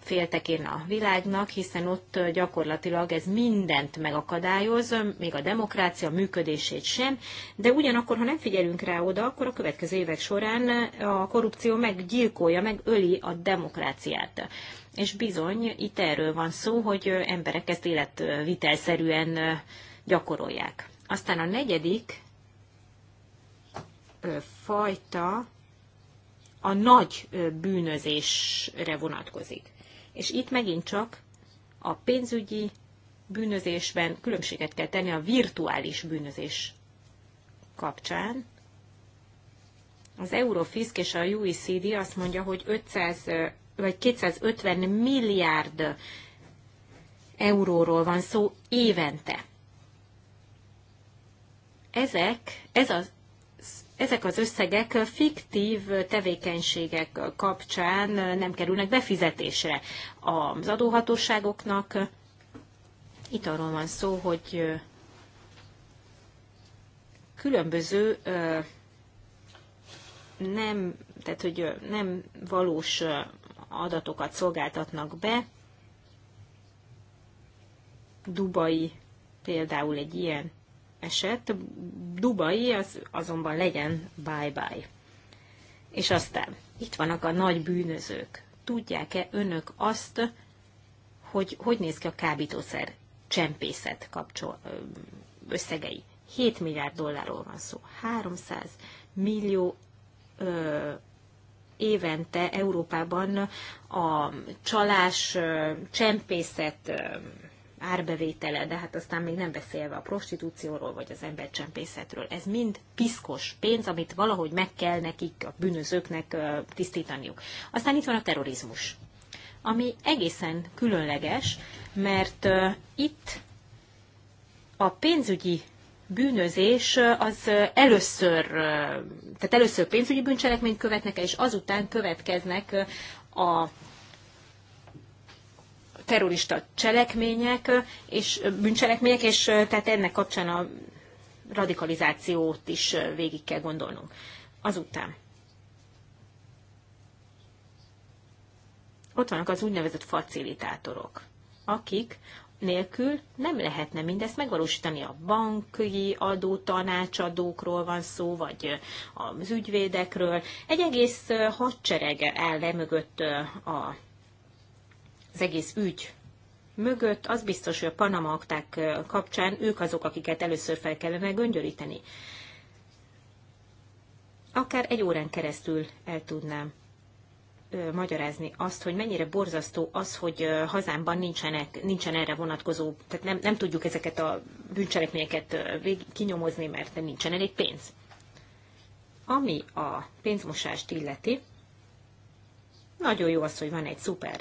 féltekén a világnak, hiszen ott gyakorlatilag ez mindent megakadályoz, még a demokrácia működését sem, de ugyanakkor, ha nem figyelünk rá oda, akkor a következő évek során a korrupció meggyilkolja, megöli a demokráciát és bizony itt erről van szó, hogy emberek ezt életvitelszerűen gyakorolják. Aztán a negyedik fajta a nagy bűnözésre vonatkozik. És itt megint csak a pénzügyi bűnözésben különbséget kell tenni a virtuális bűnözés kapcsán. Az Eurofisk és a UECD azt mondja, hogy 500 vagy 250 milliárd euróról van szó évente. Ezek, ez az, ezek az összegek fiktív tevékenységek kapcsán nem kerülnek befizetésre az adóhatóságoknak. Itt arról van szó, hogy különböző nem, tehát hogy nem valós adatokat szolgáltatnak be. Dubai például egy ilyen eset. Dubai az azonban legyen bye-bye. És aztán itt vannak a nagy bűnözők. Tudják-e önök azt, hogy hogy néz ki a kábítószer csempészet kapcsol, összegei? 7 milliárd dollárról van szó. 300 millió ö, évente Európában a csalás, csempészet árbevétele, de hát aztán még nem beszélve a prostitúcióról vagy az embercsempészetről. Ez mind piszkos pénz, amit valahogy meg kell nekik, a bűnözőknek tisztítaniuk. Aztán itt van a terrorizmus, ami egészen különleges, mert itt a pénzügyi bűnözés az először, tehát először pénzügyi bűncselekményt követnek, és azután következnek a terrorista cselekmények és bűncselekmények, és tehát ennek kapcsán a radikalizációt is végig kell gondolnunk. Azután. Ott vannak az úgynevezett facilitátorok, akik nélkül nem lehetne mindezt megvalósítani. A banki adó tanácsadókról van szó, vagy az ügyvédekről. Egy egész hadsereg áll le mögött a, az egész ügy mögött. Az biztos, hogy a Panama akták kapcsán ők azok, akiket először fel kellene göngyöríteni. Akár egy órán keresztül el tudnám magyarázni azt, hogy mennyire borzasztó az, hogy hazámban nincsenek, nincsen erre vonatkozó, tehát nem, nem tudjuk ezeket a bűncselekményeket kinyomozni, mert nincsen elég pénz. Ami a pénzmosást illeti, nagyon jó az, hogy van egy szuper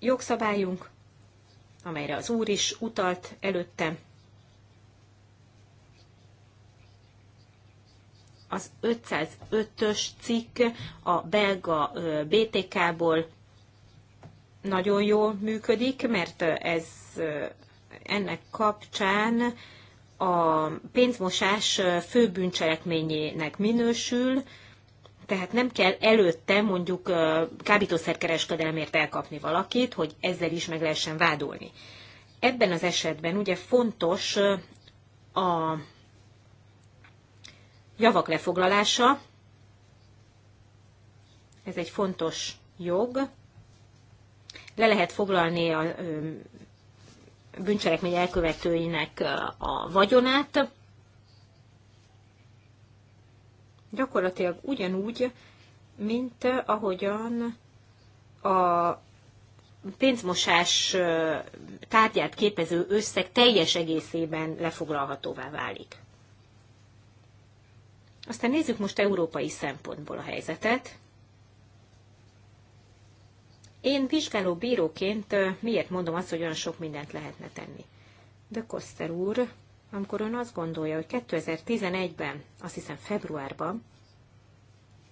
jogszabályunk, amelyre az úr is utalt előttem, az 505-ös cikk a belga BTK-ból nagyon jól működik, mert ez ennek kapcsán a pénzmosás főbűncselekményének minősül, tehát nem kell előtte mondjuk kábítószerkereskedelemért elkapni valakit, hogy ezzel is meg lehessen vádolni. Ebben az esetben ugye fontos a javak lefoglalása. Ez egy fontos jog. Le lehet foglalni a bűncselekmény elkövetőinek a vagyonát. Gyakorlatilag ugyanúgy, mint ahogyan a pénzmosás tárgyát képező összeg teljes egészében lefoglalhatóvá válik. Aztán nézzük most európai szempontból a helyzetet. Én vizsgáló bíróként miért mondom azt, hogy olyan sok mindent lehetne tenni? De Koszter úr, amikor ön azt gondolja, hogy 2011-ben, azt hiszem februárban,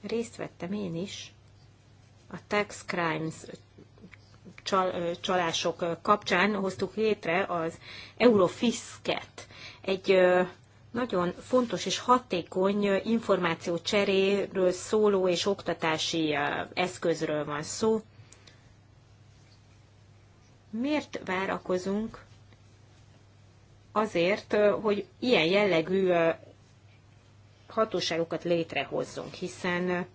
részt vettem én is a Tax Crimes csal, csalások kapcsán hoztuk létre az Eurofisket, egy nagyon fontos és hatékony információcseréről szóló és oktatási eszközről van szó. Miért várakozunk azért, hogy ilyen jellegű hatóságokat létrehozzunk, hiszen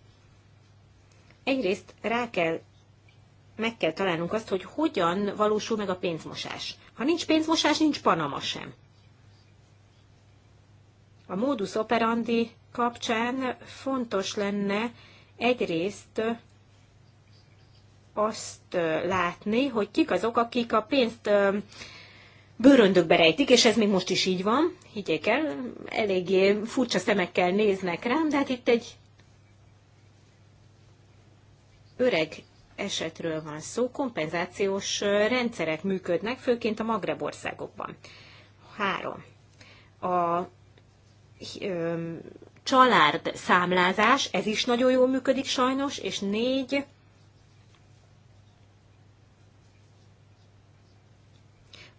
egyrészt rá kell, meg kell találnunk azt, hogy hogyan valósul meg a pénzmosás. Ha nincs pénzmosás, nincs Panama sem. A modus operandi kapcsán fontos lenne egyrészt azt látni, hogy kik azok, akik a pénzt bőröndökbe rejtik, és ez még most is így van, higgyék el, eléggé furcsa szemekkel néznek rám, de hát itt egy öreg esetről van szó, kompenzációs rendszerek működnek, főként a Magreb országokban. Három. A család számlázás, ez is nagyon jól működik sajnos, és négy,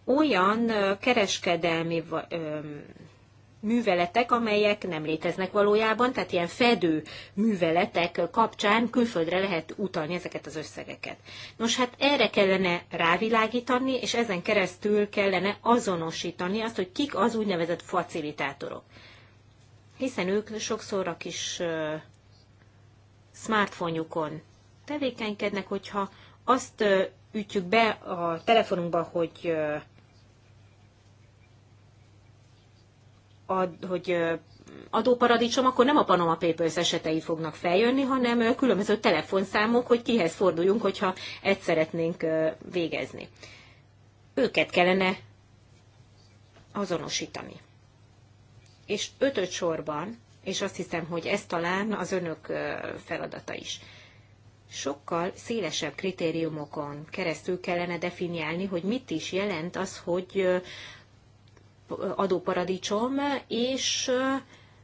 olyan kereskedelmi műveletek, amelyek nem léteznek valójában, tehát ilyen fedő műveletek kapcsán külföldre lehet utalni ezeket az összegeket. Nos, hát erre kellene rávilágítani, és ezen keresztül kellene azonosítani azt, hogy kik az úgynevezett facilitátorok hiszen ők sokszor a kis smartphone-jukon tevékenykednek, hogyha azt ütjük be a telefonunkba, hogy ad, hogy adóparadicsom, akkor nem a Panama Papers esetei fognak feljönni, hanem különböző telefonszámok, hogy kihez forduljunk, hogyha ezt szeretnénk végezni. Őket kellene azonosítani és ötöd sorban, és azt hiszem, hogy ez talán az önök feladata is. Sokkal szélesebb kritériumokon keresztül kellene definiálni, hogy mit is jelent az, hogy adóparadicsom, és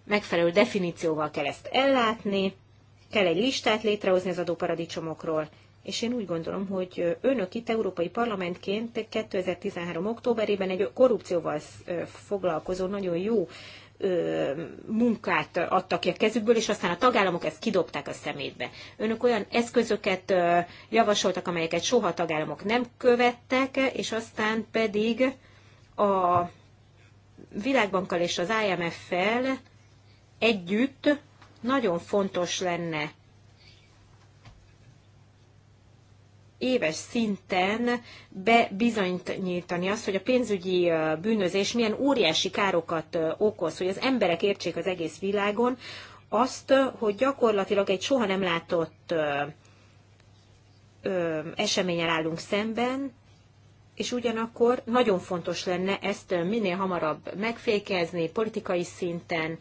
megfelelő definícióval kell ezt ellátni, kell egy listát létrehozni az adóparadicsomokról, és én úgy gondolom, hogy önök itt Európai Parlamentként 2013. októberében egy korrupcióval foglalkozó nagyon jó munkát adtak ki a kezükből, és aztán a tagállamok ezt kidobták a szemétbe. Önök olyan eszközöket javasoltak, amelyeket soha a tagállamok nem követtek, és aztán pedig a Világbankkal és az IMF-fel együtt nagyon fontos lenne éves szinten bebizonyítani azt, hogy a pénzügyi bűnözés milyen óriási károkat okoz, hogy az emberek értsék az egész világon azt, hogy gyakorlatilag egy soha nem látott eseményen állunk szemben, és ugyanakkor nagyon fontos lenne ezt minél hamarabb megfékezni politikai szinten,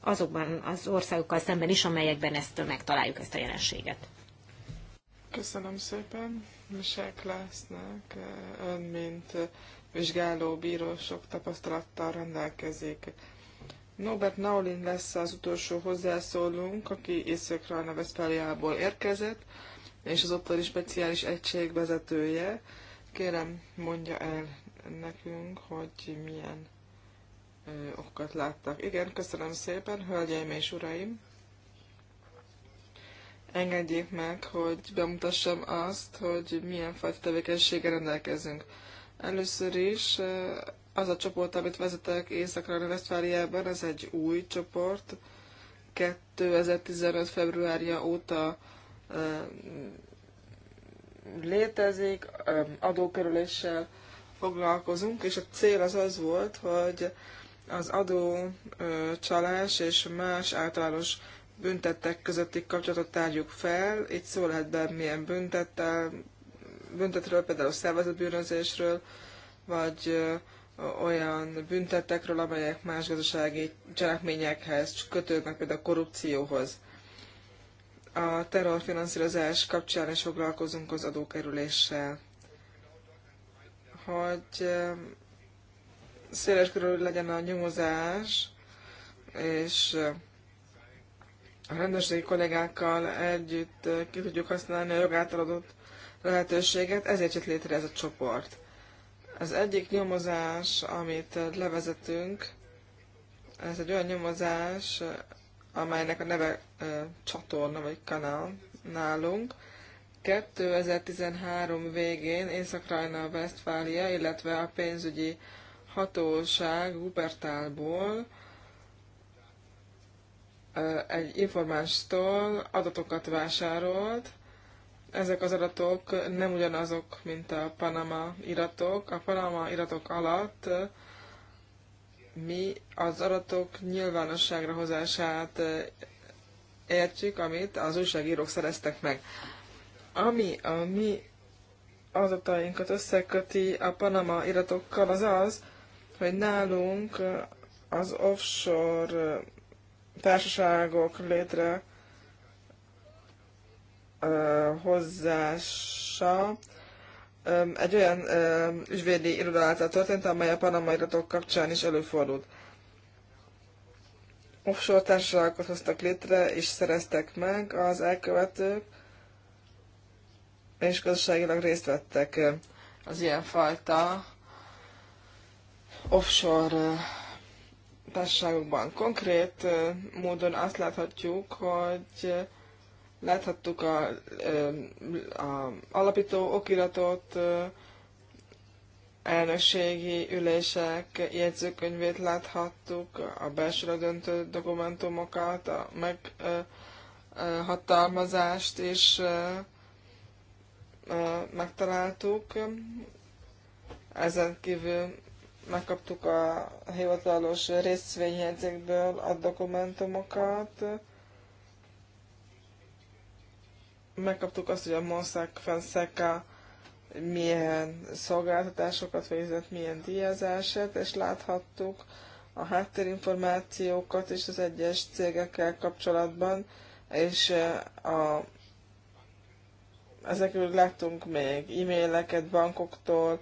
azokban az országokkal szemben is, amelyekben ezt megtaláljuk, ezt a jelenséget. Köszönöm szépen. Misek lesznek eh, ön, mint eh, vizsgáló bíró sok tapasztalattal rendelkezik. Norbert Naulin lesz az utolsó hozzászólónk, aki Északra a Veszpáliából érkezett, és az ottani speciális egység vezetője. Kérem, mondja el nekünk, hogy milyen ö, eh, okokat láttak. Igen, köszönöm szépen, hölgyeim és uraim! engedjék meg, hogy bemutassam azt, hogy milyen fajta tevékenységgel rendelkezünk. Először is eh, az a csoport, amit vezetek északra Vesztfáliában, ez egy új csoport. 2015. februárja óta eh, létezik, eh, adókerüléssel foglalkozunk, és a cél az az volt, hogy az adócsalás és más általános büntettek közötti kapcsolatot tárgyuk fel. Itt szó lehet bármilyen büntettel, büntetről, például szervezetbűnözésről, vagy olyan büntetekről, amelyek más gazdasági cselekményekhez kötődnek, például a korrupcióhoz. A terrorfinanszírozás kapcsán is foglalkozunk az adókerüléssel. Hogy széles körül legyen a nyomozás, és a rendőrségi kollégákkal együtt eh, ki tudjuk használni a jogáltal adott lehetőséget, ezért jött létre ez a csoport. Az egyik nyomozás, amit eh, levezetünk, ez egy olyan nyomozás, eh, amelynek a neve e, csatorna vagy kanál nálunk. 2013 végén észak rajna Westfália, illetve a pénzügyi hatóság Wuppertalból egy informánstól adatokat vásárolt. Ezek az adatok nem ugyanazok, mint a Panama iratok. A Panama iratok alatt mi az adatok nyilvánosságra hozását értjük, amit az újságírók szereztek meg. Ami a mi adatainkat összeköti a Panama iratokkal, az az, hogy nálunk az offshore társaságok létre hozzása egy olyan ügyvédi iroda által történt, amely a panamai iratok kapcsán is előfordult. Offshore társaságokat hoztak létre, és szereztek meg az elkövetők, és gazdaságilag részt vettek az ilyenfajta offshore társaságokban. Konkrét módon azt láthatjuk, hogy láthattuk a, a alapító okiratot, elnökségi ülések jegyzőkönyvét láthattuk, a belsőre döntő dokumentumokat, a meghatalmazást is megtaláltuk. Ezen kívül megkaptuk a hivatalos részvényjegyzékből a dokumentumokat, megkaptuk azt, hogy a Mossack Fonseca milyen szolgáltatásokat végzett, milyen díjazását, és láthattuk a háttérinformációkat is az egyes cégekkel kapcsolatban, és eh, a, ezekről láttunk még e-maileket bankoktól,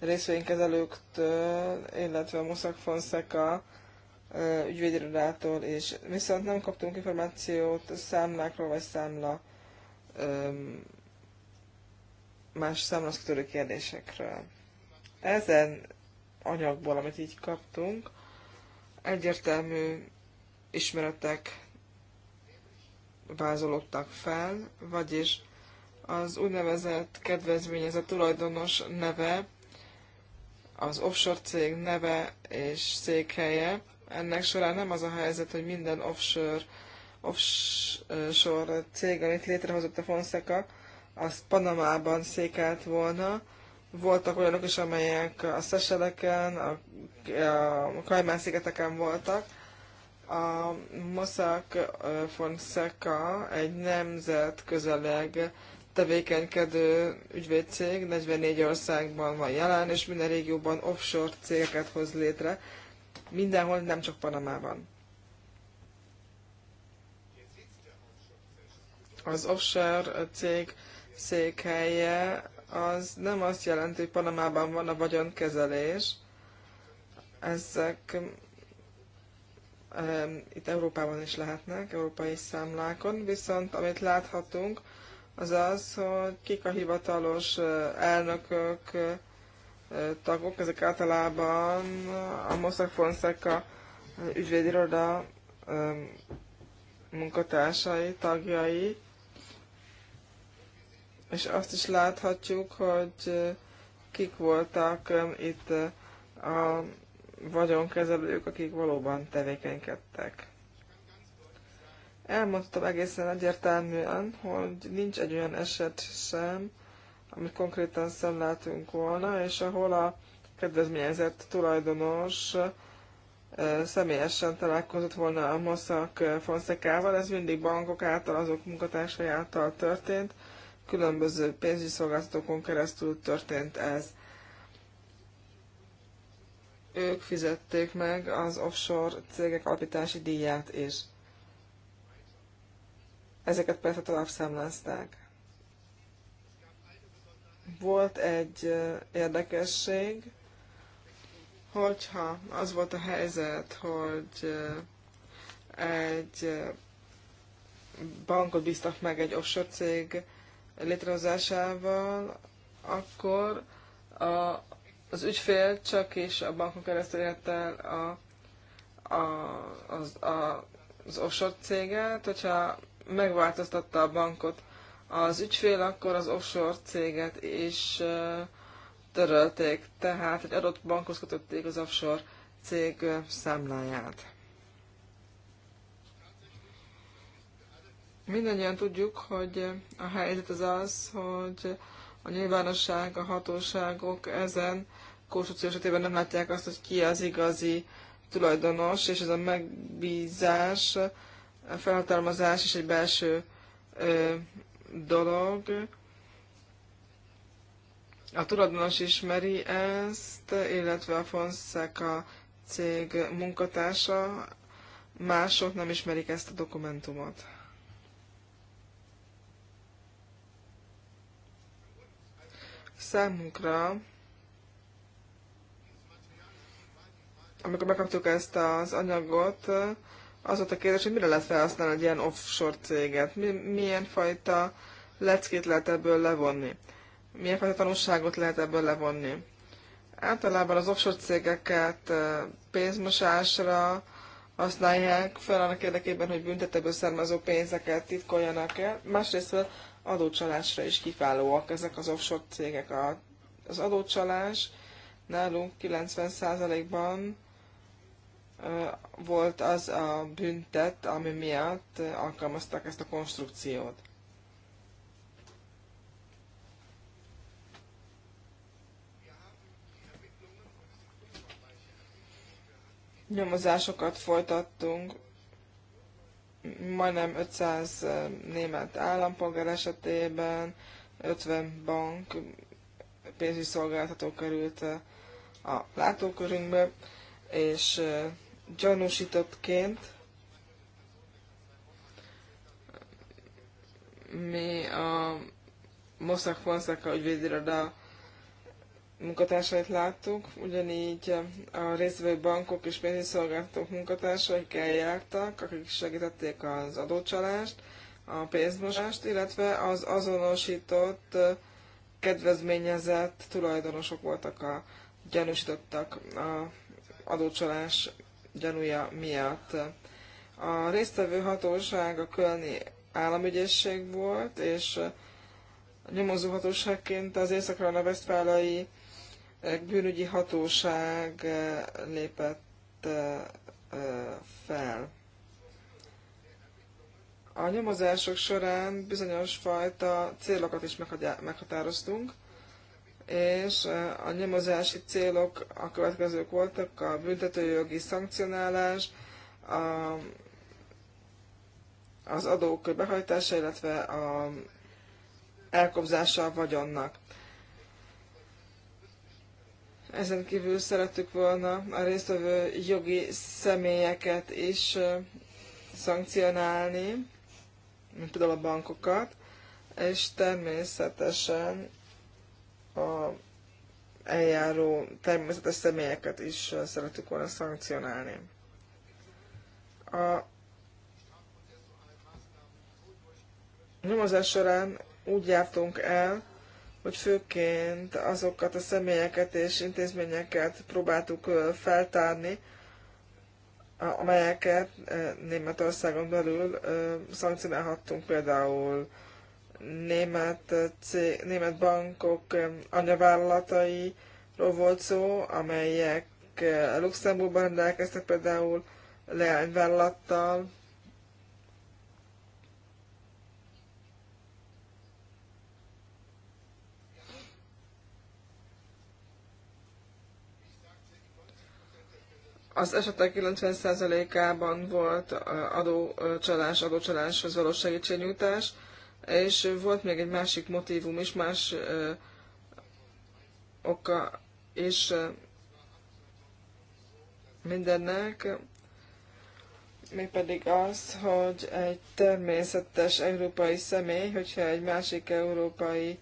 részvénykezelőktől, illetve a Mossack Fonseca ügyvédirodától is. Viszont nem kaptunk információt a számlákról, vagy számla más számhoz kérdésekről. Ezen anyagból, amit így kaptunk, egyértelmű ismeretek vázolódtak fel, vagyis az úgynevezett a tulajdonos neve az offshore cég neve és székhelye. Ennek során nem az a helyzet, hogy minden offshore, offshore cég, amit létrehozott a Fonseca, az Panamában székelt volna. Voltak olyanok is, amelyek a Szeseleken, a, a Kajmán-szigeteken voltak. A Mossack Fonseca egy nemzet közeleg tevékenykedő ügyvédcég, 44 országban van jelen, és minden régióban offshore cégeket hoz létre, mindenhol, nem csak Panamában. Az offshore cég székhelye az nem azt jelenti, hogy Panamában van a vagyonkezelés. Ezek itt Európában is lehetnek, európai számlákon, viszont amit láthatunk, az az, hogy kik a hivatalos elnökök, tagok, ezek általában a Mossack Fonseca ügyvédiroda munkatársai, tagjai, és azt is láthatjuk, hogy kik voltak itt a vagyonkezelők, akik valóban tevékenykedtek. Elmondtam egészen egyértelműen, hogy nincs egy olyan eset sem, amit konkrétan szemléltünk volna, és ahol a kedvezményezett tulajdonos személyesen találkozott volna a Mossack Fonszekával, ez mindig bankok által, azok munkatársai által történt, különböző pénzügyi szolgáltatókon keresztül történt ez. Ők fizették meg az offshore cégek alapítási díját is ezeket persze tovább számlázták. Volt egy érdekesség, hogyha az volt a helyzet, hogy egy bankot bíztak meg egy offshore cég létrehozásával, akkor a, az ügyfél csak és a bankon keresztül érte el a, a, az, a, az offshore céget, hogyha megváltoztatta a bankot. Az ügyfél akkor az offshore céget is törölték, tehát egy adott bankhoz kötötték az offshore cég számláját. Mindannyian tudjuk, hogy a helyzet az az, hogy a nyilvánosság, a hatóságok ezen konstrukció esetében nem látják azt, hogy ki az igazi tulajdonos, és ez a megbízás felhatalmazás és egy belső ö, dolog. A tulajdonos ismeri ezt, illetve a Fonseca cég munkatársa, mások nem ismerik ezt a dokumentumot. Számunkra, amikor megkaptuk ezt az anyagot, az volt a kérdés, hogy mire lehet felhasználni egy ilyen offshore céget, Mi, milyen fajta leckét lehet ebből levonni, milyen fajta tanulságot lehet ebből levonni. Általában az offshore cégeket pénzmosásra használják fel annak érdekében, hogy büntetőből származó pénzeket titkoljanak el, másrészt adócsalásra is kiválóak ezek az offshore cégek. Az adócsalás nálunk 90%-ban volt az a büntet, ami miatt alkalmazták ezt a konstrukciót. Nyomozásokat folytattunk majdnem 500 német állampolgár esetében, 50 bank pénzügyi szolgáltató került a látókörünkbe, és gyanúsítottként mi a Mossack Fonseca ügyvédiroda munkatársait láttuk, ugyanígy a részvő bankok és pénzszolgáltatók munkatársai eljártak, akik segítették az adócsalást, a pénzmosást, illetve az azonosított kedvezményezett tulajdonosok voltak a gyanúsítottak a adócsalás gyanúja miatt. A résztvevő hatóság a Kölni államügyészség volt, és nyomozó hatóságként az észak vesztfálai eh, bűnügyi hatóság eh, lépett eh, fel. A nyomozások során bizonyos fajta célokat is meghatároztunk, és a nyomozási célok a következők voltak, a büntetőjogi szankcionálás, a, az adók behajtása, illetve a elkobzása a vagyonnak. Ezen kívül szerettük volna a résztvevő jogi személyeket is szankcionálni, mint például a bankokat, és természetesen a eljáró természetes személyeket is szeretük volna szankcionálni. A nyomozás során úgy jártunk el, hogy főként azokat a személyeket és intézményeket próbáltuk feltárni, amelyeket Németországon belül szankcionálhattunk, például német, cég, német bankok anyavállalatairól volt szó, amelyek eh, Luxemburgban rendelkeztek például leányvállalattal, az esetek 90%-ában volt eh, adócsalás, eh, adócsaláshoz való segítségnyújtás, és volt még egy másik motivum is, más ö, oka, és ö, mindennek, mégpedig az, hogy egy természetes európai személy, hogyha egy másik európai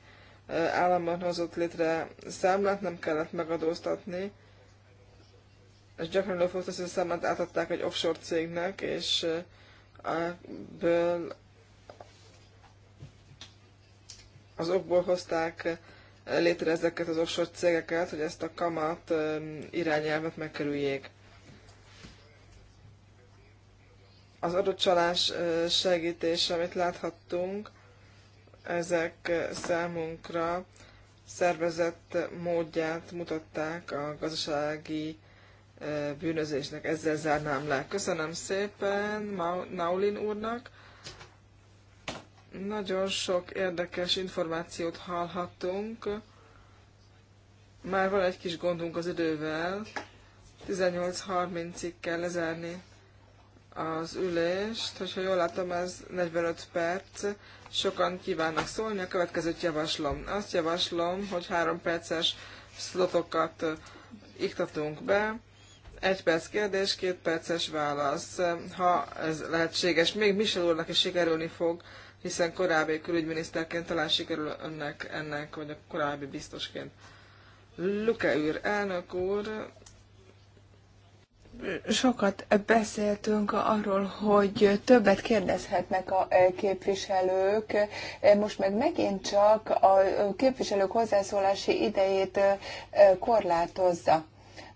államban hozott létre számlát, nem kellett megadóztatni, és gyakran előfordult, hogy a számlát átadták egy offshore cégnek, és ebből az okból hozták eh, létre ezeket az offshore cégeket, hogy ezt a kamat eh, irányelvet megkerüljék. Az adócsalás eh, segítése, amit láthattunk, ezek számunkra szervezett módját mutatták a gazdasági bűnözésnek. Ezzel zárnám le. Köszönöm szépen Naulin úrnak. Nagyon sok érdekes információt hallhattunk. Már van egy kis gondunk az idővel. 18.30-ig kell lezárni az ülést. Hogyha jól látom, ez 45 perc. Sokan kívánnak szólni. A következőt javaslom. Azt javaslom, hogy 3 perces szlotokat iktatunk be. Egy perc kérdés, két perces válasz. Ha ez lehetséges, még Michel úrnak is sikerülni fog hiszen korábbi külügyminiszterként talán sikerül önnek ennek, vagy a korábbi biztosként. Luke űr, elnök úr, sokat beszéltünk arról, hogy többet kérdezhetnek a e, képviselők. E, most meg megint csak a e, képviselők hozzászólási idejét korlátozza.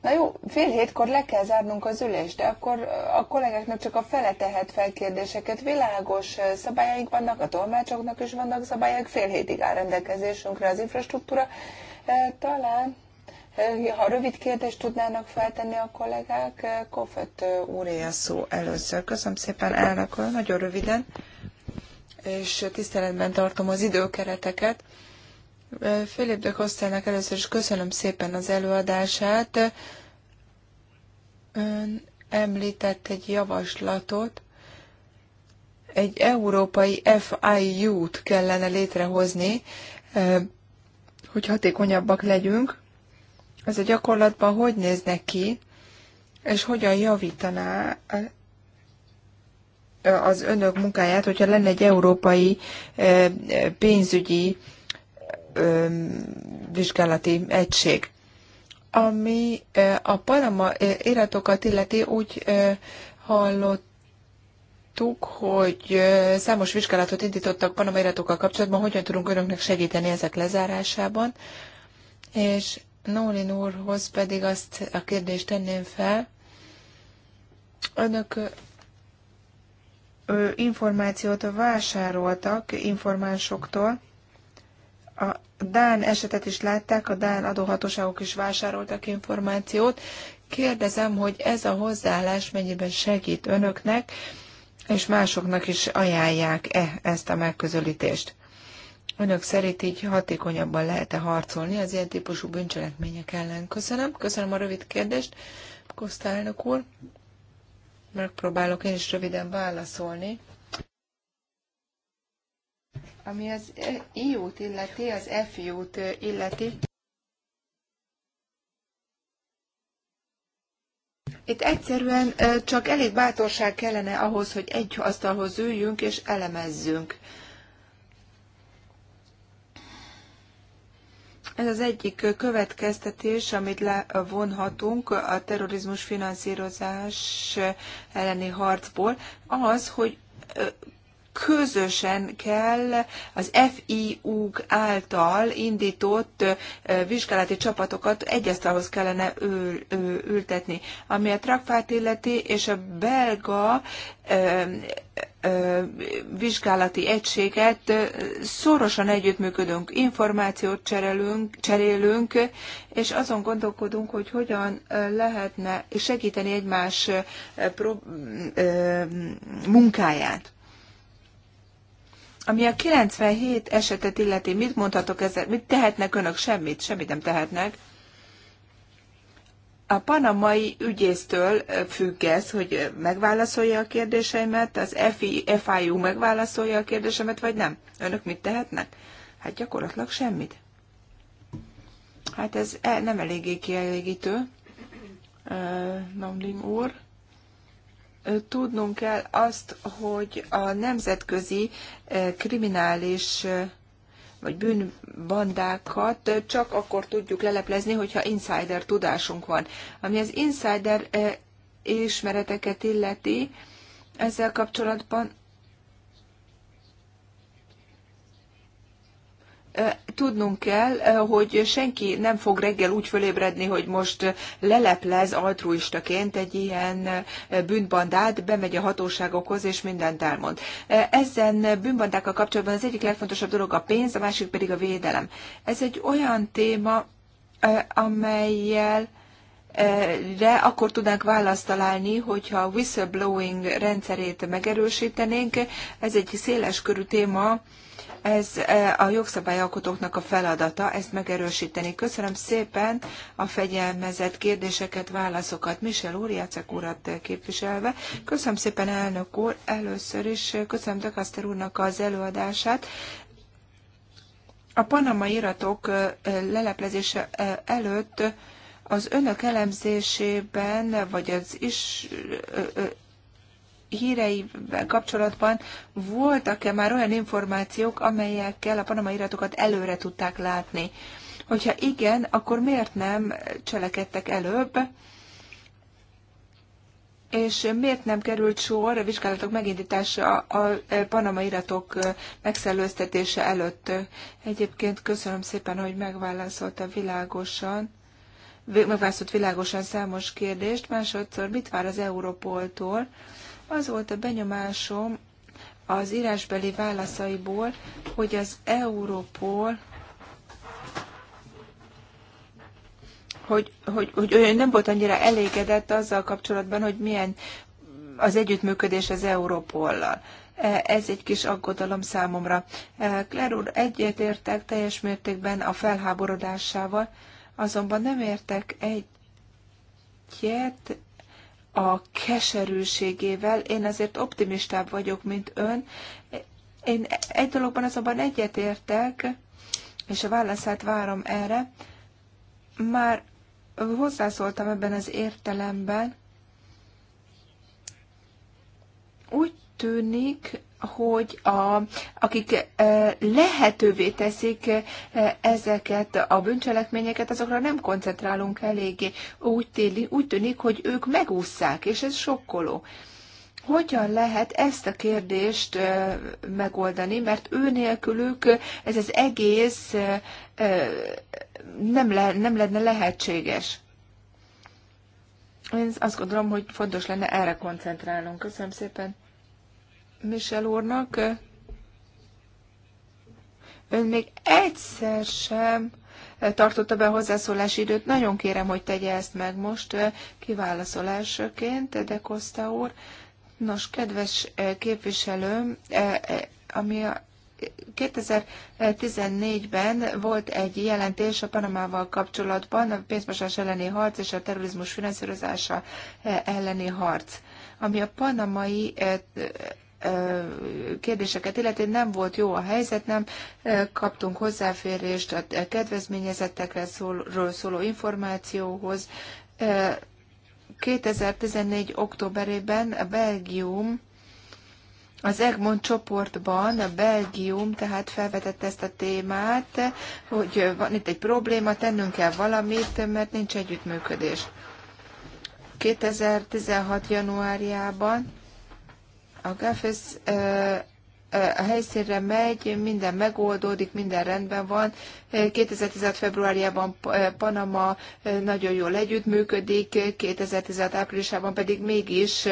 Na jó, fél hétkor le kell zárnunk az ülést, de akkor a kollégáknak csak a fele tehet fel kérdéseket. Világos eh, szabályaink vannak, a tolmácsoknak is vannak szabályok, fél hétig áll rendelkezésünkre az infrastruktúra. Eh, talán, eh, ha rövid kérdést tudnának feltenni a kollégák, Kofet úré a szó először. Köszönöm szépen, elnök nagyon röviden, és tiszteletben tartom az időkereteket. Philip de Kosztának először is köszönöm szépen az előadását. Ön említett egy javaslatot, egy európai FIU-t kellene létrehozni, hogy hatékonyabbak legyünk. Ez a gyakorlatban hogy néznek ki, és hogyan javítaná az önök munkáját, hogyha lenne egy európai pénzügyi vizsgálati egység. Ami a Panama iratokat illeti, úgy hallott, hogy számos vizsgálatot indítottak Panama iratokkal kapcsolatban, hogyan tudunk önöknek segíteni ezek lezárásában. És Nólin úrhoz pedig azt a kérdést tenném fel, önök információt vásároltak informánsoktól a Dán esetet is látták, a Dán adóhatóságok is vásároltak információt. Kérdezem, hogy ez a hozzáállás mennyiben segít önöknek, és másoknak is ajánlják-e ezt a megközelítést? Önök szerint így hatékonyabban lehet-e harcolni az ilyen típusú bűncselekmények ellen? Köszönöm. Köszönöm a rövid kérdést, Kosztálnok úr. Megpróbálok én is röviden válaszolni. Ami az EU-t illeti, az FIU-t illeti, Itt egyszerűen csak elég bátorság kellene ahhoz, hogy egy asztalhoz üljünk és elemezzünk. Ez az egyik következtetés, amit levonhatunk a terrorizmus finanszírozás elleni harcból, az, hogy közösen kell az fiu által indított vizsgálati csapatokat egyesztalhoz kellene ültetni. Ami a trakfát illeti, és a belga vizsgálati egységet szorosan együttműködünk, információt cserélünk, cserélünk, és azon gondolkodunk, hogy hogyan lehetne segíteni egymás munkáját. Ami a 97 esetet illeti, mit mondhatok ezzel? Mit tehetnek önök? Semmit, semmit nem tehetnek. A panamai ügyésztől függ ez, hogy megválaszolja a kérdéseimet, az FI, FIU megválaszolja a kérdésemet, vagy nem. Önök mit tehetnek? Hát gyakorlatilag semmit. Hát ez e, nem eléggé kielégítő, Namling úr tudnunk kell azt, hogy a nemzetközi eh, kriminális eh, vagy bűnbandákat csak akkor tudjuk leleplezni, hogyha insider tudásunk van. Ami az insider eh, ismereteket illeti, ezzel kapcsolatban tudnunk kell, hogy senki nem fog reggel úgy fölébredni, hogy most leleplez altruistaként egy ilyen bűnbandát, bemegy a hatóságokhoz és mindent elmond. Ezen bűnbandákkal kapcsolatban az egyik legfontosabb dolog a pénz, a másik pedig a védelem. Ez egy olyan téma, amelyel de akkor tudnánk választ találni, hogyha a whistleblowing rendszerét megerősítenénk. Ez egy széles körű téma, ez e, a jogszabályalkotóknak a feladata, ezt megerősíteni. Köszönöm szépen a fegyelmezett kérdéseket, válaszokat. Michel úr, Jacek urat képviselve. Köszönöm szépen, elnök úr. Először is köszönöm Dekaszter úrnak az előadását. A panama iratok e, leleplezése e, előtt az önök elemzésében, vagy az is híreivel kapcsolatban voltak-e már olyan információk, amelyekkel a panama iratokat előre tudták látni? Hogyha igen, akkor miért nem cselekedtek előbb, és miért nem került sor a vizsgálatok megindítása a panama iratok megszellőztetése előtt? Egyébként köszönöm szépen, hogy megválaszolta világosan megválaszolt világosan számos kérdést, másodszor mit vár az Európoltól az volt a benyomásom az írásbeli válaszaiból, hogy az Európol hogy, hogy, hogy ő nem volt annyira elégedett azzal kapcsolatban, hogy milyen az együttműködés az Európollal. E, ez egy kis aggodalom számomra. Kler e, úr, értek teljes mértékben a felháborodásával, azonban nem értek egyet a keserűségével. Én azért optimistább vagyok, mint ön. Én egy dologban azonban egyetértek, és a válaszát várom erre. Már hozzászóltam ebben az értelemben. Úgy tűnik, hogy a, akik lehetővé teszik ezeket a bűncselekményeket, azokra nem koncentrálunk eléggé. Úgy, téli, úgy tűnik, hogy ők megúszszák, és ez sokkoló. Hogyan lehet ezt a kérdést megoldani, mert ő nélkülük ez az egész nem, le, nem lenne lehetséges. Én azt gondolom, hogy fontos lenne erre koncentrálnunk. Köszönöm szépen! Michel úrnak. Ön még egyszer sem tartotta be a hozzászólási időt. Nagyon kérem, hogy tegye ezt meg most eh, kiválaszolásként, de kosta úr. Nos, kedves eh, képviselőm, eh, ami a 2014-ben volt egy jelentés a Panamával kapcsolatban, a pénzmosás elleni harc és a terrorizmus finanszírozása elleni harc, ami a panamai kérdéseket illeti nem volt jó a helyzet, nem kaptunk hozzáférést a kedvezményezettekre szóló, szóló információhoz. 2014. októberében a Belgium az Egmont csoportban a Belgium tehát felvetett ezt a témát, hogy van itt egy probléma, tennünk kell valamit, mert nincs együttműködés. 2016. januárjában a GAFESZ a helyszínre megy, minden megoldódik, minden rendben van. 2016. februárjában Panama nagyon jól együttműködik, 2016. áprilisában pedig mégis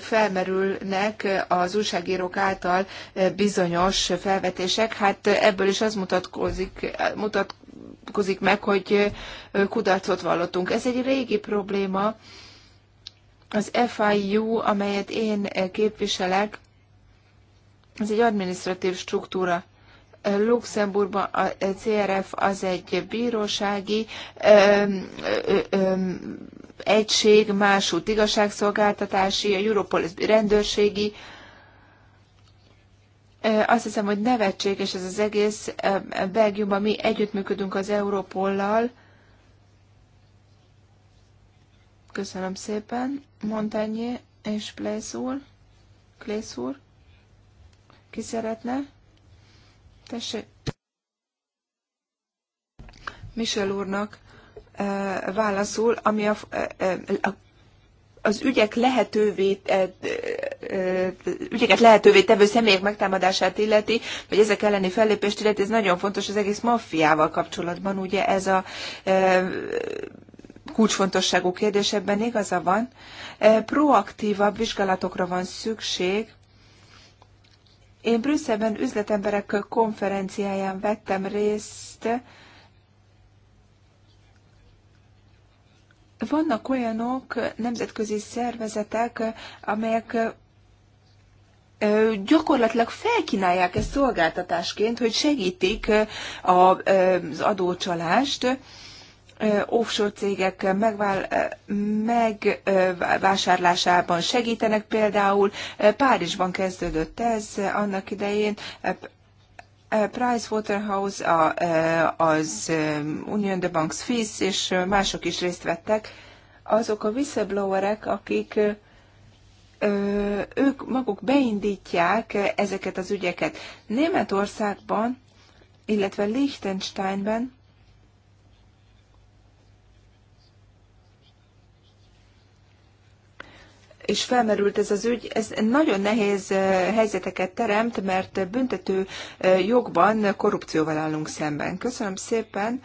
felmerülnek az újságírók által bizonyos felvetések. Hát ebből is az mutatkozik, mutatkozik meg, hogy kudarcot vallottunk. Ez egy régi probléma, az FIU, amelyet én eh, képviselek, ez egy administratív struktúra. Eh, Luxemburgban a eh, CRF az egy bírósági ö, ö, ö, egység, másút igazságszolgáltatási, a Europolis rendőrségi. Azt hiszem, hogy nevetséges ez az egész. Belgiumban mi együttműködünk az Európollal, Köszönöm szépen, Montagné és Plész úr. Ki szeretne? Tessék. Michel úrnak e, válaszul, ami a, e, a, az ügyek lehetővé, e, e, ügyeket lehetővé tevő személyek megtámadását illeti, vagy ezek elleni fellépést illeti, ez nagyon fontos az egész maffiával kapcsolatban, ugye ez a e, kulcsfontosságú kérdés, ebben igaza van. E, proaktívabb vizsgálatokra van szükség. Én Brüsszelben üzletemberek konferenciáján vettem részt. Vannak olyanok, nemzetközi szervezetek, amelyek e, gyakorlatilag felkínálják ezt szolgáltatásként, hogy segítik e, az adócsalást offshore cégek megvál, megvásárlásában segítenek. Például Párizsban kezdődött ez annak idején. Price Waterhouse, az Union de Banks Fizz és mások is részt vettek. Azok a whistleblowerek, akik ők maguk beindítják ezeket az ügyeket. Németországban, illetve Liechtensteinben és felmerült ez az ügy, ez nagyon nehéz helyzeteket teremt, mert büntető jogban korrupcióval állunk szemben. Köszönöm szépen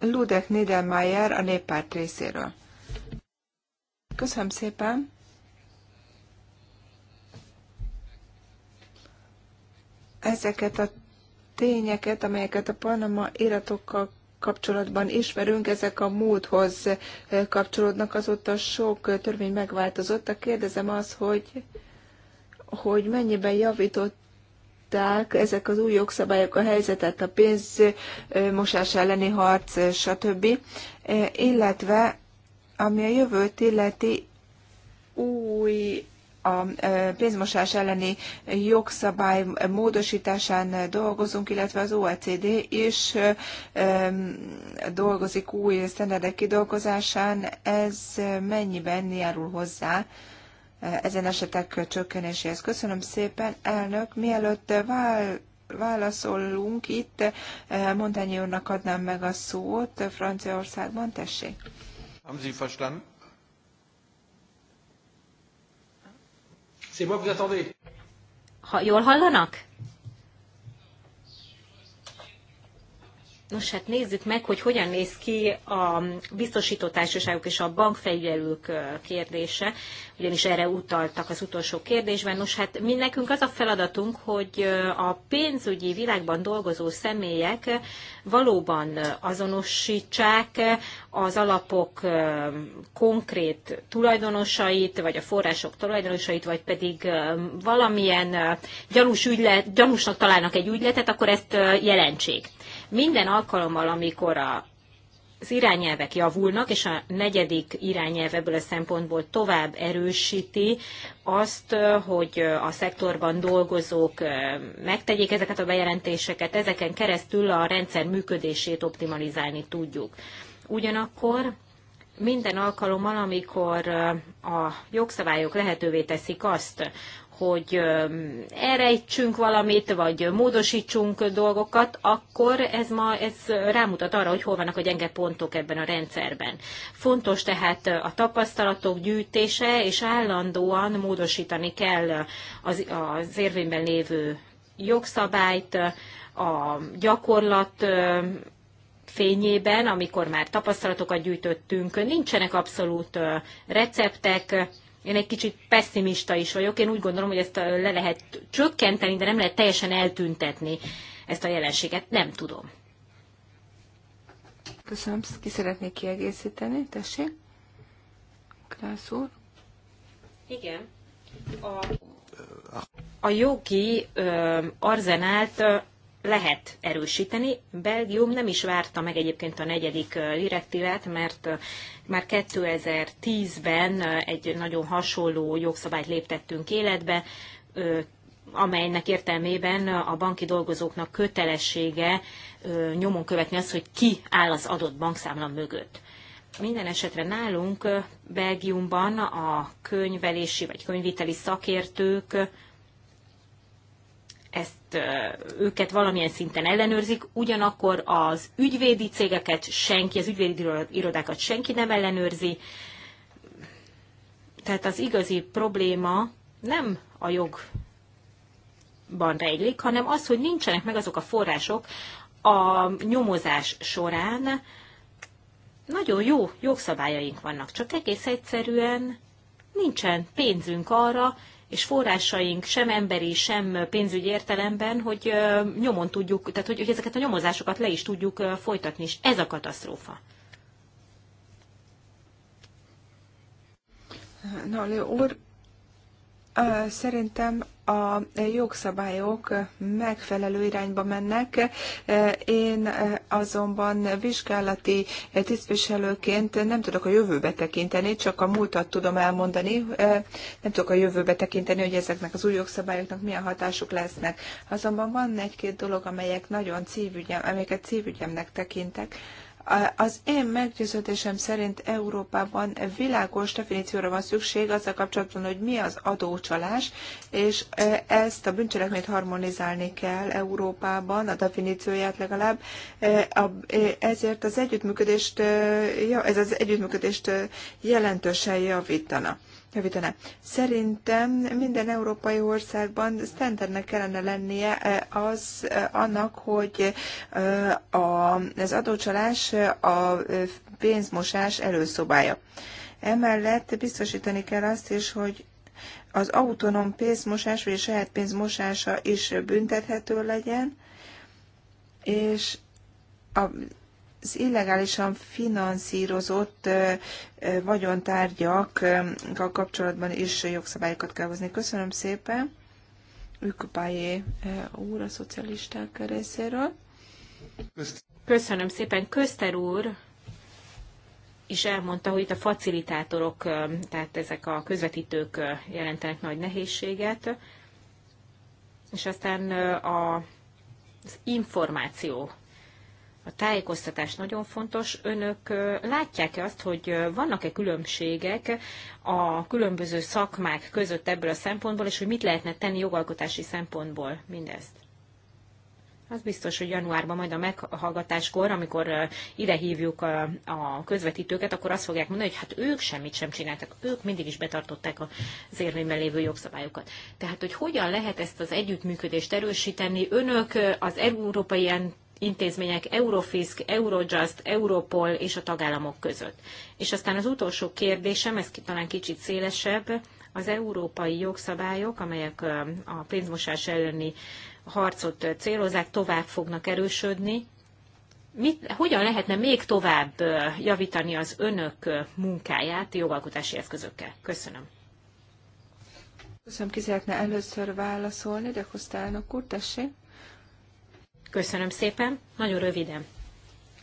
Ludek Niedermayer a néppárt részéről. Köszönöm szépen. Ezeket a tényeket, amelyeket a Panama iratokkal kapcsolatban ismerünk, ezek a múlthoz eh, kapcsolódnak, azóta sok eh, törvény megváltozott. A kérdezem az, hogy, hogy mennyiben javított ezek az új jogszabályok a helyzetet, a pénzmosás eh, elleni harc, stb. Illetve, ami a jövőt illeti, új a pénzmosás elleni jogszabály módosításán dolgozunk, illetve az OECD is dolgozik új sztenderdek kidolgozásán. Ez mennyiben járul hozzá ezen esetek csökkenéséhez? Köszönöm szépen, elnök. Mielőtt vál válaszolunk itt, Montányi úrnak adnám meg a szót Franciaországban, tessék. Haben Sie verstanden? C'est moi que vous attendez. Ha, jól hallanak? Nos, hát nézzük meg, hogy hogyan néz ki a társaságok és a bankfelügyelők kérdése, ugyanis erre utaltak az utolsó kérdésben. Nos, hát mi nekünk az a feladatunk, hogy a pénzügyi világban dolgozó személyek valóban azonosítsák az alapok konkrét tulajdonosait, vagy a források tulajdonosait, vagy pedig valamilyen gyanús ügylet, gyanúsnak találnak egy ügyletet, akkor ezt jelentsék. Minden alkalommal, amikor a az irányelvek javulnak, és a negyedik irányelv ebből a szempontból tovább erősíti azt, hogy a szektorban dolgozók megtegyék ezeket a bejelentéseket, ezeken keresztül a rendszer működését optimalizálni tudjuk. Ugyanakkor minden alkalommal, amikor a jogszabályok lehetővé teszik azt, hogy elrejtsünk valamit, vagy módosítsunk dolgokat, akkor ez ma ez rámutat arra, hogy hol vannak a gyenge pontok ebben a rendszerben. Fontos tehát a tapasztalatok gyűjtése, és állandóan módosítani kell az, az érvényben lévő jogszabályt, a gyakorlat fényében, amikor már tapasztalatokat gyűjtöttünk, nincsenek abszolút receptek, én egy kicsit pessimista is vagyok. Én úgy gondolom, hogy ezt le lehet csökkenteni, de nem lehet teljesen eltüntetni ezt a jelenséget. Nem tudom. Köszönöm, ki szeretnék kiegészíteni? Tessék. Krász úr. Igen. A, a jogi ö, arzenált lehet erősíteni. Belgium nem is várta meg egyébként a negyedik direktívát, mert már 2010-ben egy nagyon hasonló jogszabályt léptettünk életbe, amelynek értelmében a banki dolgozóknak kötelessége nyomon követni az, hogy ki áll az adott bankszámla mögött. Minden esetre nálunk Belgiumban a könyvelési vagy könyviteli szakértők ezt őket valamilyen szinten ellenőrzik, ugyanakkor az ügyvédi cégeket senki, az ügyvédi irodákat senki nem ellenőrzi. Tehát az igazi probléma nem a jogban rejlik, hanem az, hogy nincsenek meg azok a források a nyomozás során. Nagyon jó jogszabályaink vannak, csak egész egyszerűen nincsen pénzünk arra, és forrásaink sem emberi, sem pénzügyi értelemben, hogy nyomon tudjuk, tehát hogy, hogy ezeket a nyomozásokat le is tudjuk folytatni, és ez a katasztrófa. Na, Leo úr, Szerintem a jogszabályok megfelelő irányba mennek. Én azonban vizsgálati tisztviselőként nem tudok a jövőbe tekinteni, csak a múltat tudom elmondani. Nem tudok a jövőbe tekinteni, hogy ezeknek az új jogszabályoknak milyen hatásuk lesznek. Azonban van egy-két dolog, amelyek nagyon cívügyem, amelyeket cívügyemnek tekintek az én meggyőződésem szerint Európában világos definícióra van szükség azzal kapcsolatban, hogy mi az adócsalás, és e, ezt a bűncselekményt harmonizálni kell Európában, a definícióját legalább. E, e, ezért az együttműködést, ez az együttműködést jelentősen javítana javítaná. Szerintem minden európai országban standardnek kellene lennie e, az e, annak, hogy e, az adócsalás a pénzmosás előszobája. Emellett biztosítani kell azt is, hogy az autonóm pénzmosás, vagy a saját pénzmosása is büntethető legyen, és a az illegálisan finanszírozott vagyontárgyakkal kapcsolatban is jogszabályokat kell hozni. Köszönöm szépen. Ükpályé úr a szocialisták részéről. Köszönöm szépen. Köszter úr is elmondta, hogy itt a facilitátorok, tehát ezek a közvetítők jelentenek nagy nehézséget, és aztán a, az információ a tájékoztatás nagyon fontos. Önök látják-e azt, hogy vannak-e különbségek a különböző szakmák között ebből a szempontból, és hogy mit lehetne tenni jogalkotási szempontból mindezt? Az biztos, hogy januárban majd a meghallgatáskor, amikor ide hívjuk a, a közvetítőket, akkor azt fogják mondani, hogy hát ők semmit sem csináltak, ők mindig is betartották az érvényben lévő jogszabályokat. Tehát, hogy hogyan lehet ezt az együttműködést erősíteni, önök az európai intézmények Eurofisk, Eurojust, Europol és a tagállamok között. És aztán az utolsó kérdésem, ez talán kicsit szélesebb, az európai jogszabályok, amelyek a pénzmosás elleni harcot célozzák, tovább fognak erősödni. Mit, hogyan lehetne még tovább javítani az önök munkáját jogalkotási eszközökkel? Köszönöm. Köszönöm, ki szeretne először válaszolni, de Kosztálnok úr, tessék. Köszönöm szépen, nagyon röviden.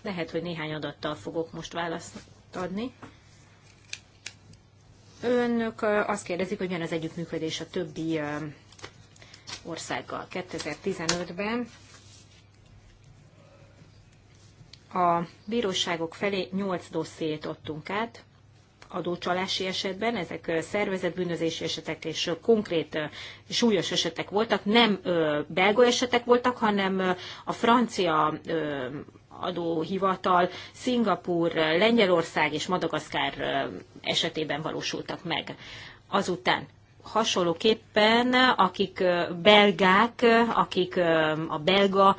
Lehet, hogy néhány adattal fogok most választ adni. Önök azt kérdezik, hogy milyen az együttműködés a többi országgal 2015-ben. A bíróságok felé 8 dossziét adtunk át, adócsalási esetben, ezek szervezetbűnözési esetek és konkrét súlyos esetek voltak, nem belga esetek voltak, hanem a francia adóhivatal Szingapur, Lengyelország és Madagaszkár esetében valósultak meg. Azután hasonlóképpen, akik belgák, akik a belga,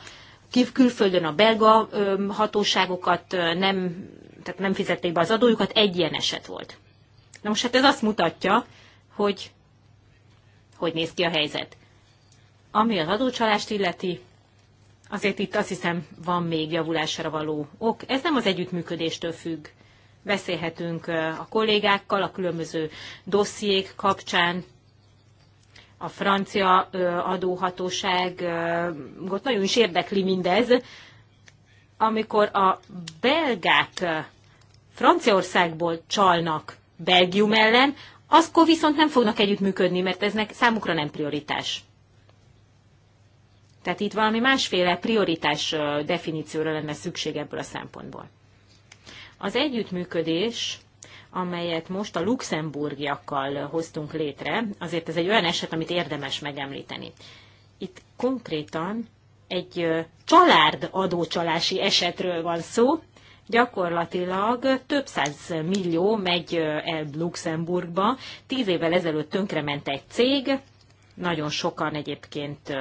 külföldön a belga hatóságokat nem tehát nem fizették be az adójukat, egy ilyen eset volt. Na most hát ez azt mutatja, hogy hogy néz ki a helyzet. Ami az adócsalást illeti, azért itt azt hiszem van még javulásra való ok. Ez nem az együttműködéstől függ. Beszélhetünk a kollégákkal a különböző dossziék kapcsán, a francia adóhatóságot nagyon is érdekli mindez, amikor a belgák eh, Franciaországból csalnak Belgium ellen, akkor viszont nem fognak együttműködni, mert eznek számukra nem prioritás. Tehát itt valami másféle prioritás eh, definícióra lenne szükség ebből a szempontból. Az együttműködés, amelyet most a luxemburgiakkal eh, hoztunk létre, azért ez egy olyan eset, amit érdemes megemlíteni. Itt konkrétan egy család adócsalási esetről van szó, gyakorlatilag több száz millió megy el Luxemburgba. Tíz évvel ezelőtt tönkrement egy cég, nagyon sokan egyébként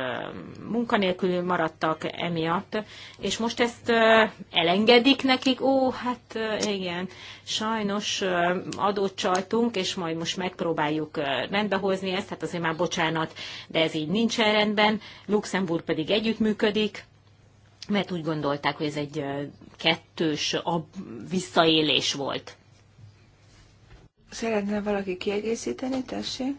munkanélkül maradtak emiatt, és most ezt elengedik nekik, ó, hát igen, sajnos adót csaltunk, és majd most megpróbáljuk rendbehozni ezt, hát azért már bocsánat, de ez így nincsen rendben. Luxemburg pedig együttműködik, mert úgy gondolták, hogy ez egy kettős visszaélés volt. Szeretne valaki kiegészíteni, tessék?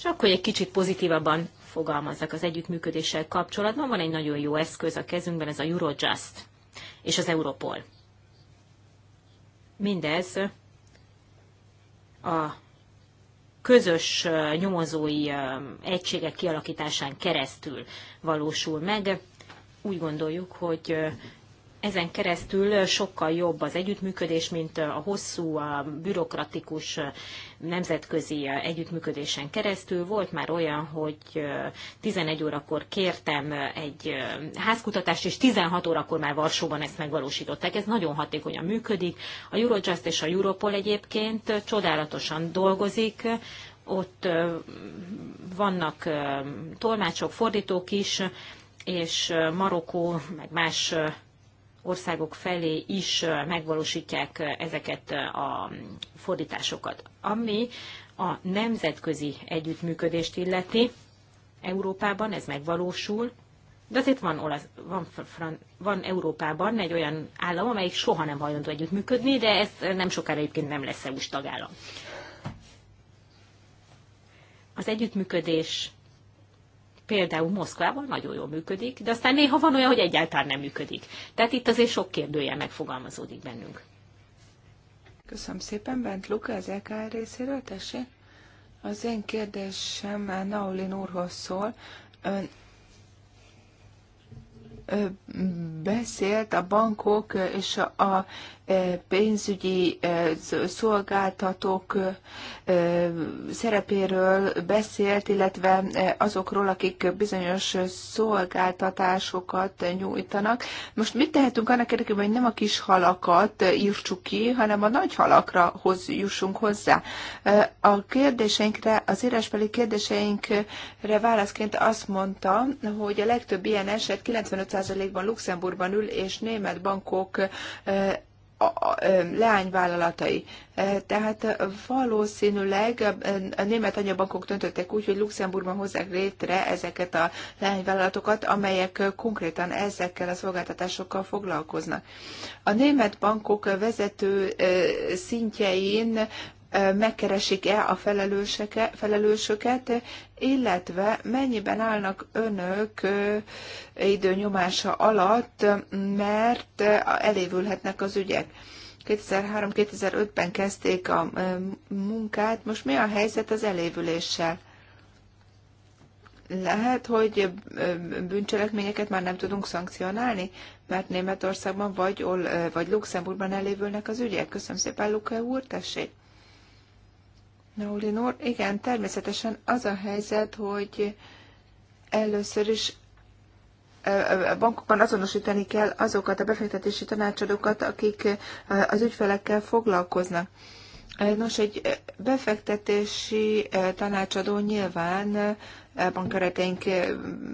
Csak hogy egy kicsit pozitívabban fogalmazzak az együttműködéssel kapcsolatban, van egy nagyon jó eszköz a kezünkben, ez a Eurojust és az Europol. Mindez a közös nyomozói egységek kialakításán keresztül valósul meg. Úgy gondoljuk, hogy ezen keresztül sokkal jobb az együttműködés, mint a hosszú, a bürokratikus nemzetközi eh, együttműködésen keresztül. Volt már olyan, hogy 11 eh, órakor kértem eh, egy házkutatást, és 16 órakor már Varsóban ezt megvalósították. Ez nagyon hatékonyan működik. A Eurojust és a Europol egyébként csodálatosan dolgozik, ott vannak tolmácsok, fordítók is, és Marokkó, meg más országok felé is megvalósítják ezeket a fordításokat. Ami a nemzetközi együttműködést illeti, Európában ez megvalósul, de azért van, olasz, van, fran, van Európában egy olyan állam, amelyik soha nem hajlandó együttműködni, de ez nem sokára egyébként nem lesz EU-s tagállam. Az együttműködés például Moszkvában nagyon jól működik, de aztán néha van olyan, hogy egyáltalán nem működik. Tehát itt azért sok kérdője megfogalmazódik bennünk. Köszönöm szépen, Bent Luka, az EKR részéről, tessék. Az én kérdésem Naulin úrhoz szól. Ön beszélt a bankok és a pénzügyi szolgáltatók szerepéről beszélt, illetve azokról, akik bizonyos szolgáltatásokat nyújtanak. Most mit tehetünk annak érdekében, hogy nem a kis halakat írtsuk ki, hanem a nagy halakra hoz, jussunk hozzá? A kérdéseinkre, az írásbeli kérdéseinkre válaszként azt mondta, hogy a legtöbb ilyen eset 95%-ban Luxemburgban ül, és német bankok a leányvállalatai. Tehát valószínűleg a német anyabankok döntöttek úgy, hogy Luxemburgban hozzák létre ezeket a leányvállalatokat, amelyek konkrétan ezekkel a szolgáltatásokkal foglalkoznak. A német bankok vezető szintjein megkeresik-e a felelősöket, illetve mennyiben állnak önök időnyomása alatt, mert elévülhetnek az ügyek. 2003-2005-ben kezdték a munkát, most mi a helyzet az elévüléssel? Lehet, hogy bűncselekményeket már nem tudunk szankcionálni, mert Németországban vagy, vagy Luxemburgban elévülnek az ügyek. Köszönöm szépen, Luka úr, tessék! Naulin igen, természetesen az a helyzet, hogy először is a bankokban azonosítani kell azokat a befektetési tanácsadókat, akik az ügyfelekkel foglalkoznak. Nos, egy befektetési tanácsadó nyilván bankereteink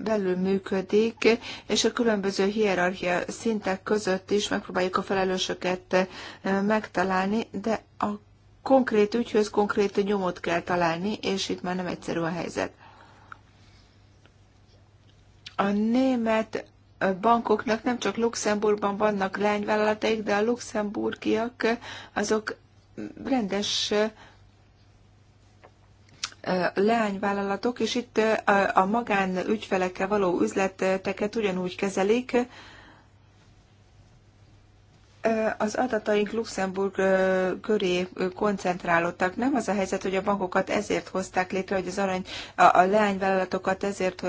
belül működik, és a különböző hierarchia szintek között is megpróbáljuk a felelősöket megtalálni, de a konkrét ügyhöz konkrét nyomot kell találni, és itt már nem egyszerű a helyzet. A német bankoknak nem csak Luxemburgban vannak lányvállalataik, de a luxemburgiak azok rendes leányvállalatok, és itt a magán ügyfelekkel való üzleteket ugyanúgy kezelik, az adataink Luxemburg köré koncentrálódtak. Nem az a helyzet, hogy a bankokat ezért hozták létre, hogy az arany, a, a leányvállalatokat ezért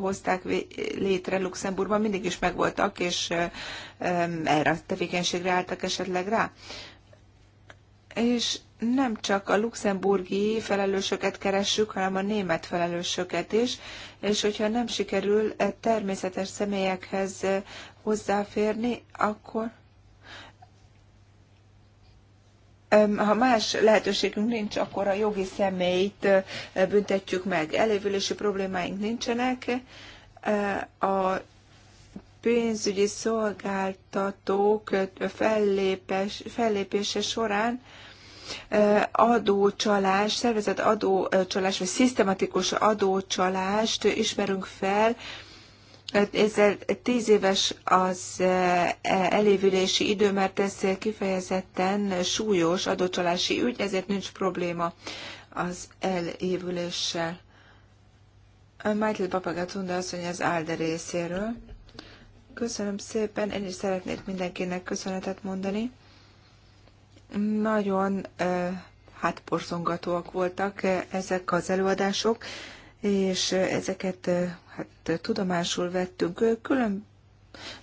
hozták létre Luxemburgban, mindig is megvoltak, és erre a tevékenységre álltak esetleg rá. És nem csak a luxemburgi felelősöket keressük, hanem a német felelősöket is, és hogyha nem sikerül természetes személyekhez hozzáférni, akkor ha más lehetőségünk nincs, akkor a jogi személyt büntetjük meg. Elévülési problémáink nincsenek. A pénzügyi szolgáltatók fellépes, fellépése során adócsalás, szervezett adócsalás, vagy szisztematikus adócsalást ismerünk fel ezzel tíz éves az eh, elévülési idő, mert ez kifejezetten súlyos adócsalási ügy, ezért nincs probléma az elévüléssel. Michael Papagatunda asszony az Álde részéről. Köszönöm szépen, én is szeretnék mindenkinek köszönetet mondani. Nagyon eh, hát porzongatóak voltak eh, ezek az előadások, és ezeket hát eh, tudomásul vettünk. Külön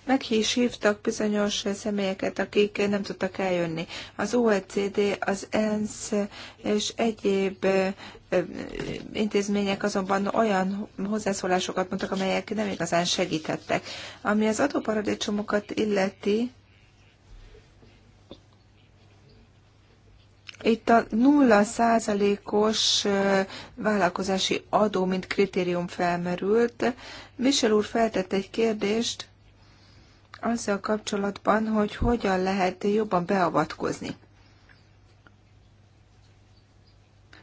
meg is hívtak bizonyos eh, személyeket, akik eh, nem tudtak eljönni. Az OECD, az ENSZ és egyéb intézmények azonban olyan hozzászólásokat mondtak, amelyek nem igazán segítettek. Ami az adóparadicsomokat illeti, Itt a nulla százalékos vállalkozási adó, mint kritérium felmerült. Michel úr feltett egy kérdést azzal kapcsolatban, hogy hogyan lehet jobban beavatkozni.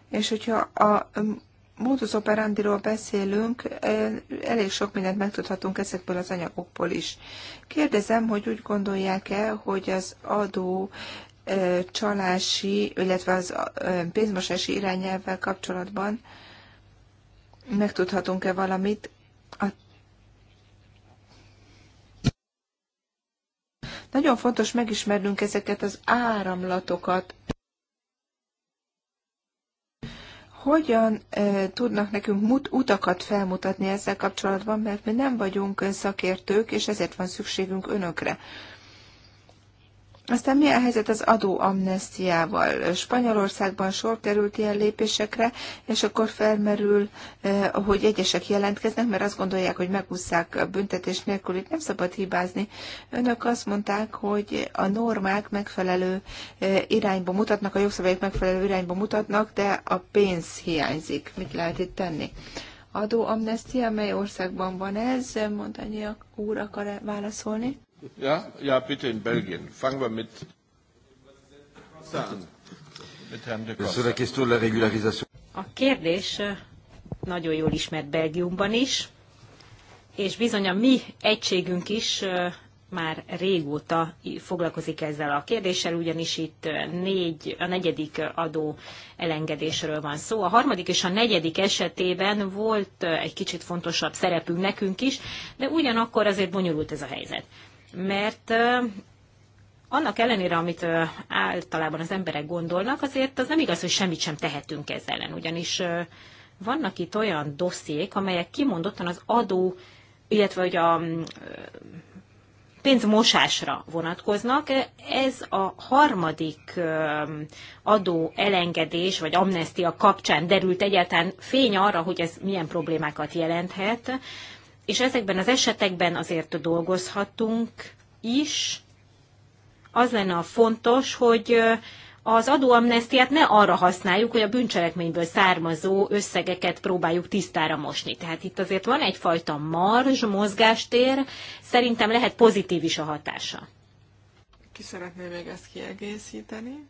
És hogyha a modus operandiról beszélünk, elég sok mindent megtudhatunk ezekből az anyagokból is. Kérdezem, hogy úgy gondolják-e, hogy az adó csalási, illetve az pénzmosási irányelvvel kapcsolatban megtudhatunk-e valamit a Nagyon fontos megismernünk ezeket az áramlatokat. Hogyan e, tudnak nekünk mut, utakat felmutatni ezzel kapcsolatban, mert mi nem vagyunk szakértők, és ezért van szükségünk önökre. Aztán mi a helyzet az adóamnestiával? Spanyolországban sor került ilyen lépésekre, és akkor felmerül, eh, hogy egyesek jelentkeznek, mert azt gondolják, hogy megúszszák a büntetés nélkül, itt nem szabad hibázni. Önök azt mondták, hogy a normák megfelelő eh, irányba mutatnak, a jogszabályok megfelelő irányba mutatnak, de a pénz hiányzik. Mit lehet itt tenni? Adóamnestia, mely országban van ez? Mondani úr akar -e válaszolni? Ja, ja, bitte in Belgien. Fangen wir mit a kérdés nagyon jól ismert Belgiumban is, és bizony a mi egységünk is már régóta foglalkozik ezzel a kérdéssel, ugyanis itt négy, a negyedik adó elengedésről van szó. A harmadik és a negyedik esetében volt egy kicsit fontosabb szerepünk nekünk is, de ugyanakkor azért bonyolult ez a helyzet mert annak ellenére, amit általában az emberek gondolnak, azért az nem igaz, hogy semmit sem tehetünk ezzel ellen, ugyanis vannak itt olyan dossziék, amelyek kimondottan az adó, illetve hogy a pénzmosásra vonatkoznak. Ez a harmadik adó elengedés vagy amnestia kapcsán derült egyáltalán fény arra, hogy ez milyen problémákat jelenthet és ezekben az esetekben azért dolgozhatunk is. Az lenne a fontos, hogy az adóamnestiát ne arra használjuk, hogy a bűncselekményből származó összegeket próbáljuk tisztára mosni. Tehát itt azért van egyfajta marzs, mozgástér, szerintem lehet pozitív is a hatása. Ki szeretné még ezt kiegészíteni?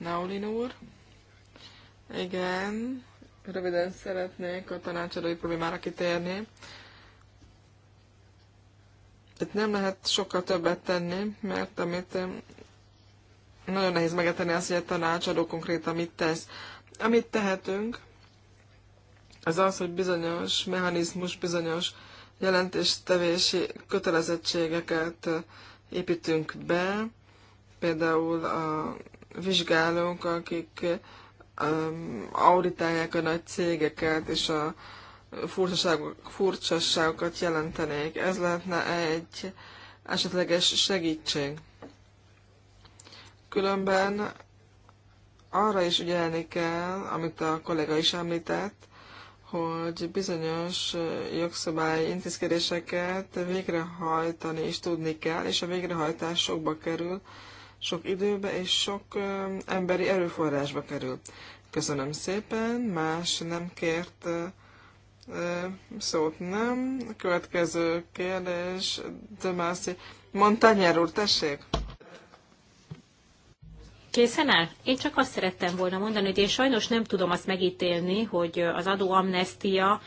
Naulin úr? Igen, Röviden szeretnék a tanácsadói problémára kitérni. Itt nem lehet sokkal többet tenni, mert amit nagyon nehéz megetenni azt, hogy a tanácsadó konkrétan mit tesz. Amit tehetünk, az az, hogy bizonyos mechanizmus, bizonyos jelentéstevési kötelezettségeket építünk be, például a vizsgálók, akik auditálják a nagy cégeket, és a furcsaságok, furcsasságokat jelentenék. Ez lehetne egy esetleges segítség. Különben arra is ügyelni kell, amit a kollega is említett, hogy bizonyos jogszabályi intézkedéseket végrehajtani is tudni kell, és a végrehajtás sokba kerül, sok időbe és sok emberi erőforrásba kerül. Köszönöm szépen, más nem kért szót nem. A következő kérdés, Mászi. Montanyer úr, tessék! Készen áll? Én csak azt szerettem volna mondani, hogy én sajnos nem tudom azt megítélni, hogy az adóamnestia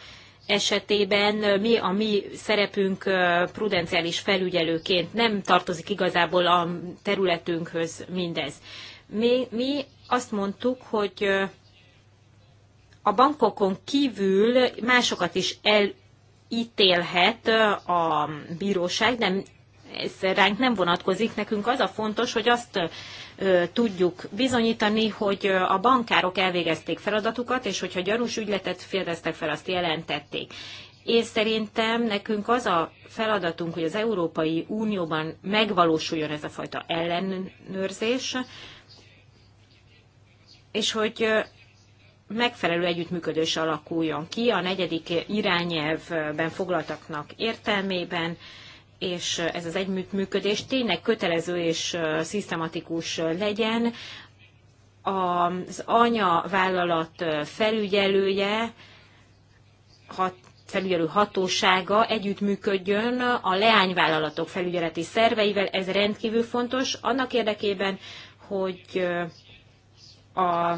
esetében mi a mi szerepünk prudenciális felügyelőként nem tartozik igazából a területünkhöz mindez. Mi, mi azt mondtuk, hogy a bankokon kívül másokat is elítélhet a bíróság, de ez ránk nem vonatkozik. Nekünk az a fontos, hogy azt tudjuk bizonyítani, hogy a bankárok elvégezték feladatukat, és hogyha gyanús ügyletet fedeztek fel, azt jelentették. Én szerintem nekünk az a feladatunk, hogy az Európai Unióban megvalósuljon ez a fajta ellenőrzés, és hogy megfelelő együttműködés alakuljon ki a negyedik irányelvben foglaltaknak értelmében, és ez az együttműködés tényleg kötelező és szisztematikus legyen. Az vállalat felügyelője, hat, felügyelő hatósága együttműködjön a leányvállalatok felügyeleti szerveivel, ez rendkívül fontos, annak érdekében, hogy a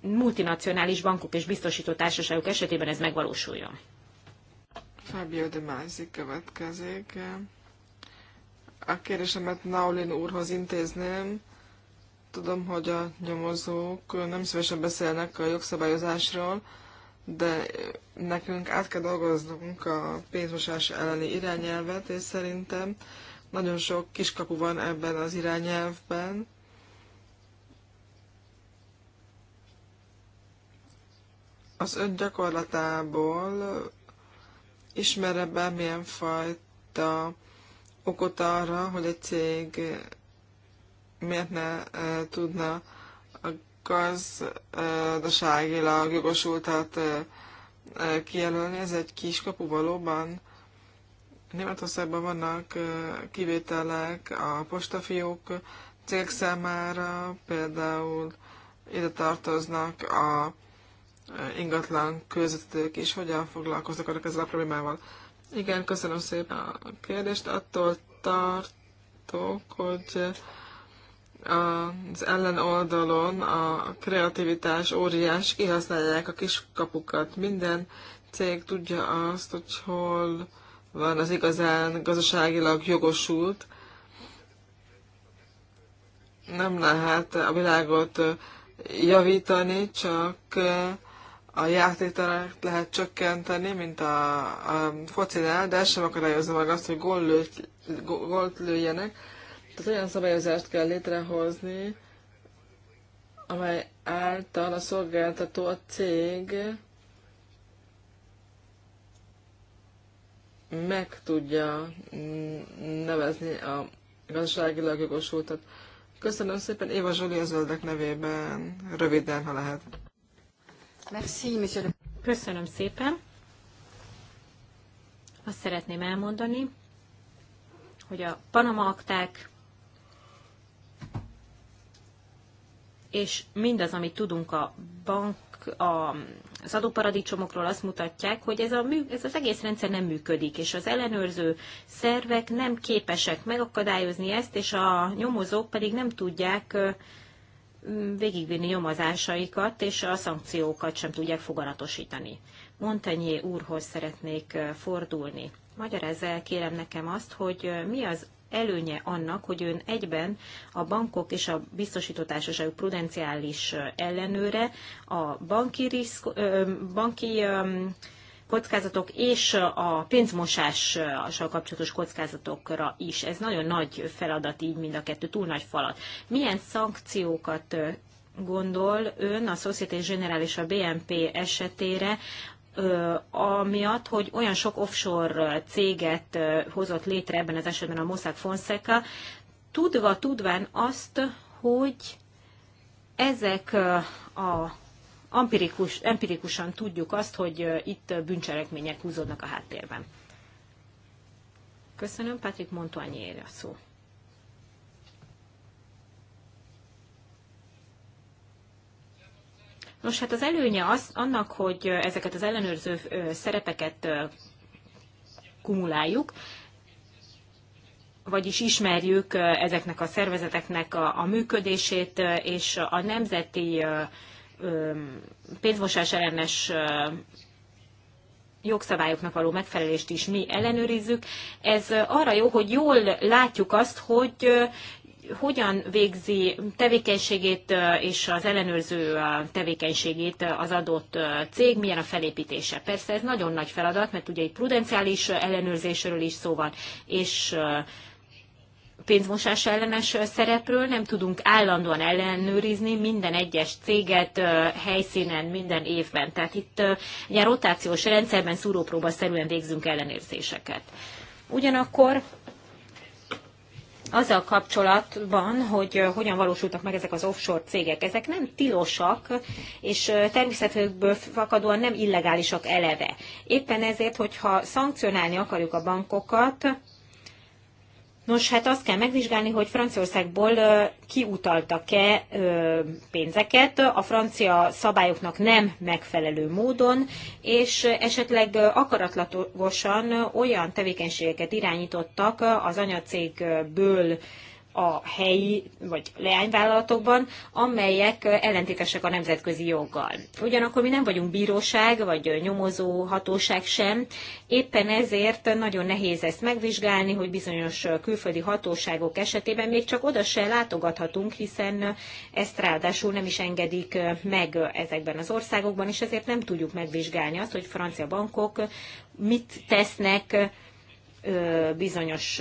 multinacionális bankok és biztosító társaságok esetében ez megvalósuljon. Fábio de Mázi következik. A kérdésemet Naulin úrhoz intézném. Tudom, hogy a nyomozók nem szívesen beszélnek a jogszabályozásról, de nekünk át kell dolgoznunk a pénzmosás elleni irányelvet, és szerintem nagyon sok kiskapu van ebben az irányelvben. Az ön gyakorlatából ismer-e bármilyen fajta okot arra, hogy egy cég miért ne e, tudna a gazdaságilag jogosultat e, e, kijelölni. Ez egy kiskapu valóban. Németországban vannak kivételek a postafiók cég számára, például ide tartoznak a ingatlan közvetők is, hogyan foglalkoznak ezzel a problémával. Igen, köszönöm szépen a kérdést. Attól tartok, hogy az ellenoldalon a kreativitás óriás, kihasználják a kiskapukat. Minden cég tudja azt, hogy hol van az igazán gazdaságilag jogosult. Nem lehet a világot javítani, csak a játéktalant lehet csökkenteni, mint a, a focinál, de ez sem akadályozza meg azt, hogy gólt lőjenek. Tehát olyan szabályozást kell létrehozni, amely által a szolgáltató, a cég meg tudja nevezni a gazdaságilag jogosultat. Köszönöm szépen, Éva Zsoli a zöldek nevében, röviden, ha lehet. Merci, monsieur. Köszönöm szépen. Azt szeretném elmondani, hogy a Panama akták és mindaz, amit tudunk a bank, a, az adóparadicsomokról azt mutatják, hogy ez, a, ez az egész rendszer nem működik, és az ellenőrző szervek nem képesek megakadályozni ezt, és a nyomozók pedig nem tudják végigvinni nyomozásaikat, és a szankciókat sem tudják foganatosítani. Montenyé úrhoz szeretnék fordulni. Magyar el kérem nekem azt, hogy mi az előnye annak, hogy ön egyben a bankok és a biztosítótársaságok prudenciális ellenőre a banki, risk, banki kockázatok és a pénzmosással kapcsolatos kockázatokra is. Ez nagyon nagy feladat így mind a kettő, túl nagy falat. Milyen szankciókat gondol ön a Société Générale és a BNP esetére, amiatt, hogy olyan sok offshore céget hozott létre ebben az esetben a Mossack Fonseca, tudva, tudván azt, hogy ezek a empirikus, empirikusan tudjuk azt, hogy itt bűncselekmények húzódnak a háttérben. Köszönöm, Patrick ér a szó. Nos, hát az előnye az, annak, hogy ezeket az ellenőrző szerepeket kumuláljuk, vagyis ismerjük ezeknek a szervezeteknek a, a működését, és a nemzeti pénzmosás ellenes jogszabályoknak való megfelelést is mi ellenőrizzük. Ez arra jó, hogy jól látjuk azt, hogy hogyan végzi tevékenységét és az ellenőrző tevékenységét az adott cég, milyen a felépítése. Persze ez nagyon nagy feladat, mert ugye itt prudenciális ellenőrzésről is szó van, és pénzmosás ellenes szerepről, nem tudunk állandóan ellenőrizni minden egyes céget helyszínen minden évben. Tehát itt egy rotációs rendszerben szúrópróba szerűen végzünk ellenőrzéseket. Ugyanakkor azzal kapcsolatban, hogy hogyan valósultak meg ezek az offshore cégek. Ezek nem tilosak, és természetükből fakadóan nem illegálisak eleve. Éppen ezért, hogyha szankcionálni akarjuk a bankokat, Nos, hát azt kell megvizsgálni, hogy Franciaországból kiutaltak-e pénzeket a francia szabályoknak nem megfelelő módon, és esetleg akaratlatosan olyan tevékenységeket irányítottak az anyacégből a helyi vagy leányvállalatokban, amelyek ellentétesek a nemzetközi joggal. Ugyanakkor mi nem vagyunk bíróság vagy nyomozó hatóság sem, éppen ezért nagyon nehéz ezt megvizsgálni, hogy bizonyos külföldi hatóságok esetében még csak oda se látogathatunk, hiszen ezt ráadásul nem is engedik meg ezekben az országokban, és ezért nem tudjuk megvizsgálni azt, hogy francia bankok mit tesznek bizonyos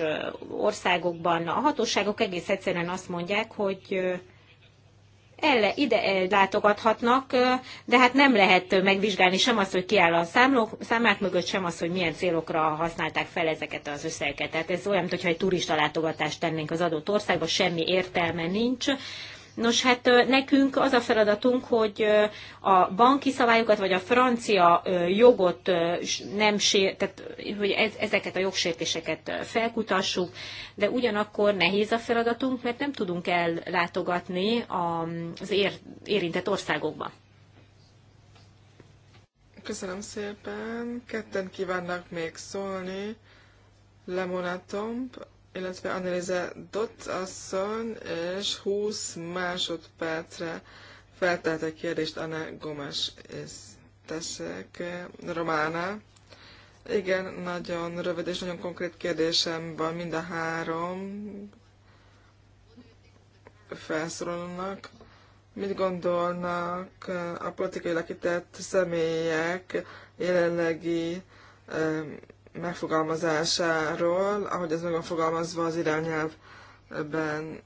országokban. A hatóságok egész egyszerűen azt mondják, hogy elle, ide látogathatnak, de hát nem lehet megvizsgálni sem azt, hogy kiáll a számlók, számlák mögött, sem azt, hogy milyen célokra használták fel ezeket az összegeket. Tehát ez olyan, mintha egy turista látogatást tennénk az adott országba, semmi értelme nincs. Nos, hát nekünk az a feladatunk, hogy a banki szabályokat, vagy a francia jogot nem sér, tehát hogy ezeket a jogsértéseket felkutassuk, de ugyanakkor nehéz a feladatunk, mert nem tudunk ellátogatni az érintett országokba. Köszönöm szépen. Ketten kívánnak még szólni. Lemonatomp illetve Annelize Dott asszony, és 20 másodpercre feltelt egy kérdést Anna Gomes, és tessék, Romána. Igen, nagyon rövid és nagyon konkrét kérdésem van mind a három felszólalónak. Mit gondolnak eh, a politikai lakített személyek jelenlegi eh, megfogalmazásáról, ahogy ez meg van fogalmazva az irányelvben.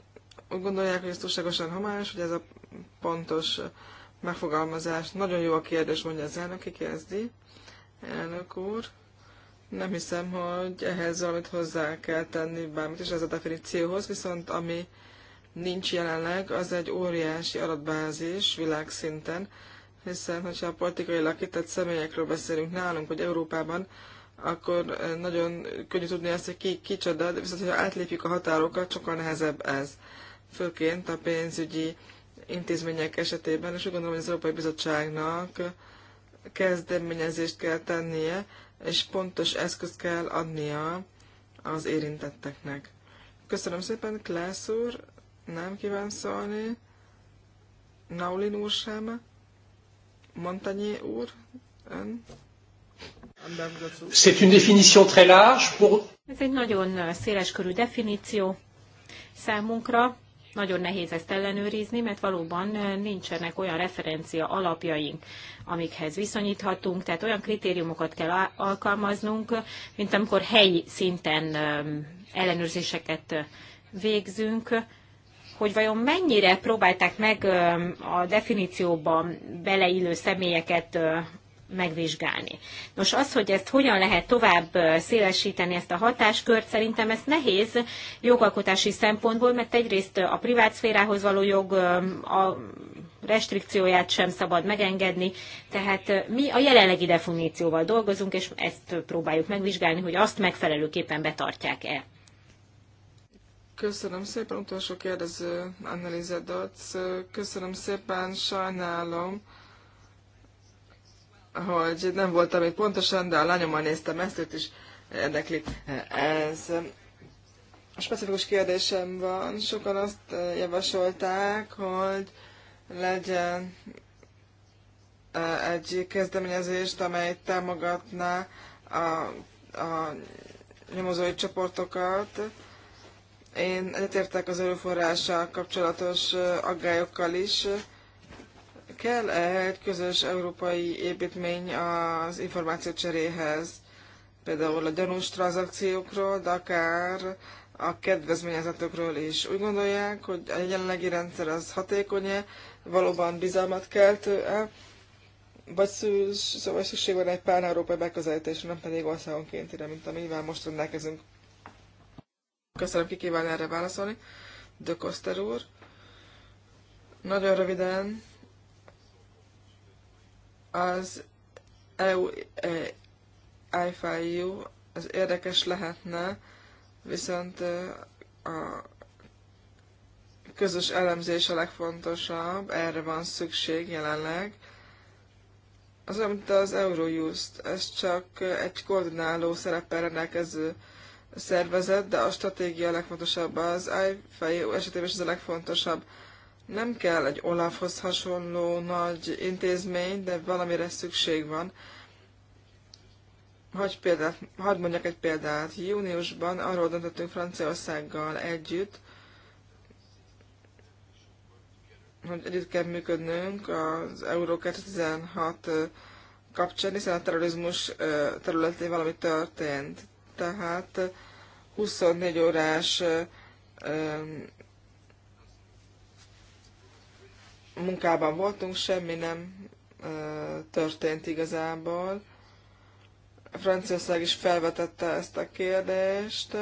Úgy gondolják, hogy ez túlságosan homályos, hogy ez a pontos megfogalmazás. Nagyon jó a kérdés, mondja az elnök, ki kezdi. Elnök úr, nem hiszem, hogy ehhez valamit hozzá kell tenni bármit is ez a definícióhoz, viszont ami nincs jelenleg, az egy óriási adatbázis világszinten, hiszen hogyha politikailag kitett személyekről beszélünk nálunk, hogy Európában, akkor nagyon könnyű tudni azt, hogy ki kicsoda, de viszont, ha átlépjük a határokat, sokkal nehezebb ez. Főként a pénzügyi intézmények esetében, és úgy gondolom, hogy az Európai Bizottságnak kezdeményezést kell tennie, és pontos eszközt kell adnia az érintetteknek. Köszönöm szépen, Klász úr, nem kíván szólni, Naulin úr sem, Montanyi úr, ön. C'est une définition très large pour... Ez egy nagyon széleskörű definíció számunkra. Nagyon nehéz ezt ellenőrizni, mert valóban nincsenek olyan referencia alapjaink, amikhez viszonyíthatunk, tehát olyan kritériumokat kell alkalmaznunk, mint amikor helyi szinten ellenőrzéseket végzünk, hogy vajon mennyire próbálták meg a definícióban beleillő személyeket megvizsgálni. Nos, az, hogy ezt hogyan lehet tovább szélesíteni ezt a hatáskört, szerintem ez nehéz jogalkotási szempontból, mert egyrészt a privátszférához való jog a restrikcióját sem szabad megengedni, tehát mi a jelenlegi definícióval dolgozunk, és ezt próbáljuk megvizsgálni, hogy azt megfelelőképpen betartják-e. Köszönöm szépen, utolsó kérdező Annelize Dac. Köszönöm szépen, sajnálom, hogy nem voltam még pontosan, de a lányommal néztem ezt, őt is érdekli ez. A specifikus kérdésem van, sokan azt javasolták, hogy legyen e, egy kezdeményezést, amely támogatná a, a nyomozói csoportokat. Én egyetértek az erőforrással kapcsolatos e, aggályokkal is, kell -e egy közös európai építmény az információcseréhez, például a gyanús tranzakciókról, de akár a kedvezményezetekről is. Úgy gondolják, hogy a jelenlegi rendszer az hatékony -e, valóban bizalmat keltő -e, vagy szüls, szóval szükség van egy pár európai beközelítésre, nem pedig országonkéntire, mint amivel most rendelkezünk. Köszönöm, ki kíván erre válaszolni. De Koster úr. Nagyon röviden az EU e IFIU az érdekes lehetne, viszont a közös elemzés a legfontosabb, erre van szükség jelenleg. Az amit az Eurojust, ez csak egy koordináló szereppel rendelkező szervezet, de a stratégia a legfontosabb, az IFIU esetében is ez a legfontosabb nem kell egy Olafhoz hasonló nagy intézmény, de valamire szükség van. Hogy példát, hadd mondjak egy példát. Júniusban arról döntöttünk Franciaországgal együtt, hogy együtt kell működnünk az Euró 2016 kapcsán, hiszen a terrorizmus területén valami történt. Tehát 24 órás munkában voltunk, semmi nem történt igazából. Franciaország is felvetette ezt a kérdést.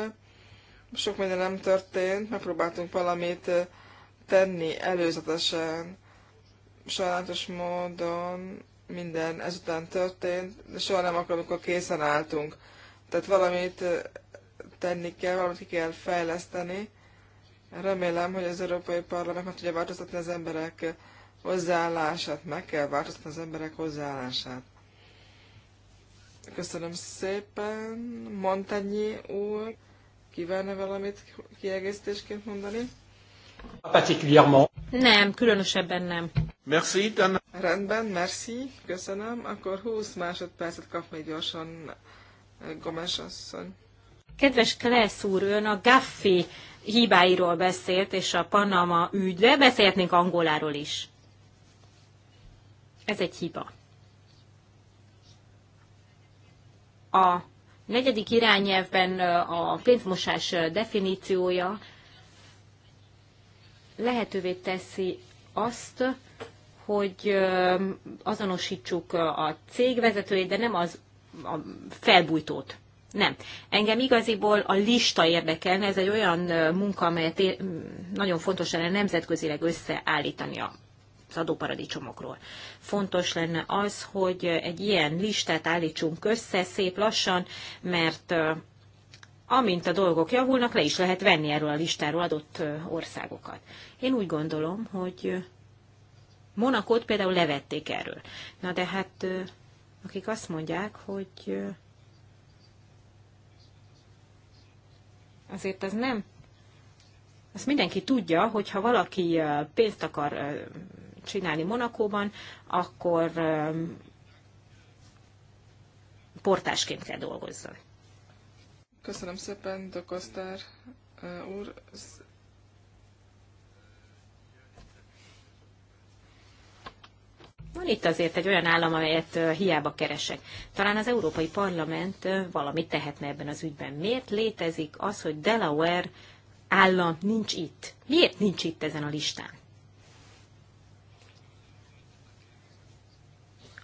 Sok minden nem történt, megpróbáltunk valamit tenni előzetesen. Sajnálatos módon minden ezután történt, de soha nem akarunk amikor készen álltunk. Tehát valamit tenni kell, valamit ki kell fejleszteni, Remélem, hogy az Európai Parlament meg tudja változtatni az emberek hozzáállását, meg kell változtatni az emberek hozzáállását. Köszönöm szépen, Montagny úr, Kívánne valamit kiegészítésként mondani? Nem, különösebben nem. Merci, ten... Rendben, merci, köszönöm. Akkor 20 másodpercet kap még gyorsan Gomes asszony. Kedves Kressz úr, ön a Gaffi hibáiról beszélt, és a Panama ügyre beszélhetnénk Angoláról is. Ez egy hiba. A negyedik irányelvben a pénzmosás definíciója lehetővé teszi azt, hogy azonosítsuk a cégvezetőjét, de nem az a felbújtót. Nem. Engem igaziból a lista érdekelne, ez egy olyan munka, amelyet nagyon fontos lenne nemzetközileg összeállítani az adóparadicsomokról. Fontos lenne az, hogy egy ilyen listát állítsunk össze szép lassan, mert amint a dolgok javulnak, le is lehet venni erről a listáról adott országokat. Én úgy gondolom, hogy Monakót például levették erről. Na de hát akik azt mondják, hogy azért az nem. Azt mindenki tudja, hogy ha valaki pénzt akar csinálni Monakóban, akkor portásként kell dolgozzon. Köszönöm szépen, Dokosztár úr. Van itt azért egy olyan állam, amelyet hiába keresek. Talán az Európai Parlament valamit tehetne ebben az ügyben. Miért létezik az, hogy Delaware állam nincs itt? Miért nincs itt ezen a listán?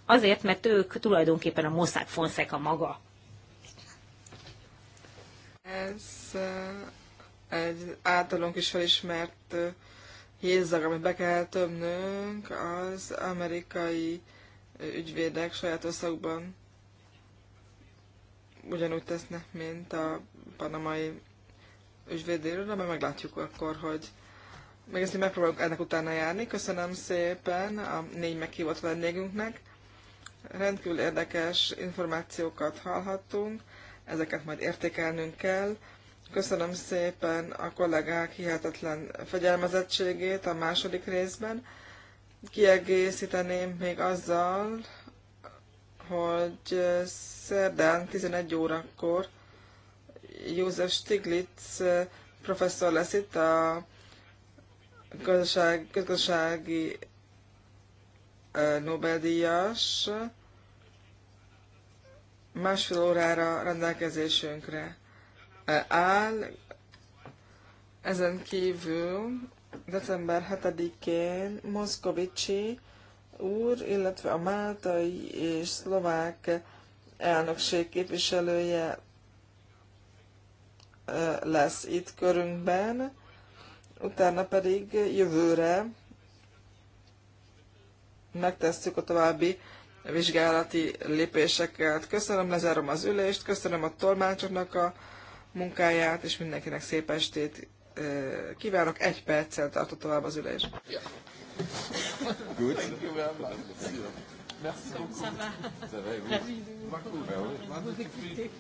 Azért, mert ők tulajdonképpen a Mossack Fonseca maga. Ez egy általunk is felismert hézzag, amit be kell tömnünk, az amerikai ügyvédek saját országban ugyanúgy tesznek, mint a panamai ügyvédéről, de meglátjuk akkor, hogy még ezt megpróbálok ennek utána járni. Köszönöm szépen a négy meghívott vendégünknek. Rendkívül érdekes információkat hallhattunk, ezeket majd értékelnünk kell. Köszönöm szépen a kollégák hihetetlen fegyelmezettségét a második részben. Kiegészíteném még azzal, hogy szerdán 11 órakor József Stiglitz professzor lesz itt a közösség, közösségi Nobel-díjas másfél órára rendelkezésünkre. E, áll. Ezen kívül december 7-én Moszkovicsi úr, illetve a máltai és szlovák elnökség képviselője e, lesz itt körünkben, utána pedig jövőre megtesszük a további vizsgálati lépéseket. Köszönöm, lezárom az ülést, köszönöm a tolmácsoknak a munkáját, és mindenkinek szép estét kívánok. Egy perccel tartott tovább az ülés. Good. Thank you very much. Merci beaucoup. Ça va. Ça va et vous